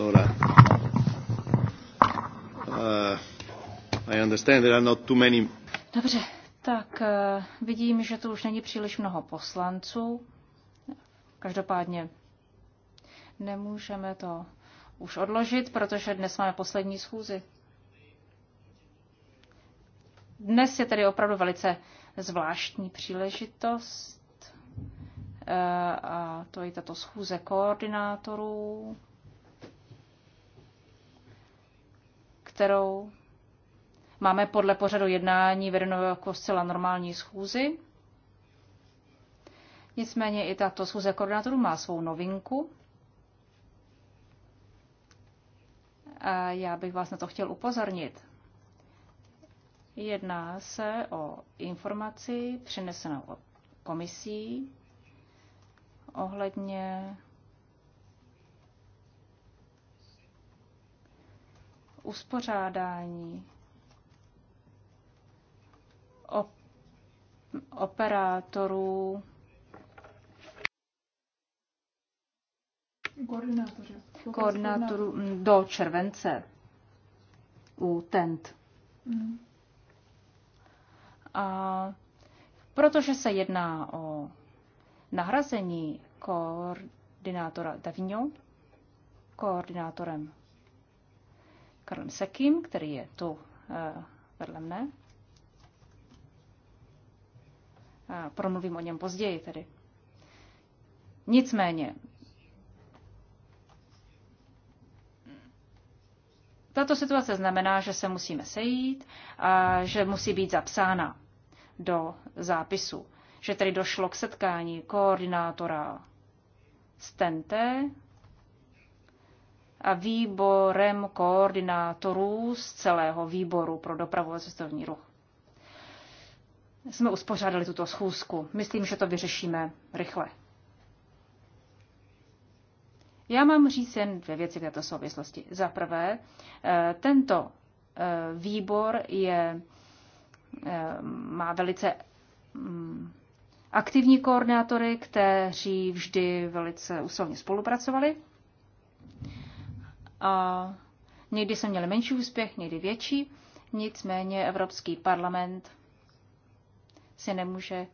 Allora, uh, I understand there are not too many... Dobře, tak uh, vidím, že tu už není příliš mnoho poslanců. Každopádně nemůžeme to už odložit, protože dnes máme poslední schůzi. Dnes je tedy opravdu velice zvláštní příležitost eh, a to je tato schůze koordinátorů. kterou máme podle pořadu jednání vedenou jako zcela normální schůzi. Nicméně i tato schůze koordinátorů má svou novinku. A já bych vás na to chtěl upozornit. Jedná se o informaci přinesenou komisí ohledně uspořádání op- operátorů, koordinátorů, mm, do července u TENT. Mm. Mm-hmm. A protože se jedná o nahrazení koordinátora Davignon koordinátorem Karlem Sekim, který je tu eh, vedle mne. A eh, promluvím o něm později tedy. Nicméně, tato situace znamená, že se musíme sejít a že musí být zapsána do zápisu. Že tedy došlo k setkání koordinátora Stente a výborem koordinátorů z celého výboru pro dopravu a cestovní ruch. Jsme uspořádali tuto schůzku. Myslím, že to vyřešíme rychle. Já mám říct jen dvě věci v této souvislosti. Za prvé, eh, tento eh, výbor je, eh, má velice mm, aktivní koordinátory, kteří vždy velice úsilně spolupracovali a někdy jsme měli menší úspěch, někdy větší, nicméně Evropský parlament si nemůže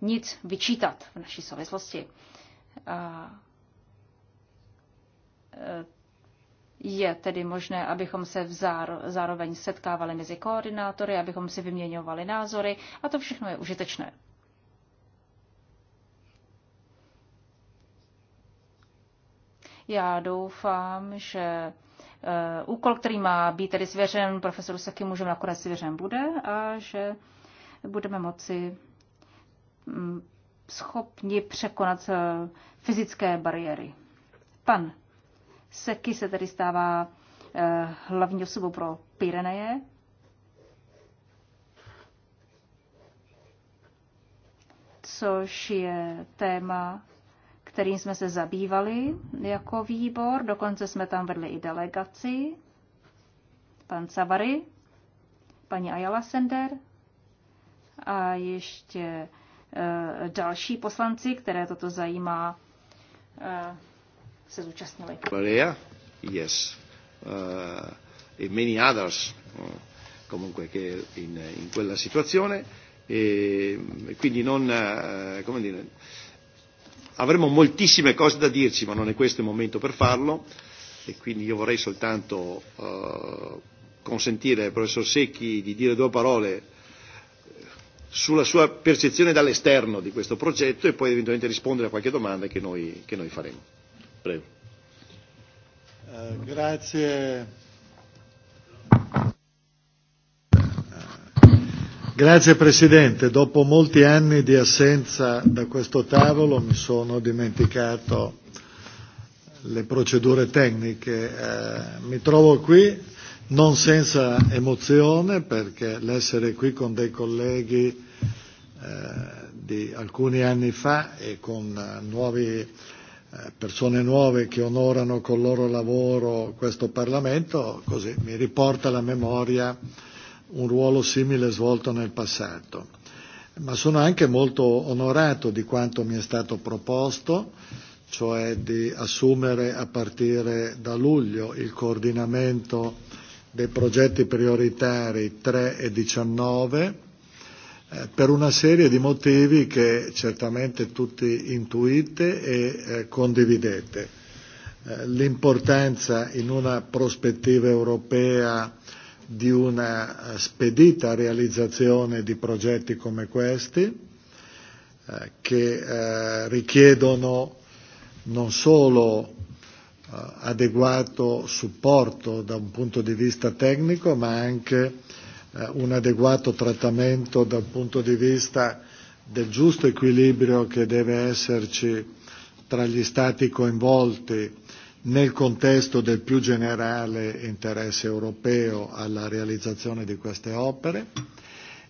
nic vyčítat v naší souvislosti. A e, je tedy možné, abychom se záro, zároveň setkávali mezi koordinátory, abychom si vyměňovali názory a to všechno je užitečné. Já doufám, že eh, úkol, který má být tedy svěřen profesoru Seky, můžeme nakonec svěřen bude a že budeme moci mm, schopni překonat eh, fyzické bariéry. Pan Seky se tedy stává eh, hlavní osobou pro Pyreneje. což je téma, kterým jsme se zabývali jako výbor. Dokonce jsme tam vedli i delegaci. Pan Savary, paní Ayala Sender a ještě e, další poslanci, které toto zajímá, e, se zúčastnili. Valeria, yes. Uh, and many others uh, comunque che in, in quella situazione e quindi non, uh, come dire, avremmo moltissime cose da dirci, ma non è questo il momento per farlo e quindi io vorrei soltanto uh, consentire al professor Secchi di dire due parole eh, sulla sua percezione dall'esterno di questo progetto e poi eventualmente rispondere a qualche domanda che noi, che noi faremo. Prego. Uh, grazie Grazie Presidente, dopo molti anni di assenza da questo tavolo mi sono dimenticato le procedure tecniche. Eh, mi trovo qui non senza emozione perché l'essere qui con dei colleghi eh, di alcuni anni fa e con eh, nuovi, eh, persone nuove che onorano col loro lavoro questo Parlamento, così mi riporta la memoria eh, un ruolo simile svolto nel passato, ma sono anche molto onorato di quanto mi è stato proposto, cioè di assumere a partire da luglio il coordinamento dei progetti prioritari 3 e 19 eh, per una serie di motivi che certamente tutti intuite e eh, condividete. Eh, l'importanza in una prospettiva europea eh, di una eh, spedita realizzazione di progetti come questi, eh, che eh, richiedono non solo eh, adeguato supporto da un punto di vista tecnico, ma anche eh, un adeguato trattamento dal punto di vista del giusto equilibrio che deve esserci tra gli stati coinvolti nel contesto del più generale interesse europeo alla realizzazione di queste opere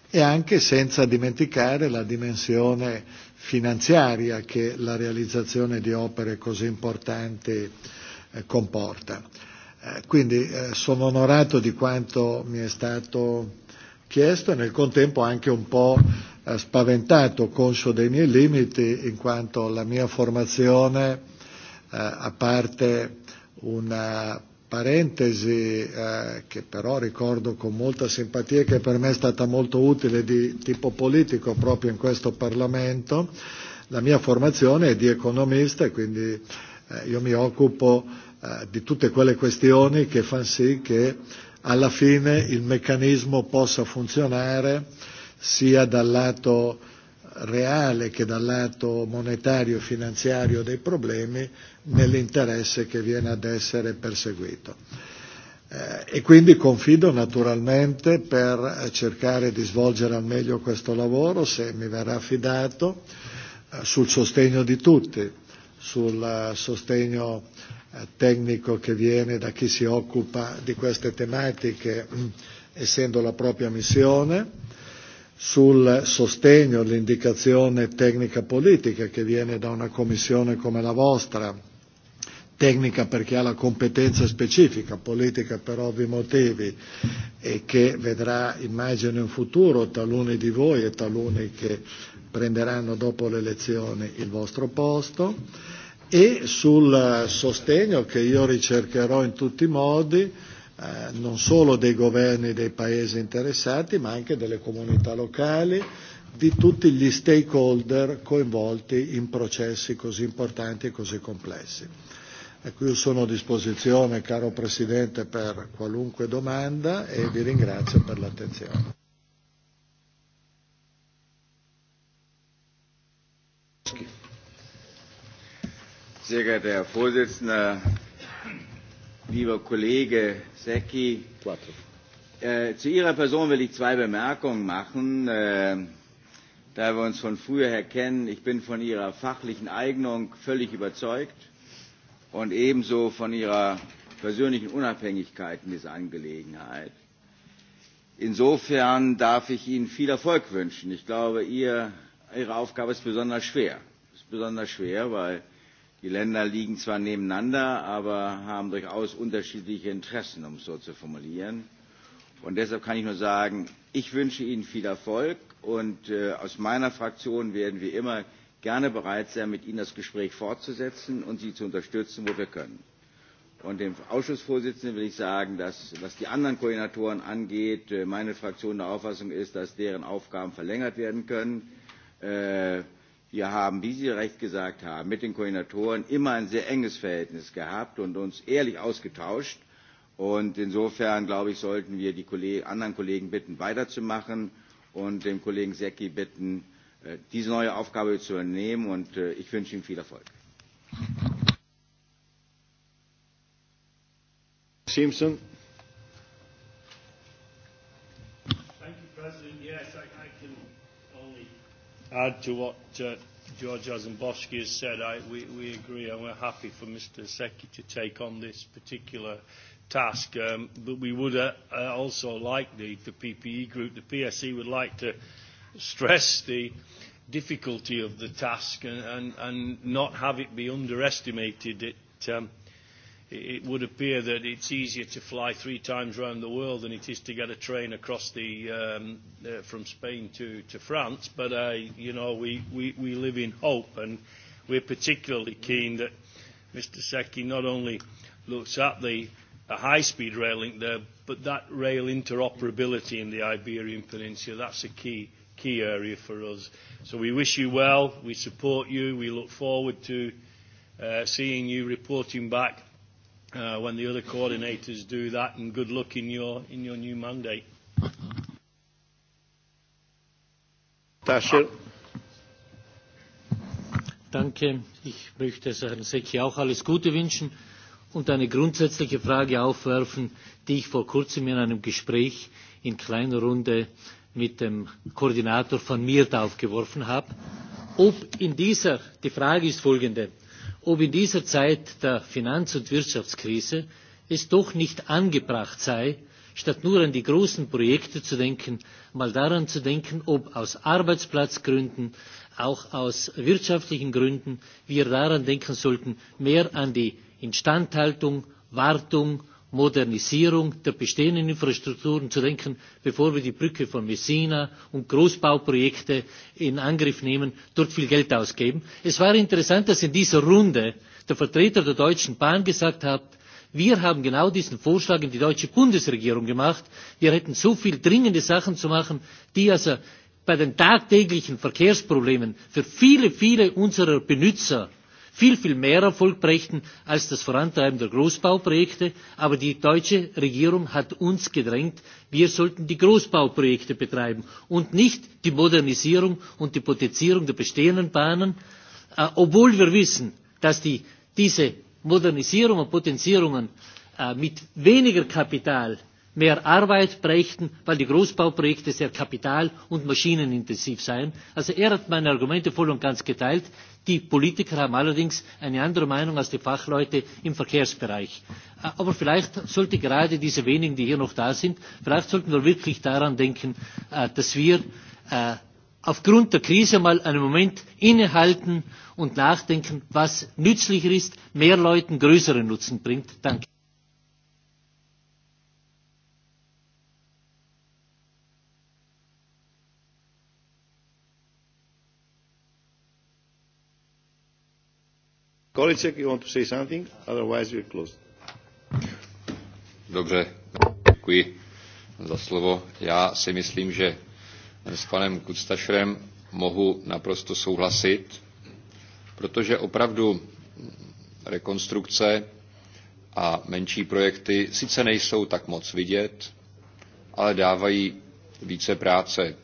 e anche senza dimenticare la dimensione finanziaria che la realizzazione di opere così importanti eh, comporta. Eh, quindi eh, sono onorato di quanto mi è stato chiesto e nel contempo anche un po' spaventato, conscio dei miei limiti, in quanto la mia formazione Eh, a parte una parentesi eh, che però ricordo con molta simpatia e che per me è stata molto utile di tipo politico proprio in questo Parlamento. La mia formazione è di economista e quindi eh, io mi occupo eh, di tutte quelle questioni che fanno sì che alla fine il meccanismo possa funzionare sia dal lato reale che dal lato monetario e finanziario dei problemi nell'interesse che viene ad essere perseguito. Eh, e quindi confido naturalmente per eh, cercare di svolgere al meglio questo lavoro, se mi verrà affidato, eh, sul sostegno di tutti, sul eh, sostegno eh, tecnico che viene da chi si occupa di queste tematiche, (clears throat) essendo la propria missione, sul sostegno all'indicazione tecnica politica che viene da una commissione come la vostra, tecnica perché ha la competenza specifica, politica per ovvi motivi e che vedrà immagino in futuro taluni di voi e taluni che prenderanno dopo le elezioni il vostro posto e sul sostegno che io ricercherò in tutti i modi eh, non solo dei governi dei paesi interessati ma anche delle comunità locali di tutti gli stakeholder coinvolti in processi così importanti e così complessi a e cui sono a disposizione, caro Presidente, per qualunque domanda e vi ringrazio per l'attenzione. Sehr geehrter Herr Vorsitzender, lieber Kollege Secchi, äh, zu Ihrer Person will ich zwei Bemerkungen machen. Äh, da wir uns von früher her kennen, ich bin von Ihrer fachlichen Eignung völlig überzeugt und ebenso von ihrer persönlichen Unabhängigkeit in dieser Angelegenheit. Insofern darf ich Ihnen viel Erfolg wünschen. Ich glaube, ihr, Ihre Aufgabe ist besonders schwer. Ist besonders schwer, weil die Länder liegen zwar nebeneinander, aber haben durchaus unterschiedliche Interessen, um es so zu formulieren. Und deshalb kann ich nur sagen, ich wünsche Ihnen viel Erfolg und äh, aus meiner Fraktion werden wir immer gerne bereit sein, mit Ihnen das Gespräch fortzusetzen und Sie zu unterstützen, wo wir können. Und dem Ausschussvorsitzenden will ich sagen, dass, was die anderen Koordinatoren angeht, äh, meine Fraktion der Auffassung ist, dass deren Aufgaben verlängert werden können. Äh, wir haben, wie Sie recht gesagt haben, mit den Koordinatoren immer ein sehr enges Verhältnis gehabt und uns ehrlich ausgetauscht. Und insofern, glaube ich, sollten wir die anderen Kollegen bitten, weiterzumachen und dem Kollegen Secki bitten, Äh, diese neue Aufgabe zu übernehmen. Und äh, ich wünsche Ihnen viel Erfolg. Simpson. Thank you, President. Yes, I, I can only add to what uh, George has said. I, we, we agree and we're happy for Mr. Secchi to take on this particular task. Um, but we would uh, uh, also like the, the PPE group, the PSE would like to stress the difficulty of the task and, and, and not have it be underestimated. It, um, it would appear that it's easier to fly three times around the world than it is to get a train across the, um, uh, from Spain to, to France. But, uh, you know, we, we, we live in hope and we're particularly keen that Mr. Secchi not only looks at the, the high-speed rail link there, but that rail interoperability in the Iberian Peninsula, that's a key key area for us. So we wish you well. We support you. We look forward to uh, seeing you reporting back uh, when the other coordinators do that. And good luck in your, in your new mandate. Tasche. Danke. Ich möchte Herrn Secchi auch alles Gute wünschen und eine grundsätzliche Frage aufwerfen, die ich vor kurzem in einem Gespräch in kleiner Runde mit dem Koordinator von mir da aufgeworfen habe. Ob in dieser, die Frage ist folgende, ob in dieser Zeit der Finanz- und Wirtschaftskrise es doch nicht angebracht sei, statt nur an die großen Projekte zu denken, mal daran zu denken, ob aus Arbeitsplatzgründen, auch aus wirtschaftlichen Gründen wir daran denken sollten, mehr an die Instandhaltung, Wartung Modernisierung der bestehenden Infrastrukturen zu denken, bevor wir die Brücke von Messina und Großbauprojekte in Angriff nehmen, dort viel Geld ausgeben. Es war interessant, dass in dieser Runde der Vertreter der Deutschen Bahn gesagt hat, wir haben genau diesen Vorschlag in die deutsche Bundesregierung gemacht. Wir hätten so viel dringende Sachen zu machen, die also bei den tagtäglichen Verkehrsproblemen für viele, viele unserer Benutzer viel, viel mehr Erfolg brächten als das Vorantreiben der Großbauprojekte. Aber die deutsche Regierung hat uns gedrängt, wir sollten die Großbauprojekte betreiben und nicht die Modernisierung und die Potenzierung der bestehenden Bahnen, äh, obwohl wir wissen, dass die, diese Modernisierung und Potenzierungen äh, mit weniger Kapital mehr Arbeit brächten, weil die Großbauprojekte sehr kapital- und maschinenintensiv seien. Also er hat meine Argumente voll und ganz geteilt. Die Politiker haben allerdings eine andere Meinung als die Fachleute im Verkehrsbereich. Äh, aber vielleicht sollte gerade diese wenigen, die hier noch da sind, vielleicht sollten wir wirklich daran denken, äh, dass wir äh, aufgrund der Krise mal einen Moment innehalten und nachdenken, was nützlicher ist, mehr Leuten größeren Nutzen bringt. Danke. something? Dobře, děkuji za slovo. Já si myslím, že s panem Kustašerem mohu naprosto souhlasit, protože opravdu rekonstrukce a menší projekty sice nejsou tak moc vidět, ale dávají více práce.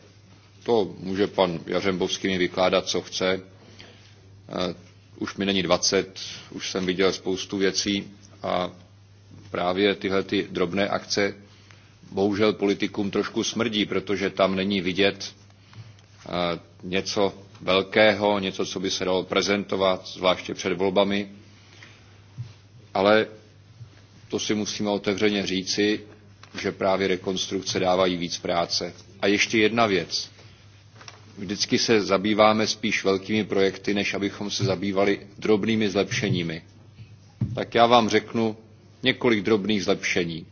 To může pan Jařembovský mi vykládat, co chce už mi není 20, už jsem viděl spoustu věcí a právě tyhle ty drobné akce bohužel politikům trošku smrdí, protože tam není vidět eh, něco velkého, něco, co by se dalo prezentovat, zvláště před volbami. Ale to si musíme otevřeně říci, že právě rekonstrukce dávají víc práce. A ještě jedna věc vždycky se zabýváme spíš velkými projekty, než abychom se zabývali drobnými zlepšeními. Tak já vám řeknu několik drobných zlepšení.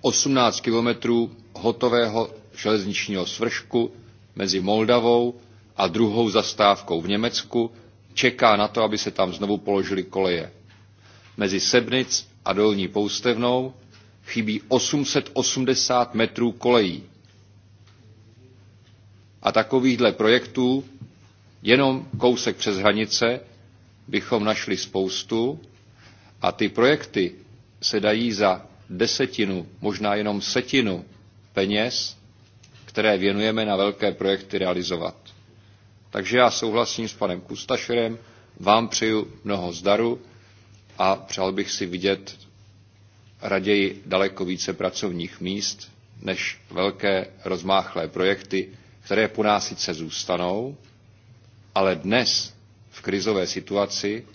18 kilometrů hotového železničního svršku mezi Moldavou a druhou zastávkou v Německu čeká na to, aby se tam znovu položily koleje. Mezi Sebnic a Dolní Poustevnou chybí 880 metrů kolejí a takovýchhle projektů jenom kousek přes hranice bychom našli spoustu a ty projekty se dají za desetinu, možná jenom setinu peněz, které věnujeme na velké projekty realizovat. Takže já souhlasím s panem Kustašerem, vám přeju mnoho zdaru a přál bych si vidět raději daleko více pracovních míst než velké rozmáchlé projekty, které po nás sice zůstanou, ale dnes v krizové situaci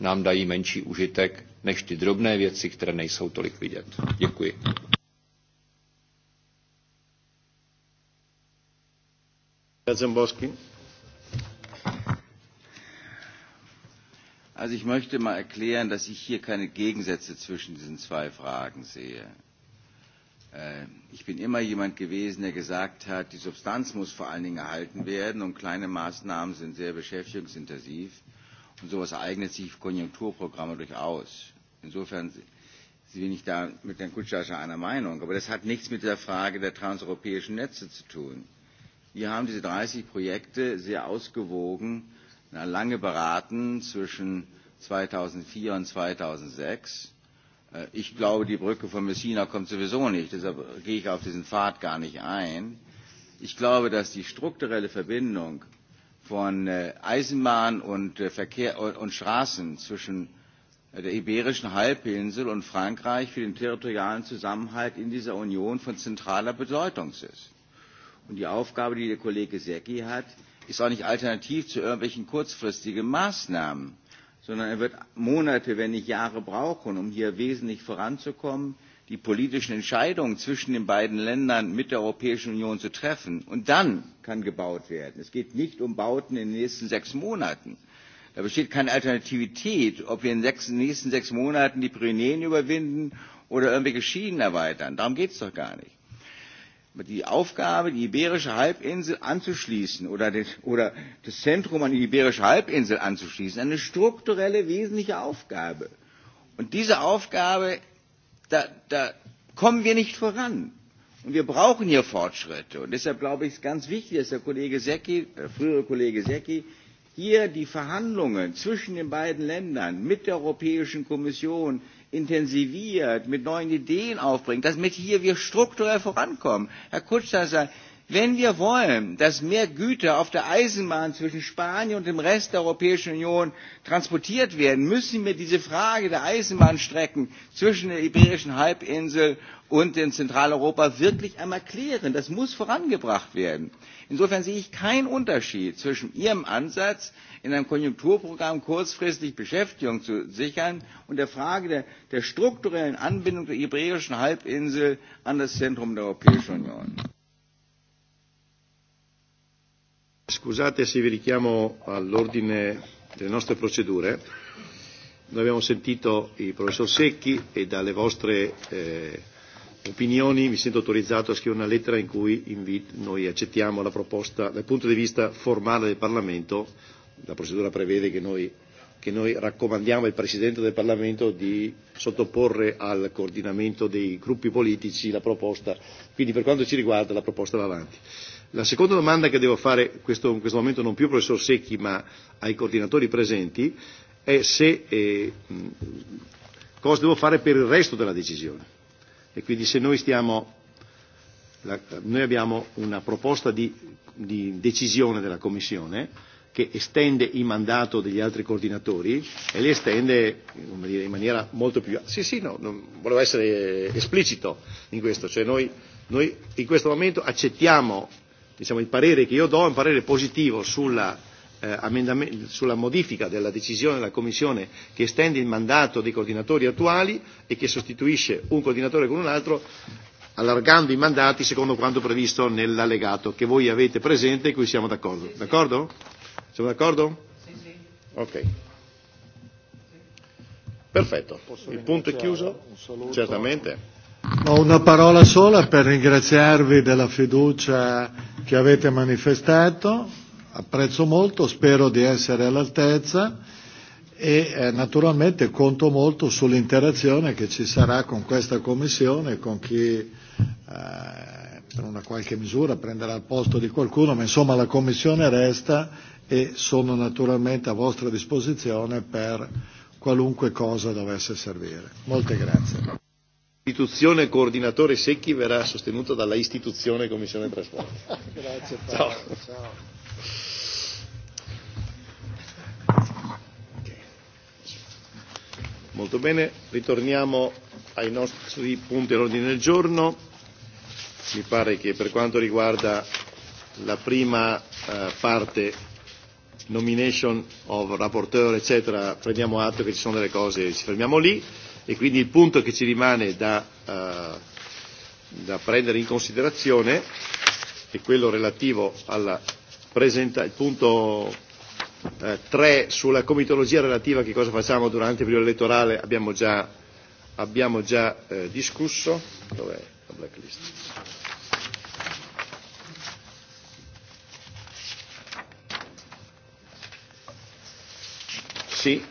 nám dají menší užitek než ty drobné věci, které nejsou tolik vidět. Děkuji. Also ich möchte mal erklären, dass ich hier keine Gegensätze zwischen diesen zwei Fragen sehe. Äh, ich bin immer jemand gewesen, der gesagt hat, die Substanz muss vor allen Dingen erhalten werden und kleine Maßnahmen sind sehr beschäftigungsintensiv und sowas eignet sich für Konjunkturprogramme durchaus. Insofern bin ich da mit Herrn Kutschascher einer Meinung. Aber das hat nichts mit der Frage der transeuropäischen Netze zu tun. Wir haben diese 30 Projekte sehr ausgewogen, lange beraten zwischen 2004 und 2006 Äh, ich glaube, die Brücke von Messina kommt sowieso nicht. Deshalb gehe ich auf diesen Pfad gar nicht ein. Ich glaube, dass die strukturelle Verbindung von äh, Eisenbahn und, äh, Verkehr und Straßen zwischen der iberischen Halbinsel und Frankreich für den territorialen Zusammenhalt in dieser Union von zentraler Bedeutung ist. Und die Aufgabe, die der Kollege Secki hat, ist auch nicht alternativ zu irgendwelchen kurzfristigen Maßnahmen sondern er wird Monate, wenn nicht Jahre brauchen, um hier wesentlich voranzukommen, die politischen Entscheidungen zwischen den beiden Ländern mit der Europäischen Union zu treffen. Und dann kann gebaut werden. Es geht nicht um Bauten in den nächsten sechs Monaten. Da besteht keine Alternativität, ob wir in den nächsten sechs Monaten die Pyrenäen überwinden oder irgendwelche Schienen erweitern. Darum geht es doch gar nicht die Aufgabe, die Iberische Halbinsel anzuschließen oder, den, oder das Zentrum an die Iberische Halbinsel anzuschließen, eine strukturelle, wesentliche Aufgabe. Und diese Aufgabe, da, da kommen wir nicht voran. Und wir brauchen hier Fortschritte. Und deshalb glaube ich, ist ganz wichtig, dass der Kollege Secki, der frühere Kollege Secki, hier die Verhandlungen zwischen den beiden Ländern mit der Europäischen Kommission intensiviert, mit neuen Ideen aufbringt, damit hier wir strukturell vorankommen. Herr Kutscher sagt, wenn wir wollen, dass mehr Güter auf der Eisenbahn zwischen Spanien und dem Rest der Europäischen Union transportiert werden, müssen wir diese Frage der Eisenbahnstrecken zwischen der Iberischen Halbinsel und in Zentraleuropa wirklich einmal klären. Das muss vorangebracht werden. Insofern sehe ich keinen Unterschied zwischen Ihrem Ansatz, in einem Konjunkturprogramm kurzfristig Beschäftigung zu sichern und der Frage der, der strukturellen Anbindung der Iberischen Halbinsel an das Zentrum der Europäischen Union. Scusate se vi richiamo all'ordine delle nostre procedure. Noi abbiamo sentito il professor Secchi e dalle vostre eh, opinioni mi sento autorizzato a scrivere una lettera in cui invito, noi accettiamo la proposta dal punto di vista formale del Parlamento, la procedura prevede che noi, che noi raccomandiamo al Presidente del Parlamento di sottoporre al coordinamento dei gruppi politici la proposta, quindi per quanto ci riguarda la proposta va avanti. La seconda domanda che devo fare questo, in questo momento non più al professor Secchi ma ai coordinatori presenti è se, eh, cosa devo fare per il resto della decisione E quindi se noi, stiamo, la, noi abbiamo una proposta di, di decisione della Commissione che estende il mandato degli altri coordinatori e li estende come dire, in maniera molto più... Sì, sì, no, non, volevo essere esplicito in questo, cioè noi, noi in questo momento accettiamo diciamo, il parere che io do, un parere positivo sulla Eh, sulla modifica della decisione della Commissione che estende il mandato dei coordinatori attuali e che sostituisce un coordinatore con un altro allargando i mandati secondo quanto previsto nell'allegato che voi avete presente e cui siamo d'accordo. Sì, d'accordo? Sì. Siamo d'accordo? Sì, sì. Ok. Perfetto. Posso il punto è chiuso? Certamente. Ho una parola sola per ringraziarvi della fiducia che avete manifestato apprezzo molto, spero di essere all'altezza e eh, naturalmente conto molto sull'interazione che ci sarà con questa Commissione, con chi eh, per una qualche misura prenderà il posto di qualcuno, ma insomma la Commissione resta e sono naturalmente a vostra disposizione per qualunque cosa dovesse servire. Molte grazie. L'istituzione coordinatore Secchi verrà sostenuta dalla istituzione Commissione Trasporti. (laughs) grazie Paolo. Ciao. Ciao. Molto bene, ritorniamo ai nostri punti all'ordine del giorno. Mi pare che per quanto riguarda la prima eh, parte, nomination of rapporteur, eccetera, prendiamo atto che ci sono delle cose, e ci fermiamo lì e quindi il punto che ci rimane da, eh, da prendere in considerazione è quello relativo alla presenta- il punto eh, tre sulla comitologia relativa a che cosa facciamo durante il periodo elettorale abbiamo già, abbiamo già eh, discusso. Dov'è la blacklist? Sì,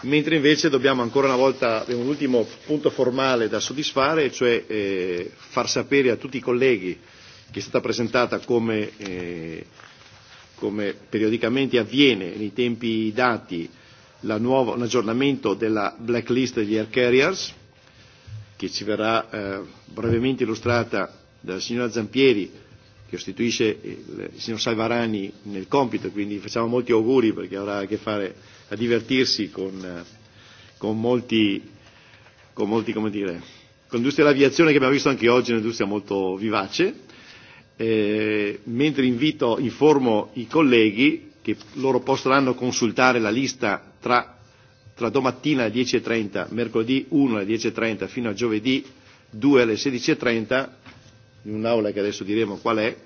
mentre invece dobbiamo ancora una volta, abbiamo un ultimo punto formale da soddisfare, cioè eh, far sapere a tutti i colleghi che è stata presentata come eh, come periodicamente avviene nei tempi dati, la nuova, un aggiornamento della blacklist degli air carriers, che ci verrà eh, brevemente illustrata dalla signora Zampieri, che sostituisce il, il signor Salvarani nel compito, quindi facciamo molti auguri perché avrà a che fare a divertirsi con, con molti, con molti come dire, con l'industria dell'aviazione che abbiamo visto anche oggi, un'industria molto vivace Eh, mentre invito, informo i colleghi che loro potranno consultare la lista tra, tra domattina alle 10.30, e mercoledì 1 alle 10.30 e fino a giovedì 2 alle 16.30, e in un'aula che adesso diremo qual è,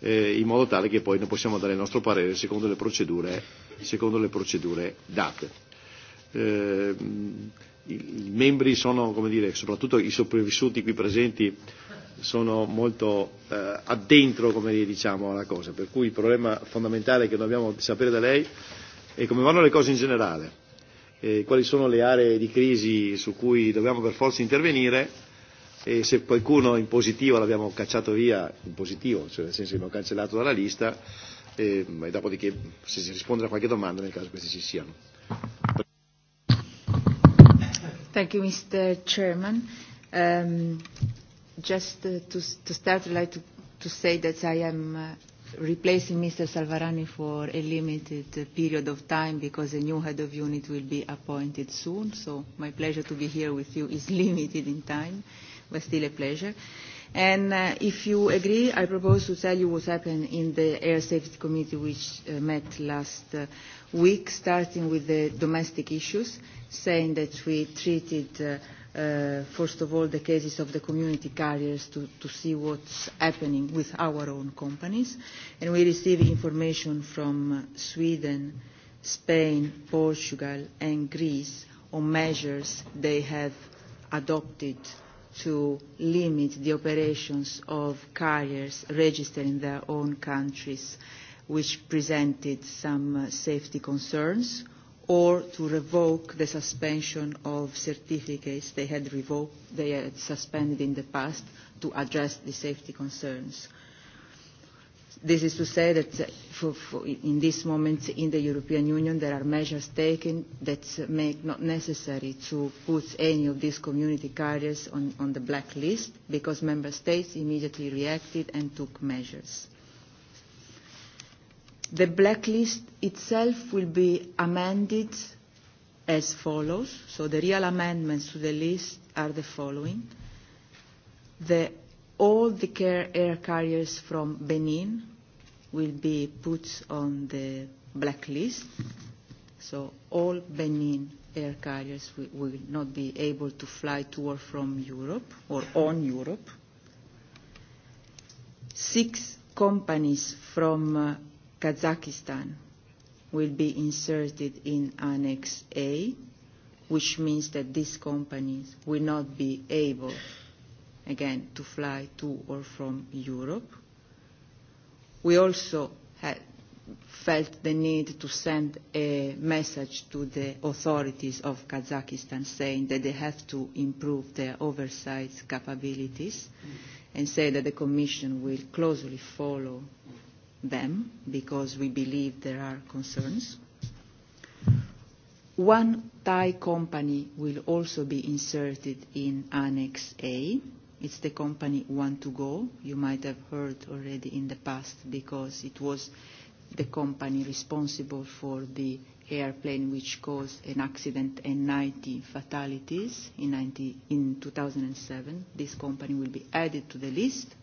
eh, in modo tale che poi noi possiamo dare il nostro parere secondo le procedure, secondo le procedure date. Eh, I membri sono, come dire, soprattutto i sopravvissuti qui presenti, eh, sono molto eh, addentro come diciamo, alla cosa, per cui il problema fondamentale che dobbiamo sapere da lei è come vanno le cose in generale, eh, quali sono le aree di crisi su cui dobbiamo per forza intervenire e se qualcuno in positivo l'abbiamo cacciato via, in positivo, cioè nel senso che l'abbiamo cancellato dalla lista, e, e dopodiché se si risponde a qualche domanda nel caso questi ci siano. Thank you, Mr. Chairman. Um, just uh, to, to start, I'd like to, to say that I am uh, replacing Mr. Salvarani for a limited uh, period of time because a new head of unit will be appointed soon. So my pleasure to be here with you is (laughs) limited in time, but still a pleasure. And uh, if you agree, I propose to tell you what happened in the Air Safety Committee, which uh, met last uh, week, starting with the domestic issues, saying that we treated uh, uh, first of all, the cases of the community carriers to, to see what's happening with our own companies. And we receive information from Sweden, Spain, Portugal, and Greece on measures they have adopted to limit the operations of carriers registered in their own countries, which presented some uh, safety concerns or to revoke the suspension of certificates they had revoked, they had suspended in the past to address the safety concerns. This is to say that uh, for, for in this moment in the European Union there are measures taken that make not necessary to put any of these community carriers on, on the blacklist because member states immediately reacted and took measures. The blacklist itself will be amended as follows. So the real amendments to the list are the following. The, all the care air carriers from Benin will be put on the blacklist. So all Benin air carriers will, will not be able to fly to or from Europe or on Europe. Six companies from uh, Kazakhstan will be inserted in Annex A, which means that these companies will not be able, again, to fly to or from Europe. We also felt the need to send a message to the authorities of Kazakhstan saying that they have to improve their oversight capabilities and say that the Commission will closely follow them because we believe there are concerns. One Thai company will also be inserted in Annex A. It's the company One2Go. You might have heard already in the past because it was the company responsible for the airplane which caused an accident and 90 fatalities in, 90, in 2007. This company will be added to the list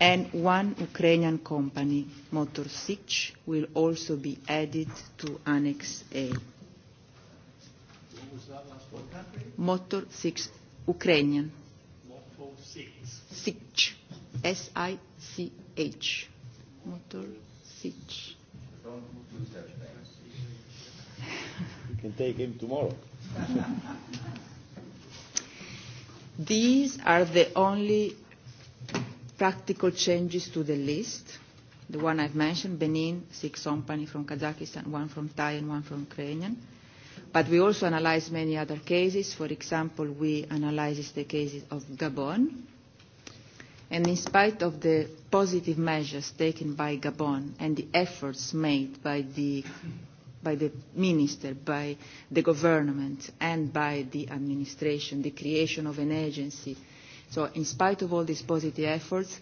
and one Ukrainian company, Motor Sich, will also be added to Annex A. Motor Six, Ukrainian. Motor Six. Sich. S-I-C-H. Motor Sich. you can take him tomorrow. These are the only practical changes to the list, the one I've mentioned, Benin, six companies from Kazakhstan, one from Thai and one from Ukrainian. But we also analyze many other cases. For example, we analyze the cases of Gabon. And in spite of the positive measures taken by Gabon and the efforts made by the, by the minister, by the government, and by the administration, the creation of an agency – uh, So in spite of all these positive efforts,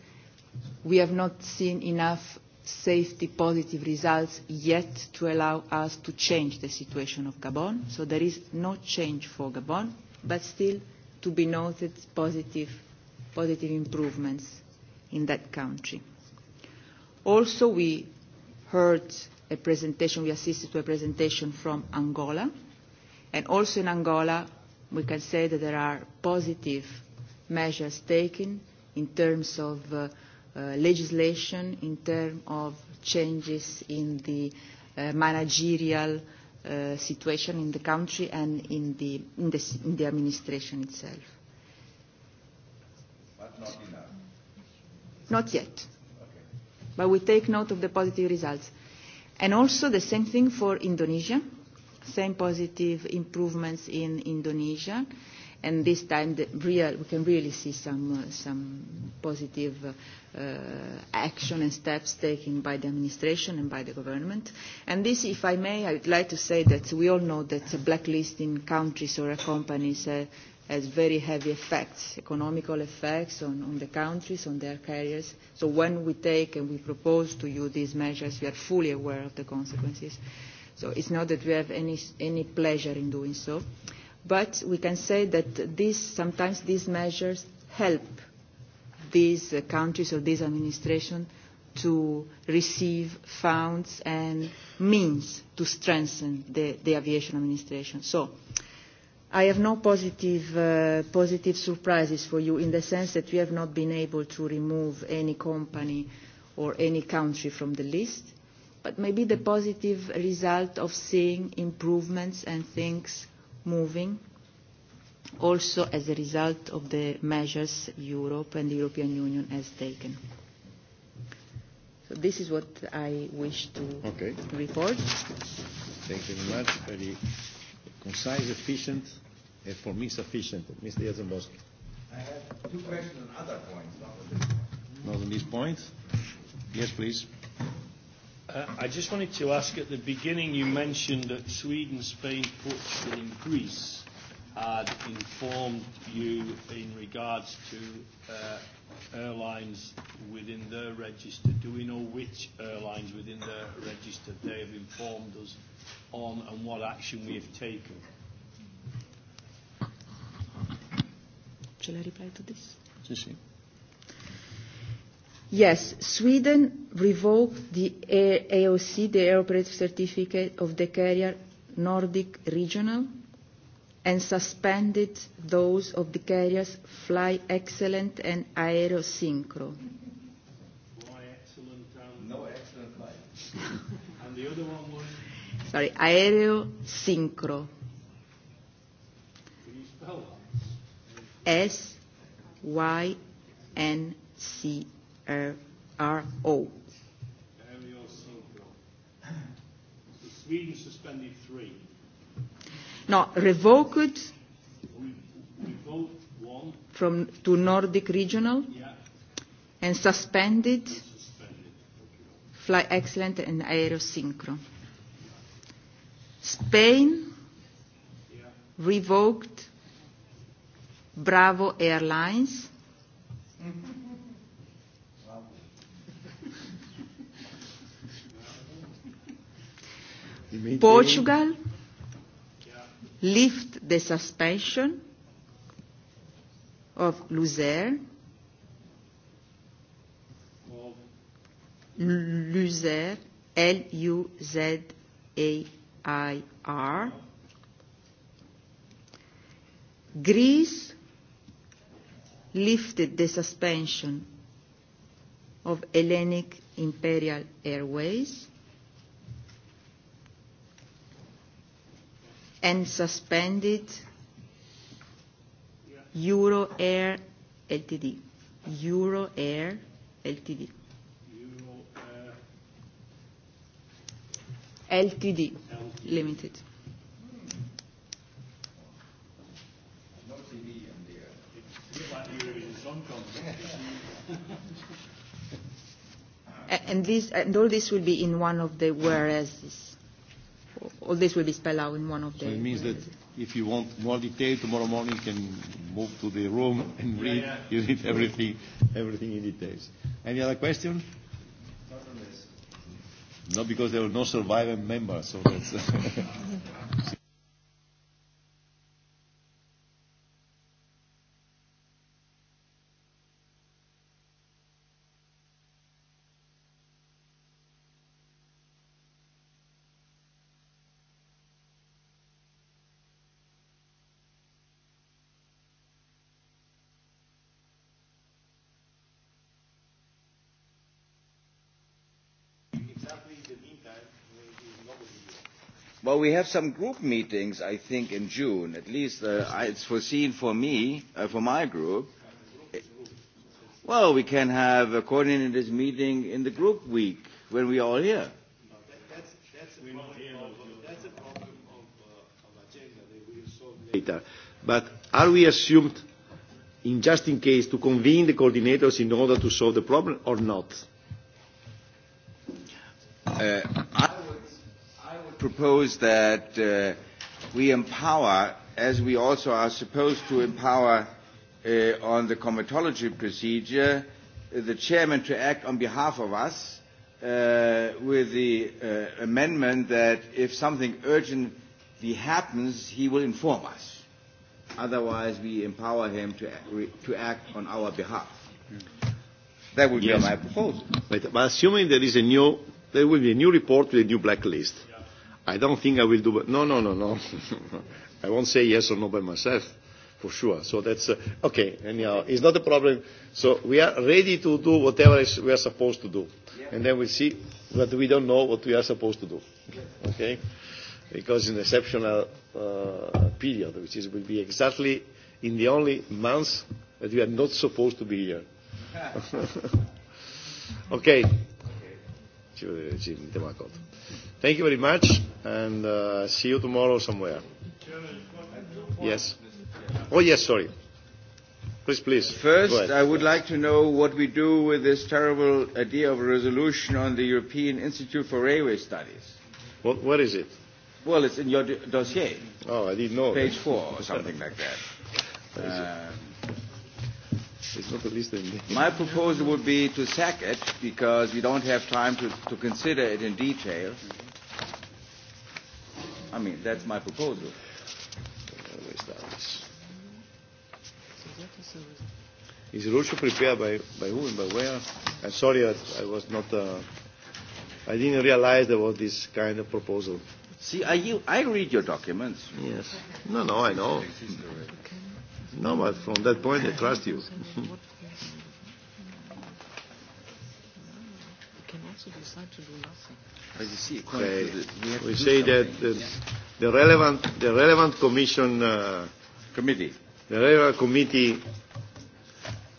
we have not seen enough safety positive results yet to allow us to change the situation of Gabon. So there is no change for Gabon, but still to be noted positive, positive improvements in that country. Also, we heard a presentation, we assisted to a presentation from Angola, and also in Angola, we can say that there are positive measures taken in terms of uh, uh, legislation, in terms of changes in the uh, managerial uh, situation in the country and in the, in the, in the administration itself. But not Not yet. Okay. But we take note of the positive results. And also the same thing for Indonesia, same positive improvements in Indonesia and this time the real, we can really see some, uh, some positive uh, uh, action and steps taken by the administration and by the government. And this, if I may, I would like to say that we all know that blacklisting countries or companies uh, has very heavy effects, economical effects on, on the countries, on their carriers. So when we take and we propose to you these measures, we are fully aware of the consequences. So it's not that we have any, any pleasure in doing so. But we can say that this, sometimes these measures help these uh, countries or this administration to receive funds and means to strengthen the, the aviation administration. So I have no positive, uh, positive surprises for you in the sense that we have not been able to remove any company or any country from the list, but maybe the positive result of seeing improvements and things moving, also as a result of the measures Europe and the European Union has taken. So this is what I wish to okay. report. Thank you very much. Very concise, efficient, and for me sufficient. Mr. Jasenbosch. I have two questions on other points, not on this point. Not on these points? Yes, please. Uh, I just wanted to ask at the beginning, you mentioned that Sweden, Spain, Portugal, and Greece had informed you in regards to uh, airlines within their register. Do we know which airlines within their register they have informed us on and what action we have taken? Shall I reply to this? Yes, sir. Yes, Sweden revoked the AOC, the Air Operative Certificate of the carrier Nordic Regional, and suspended those of the carriers Fly Excellent and Aerosynchro. Fly Excellent and... No Excellent Fly. (laughs) and the other one was? Sorry, Aerosynchro. Can you spell that? S-Y-N-C-O. RO. Sweden suspended three. No, revoked one. from to Nordic regional yeah. and suspended, suspended. fly excellent and aerosynchro. Spain yeah. revoked Bravo Airlines. Mm-hmm Portugal lift the suspension of Luzer. Luzer, L-U-Z-A-I-R. Greece lifted the suspension of Hellenic Imperial Airways. and suspended Euro Air Ltd. Euro Air Ltd. Ltd. Limited. (laughs) and, this, and all this will be in one of the whereas all this will be spelled out in one of the... So it means that if you want more detail tomorrow morning, you can move to the room and read. Yeah, yeah. You need everything, everything in details. Any other question? Not because there were no surviving members, so that's... (laughs) Well, we have some group meetings, I think, in June. At least uh, it's foreseen for me, uh, for my group. Well, we can have a coordinated meeting in the group week when we are all here. But are we assumed, in just in case, to convene the coordinators in order to solve the problem or not? Uh, I propose that uh, we empower, as we also are supposed to empower uh, on the comitology procedure, the chairman to act on behalf of us uh, with the uh, amendment that if something urgently happens, he will inform us. Otherwise, we empower him to, act, to act on our behalf. That would yes. be my proposal. But, but assuming there is a new, there will be a new report with a new blacklist i don't think I will do. No, no, no, no. (laughs) I won't say yes or no by myself, for sure. So that's uh, okay. Anyhow, it's not a problem. So we are ready to do whatever is we are supposed to do, yeah. and then we'll see. But we don't know what we are supposed to do. Okay, because in exceptional uh, period, which is will be exactly in the only months that we are not supposed to be here. (laughs) (laughs) okay. okay. Thank you very much, and uh, see you tomorrow somewhere. Yes. Oh, yes, sorry. Please, please. First, I would like to know what we do with this terrible idea of a resolution on the European Institute for Railway Studies. What, what is it? Well, it's in your dossier. Oh, I didn't know. Page that. four or something like that. (laughs) Um, it's not the least thing. My proposal would be to sack it because we don't have time to, to consider it in detail. Mm-hmm i mean, that's my proposal. Is it also prepared by, by who and by where? I'm sorry, I, I was not, uh, I didn't realize there was this kind of proposal. See, I, you, I read your documents. Yes. No, no, I know. No, but from that point, I trust you. can also decide to do nothing. Okay. We say that the, the relevant the relevant commission uh, committee the relevant committee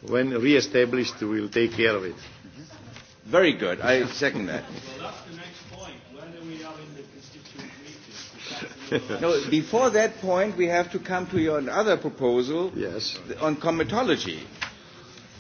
when re-established will take care of it. Mm-hmm. Very good. I second that. (laughs) no, before that point, we have to come to your other proposal yes. on comitology.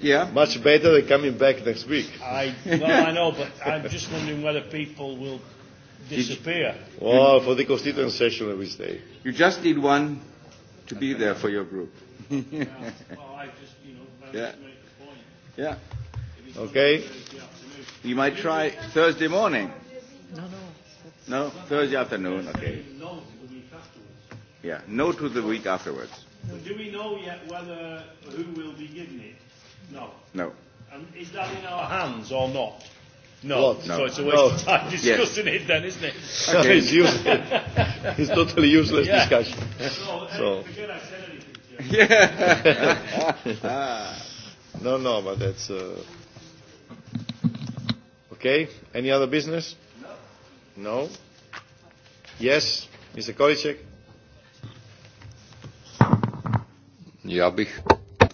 Yeah. Much better than coming back next week. I, well, I know, but I'm just wondering whether people will disappear. Well, oh, for the constituent session we stay. You just need one to be there for your group. yeah. Well, I just, you know, I yeah. point. Yeah. Okay. You might try Thursday morning. No, no. No, Thursday afternoon. Okay. No yeah. No to the week afterwards. Do we know yet whether who will be given it? No. No. And is that in our hands or not? No. What? no. So it's a waste no. of time discussing yes. it then, isn't it? So okay. it's useless. it's totally useless yeah. discussion. So, no, so. forget I said anything. Yeah. (laughs) no, no, but that's. Uh... Okay. Any other business? No. No. Yes, Mr. Kolicek. Já bych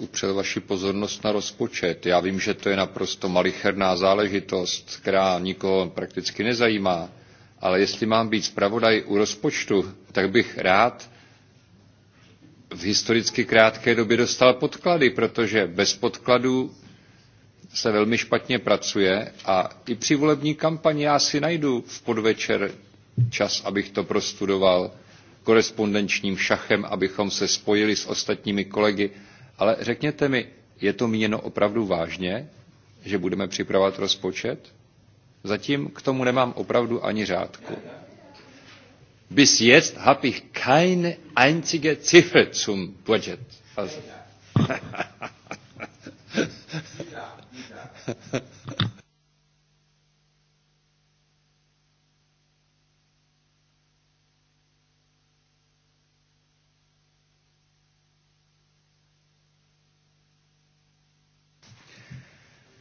upřel vaši pozornost na rozpočet. Já vím, že to je naprosto malicherná záležitost, která nikoho prakticky nezajímá, ale jestli mám být zpravodaj u rozpočtu, tak bych rád v historicky krátké době dostal podklady, protože bez podkladů se velmi špatně pracuje a i při volební kampani já si najdu v podvečer čas, abych to prostudoval korespondenčním šachem, abychom se spojili s ostatními kolegy. Ale řekněte mi, je to míněno opravdu vážně, že budeme připravovat rozpočet? Zatím k tomu nemám opravdu ani řádku. Bis jetzt habe ich keine einzige Ziffer zum Budget. Also. (laughs)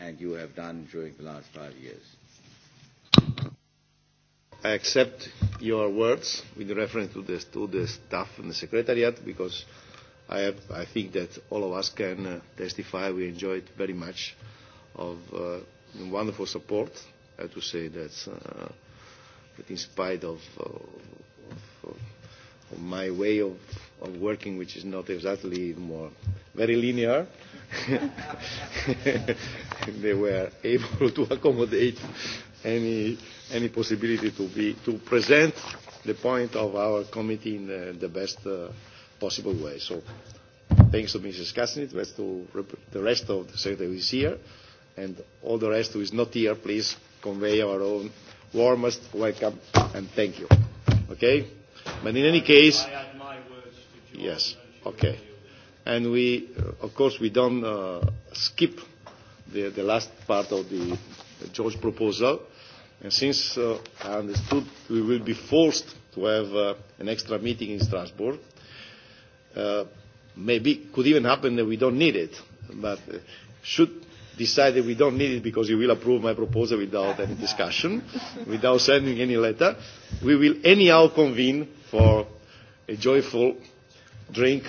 and you have done during the last five years. I accept your words with reference to the, to the staff and the secretariat because I, have, I think that all of us can uh, testify we enjoyed very much of uh, wonderful support. I have to say that, uh, that in spite of, uh, of, of my way of, of working, which is not exactly more very linear, (laughs) they were able to accommodate any, any possibility to, be, to present the point of our committee in the, the best uh, possible way. So thanks to Mrs. Kasnit, thanks to the rest of the secretary who is here, and all the rest who is not here, please convey our own warmest welcome and thank you. Okay? But in any case, yes, okay and we, uh, of course, we don't uh, skip the, the last part of the George proposal. And since uh, I understood we will be forced to have uh, an extra meeting in Strasbourg, uh, maybe could even happen that we don't need it, but uh, should decide that we don't need it because you will approve my proposal without any discussion, (laughs) without sending any letter, we will anyhow convene for a joyful drink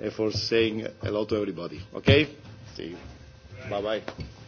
and for saying hello to everybody. Okay? See you. Bye-bye.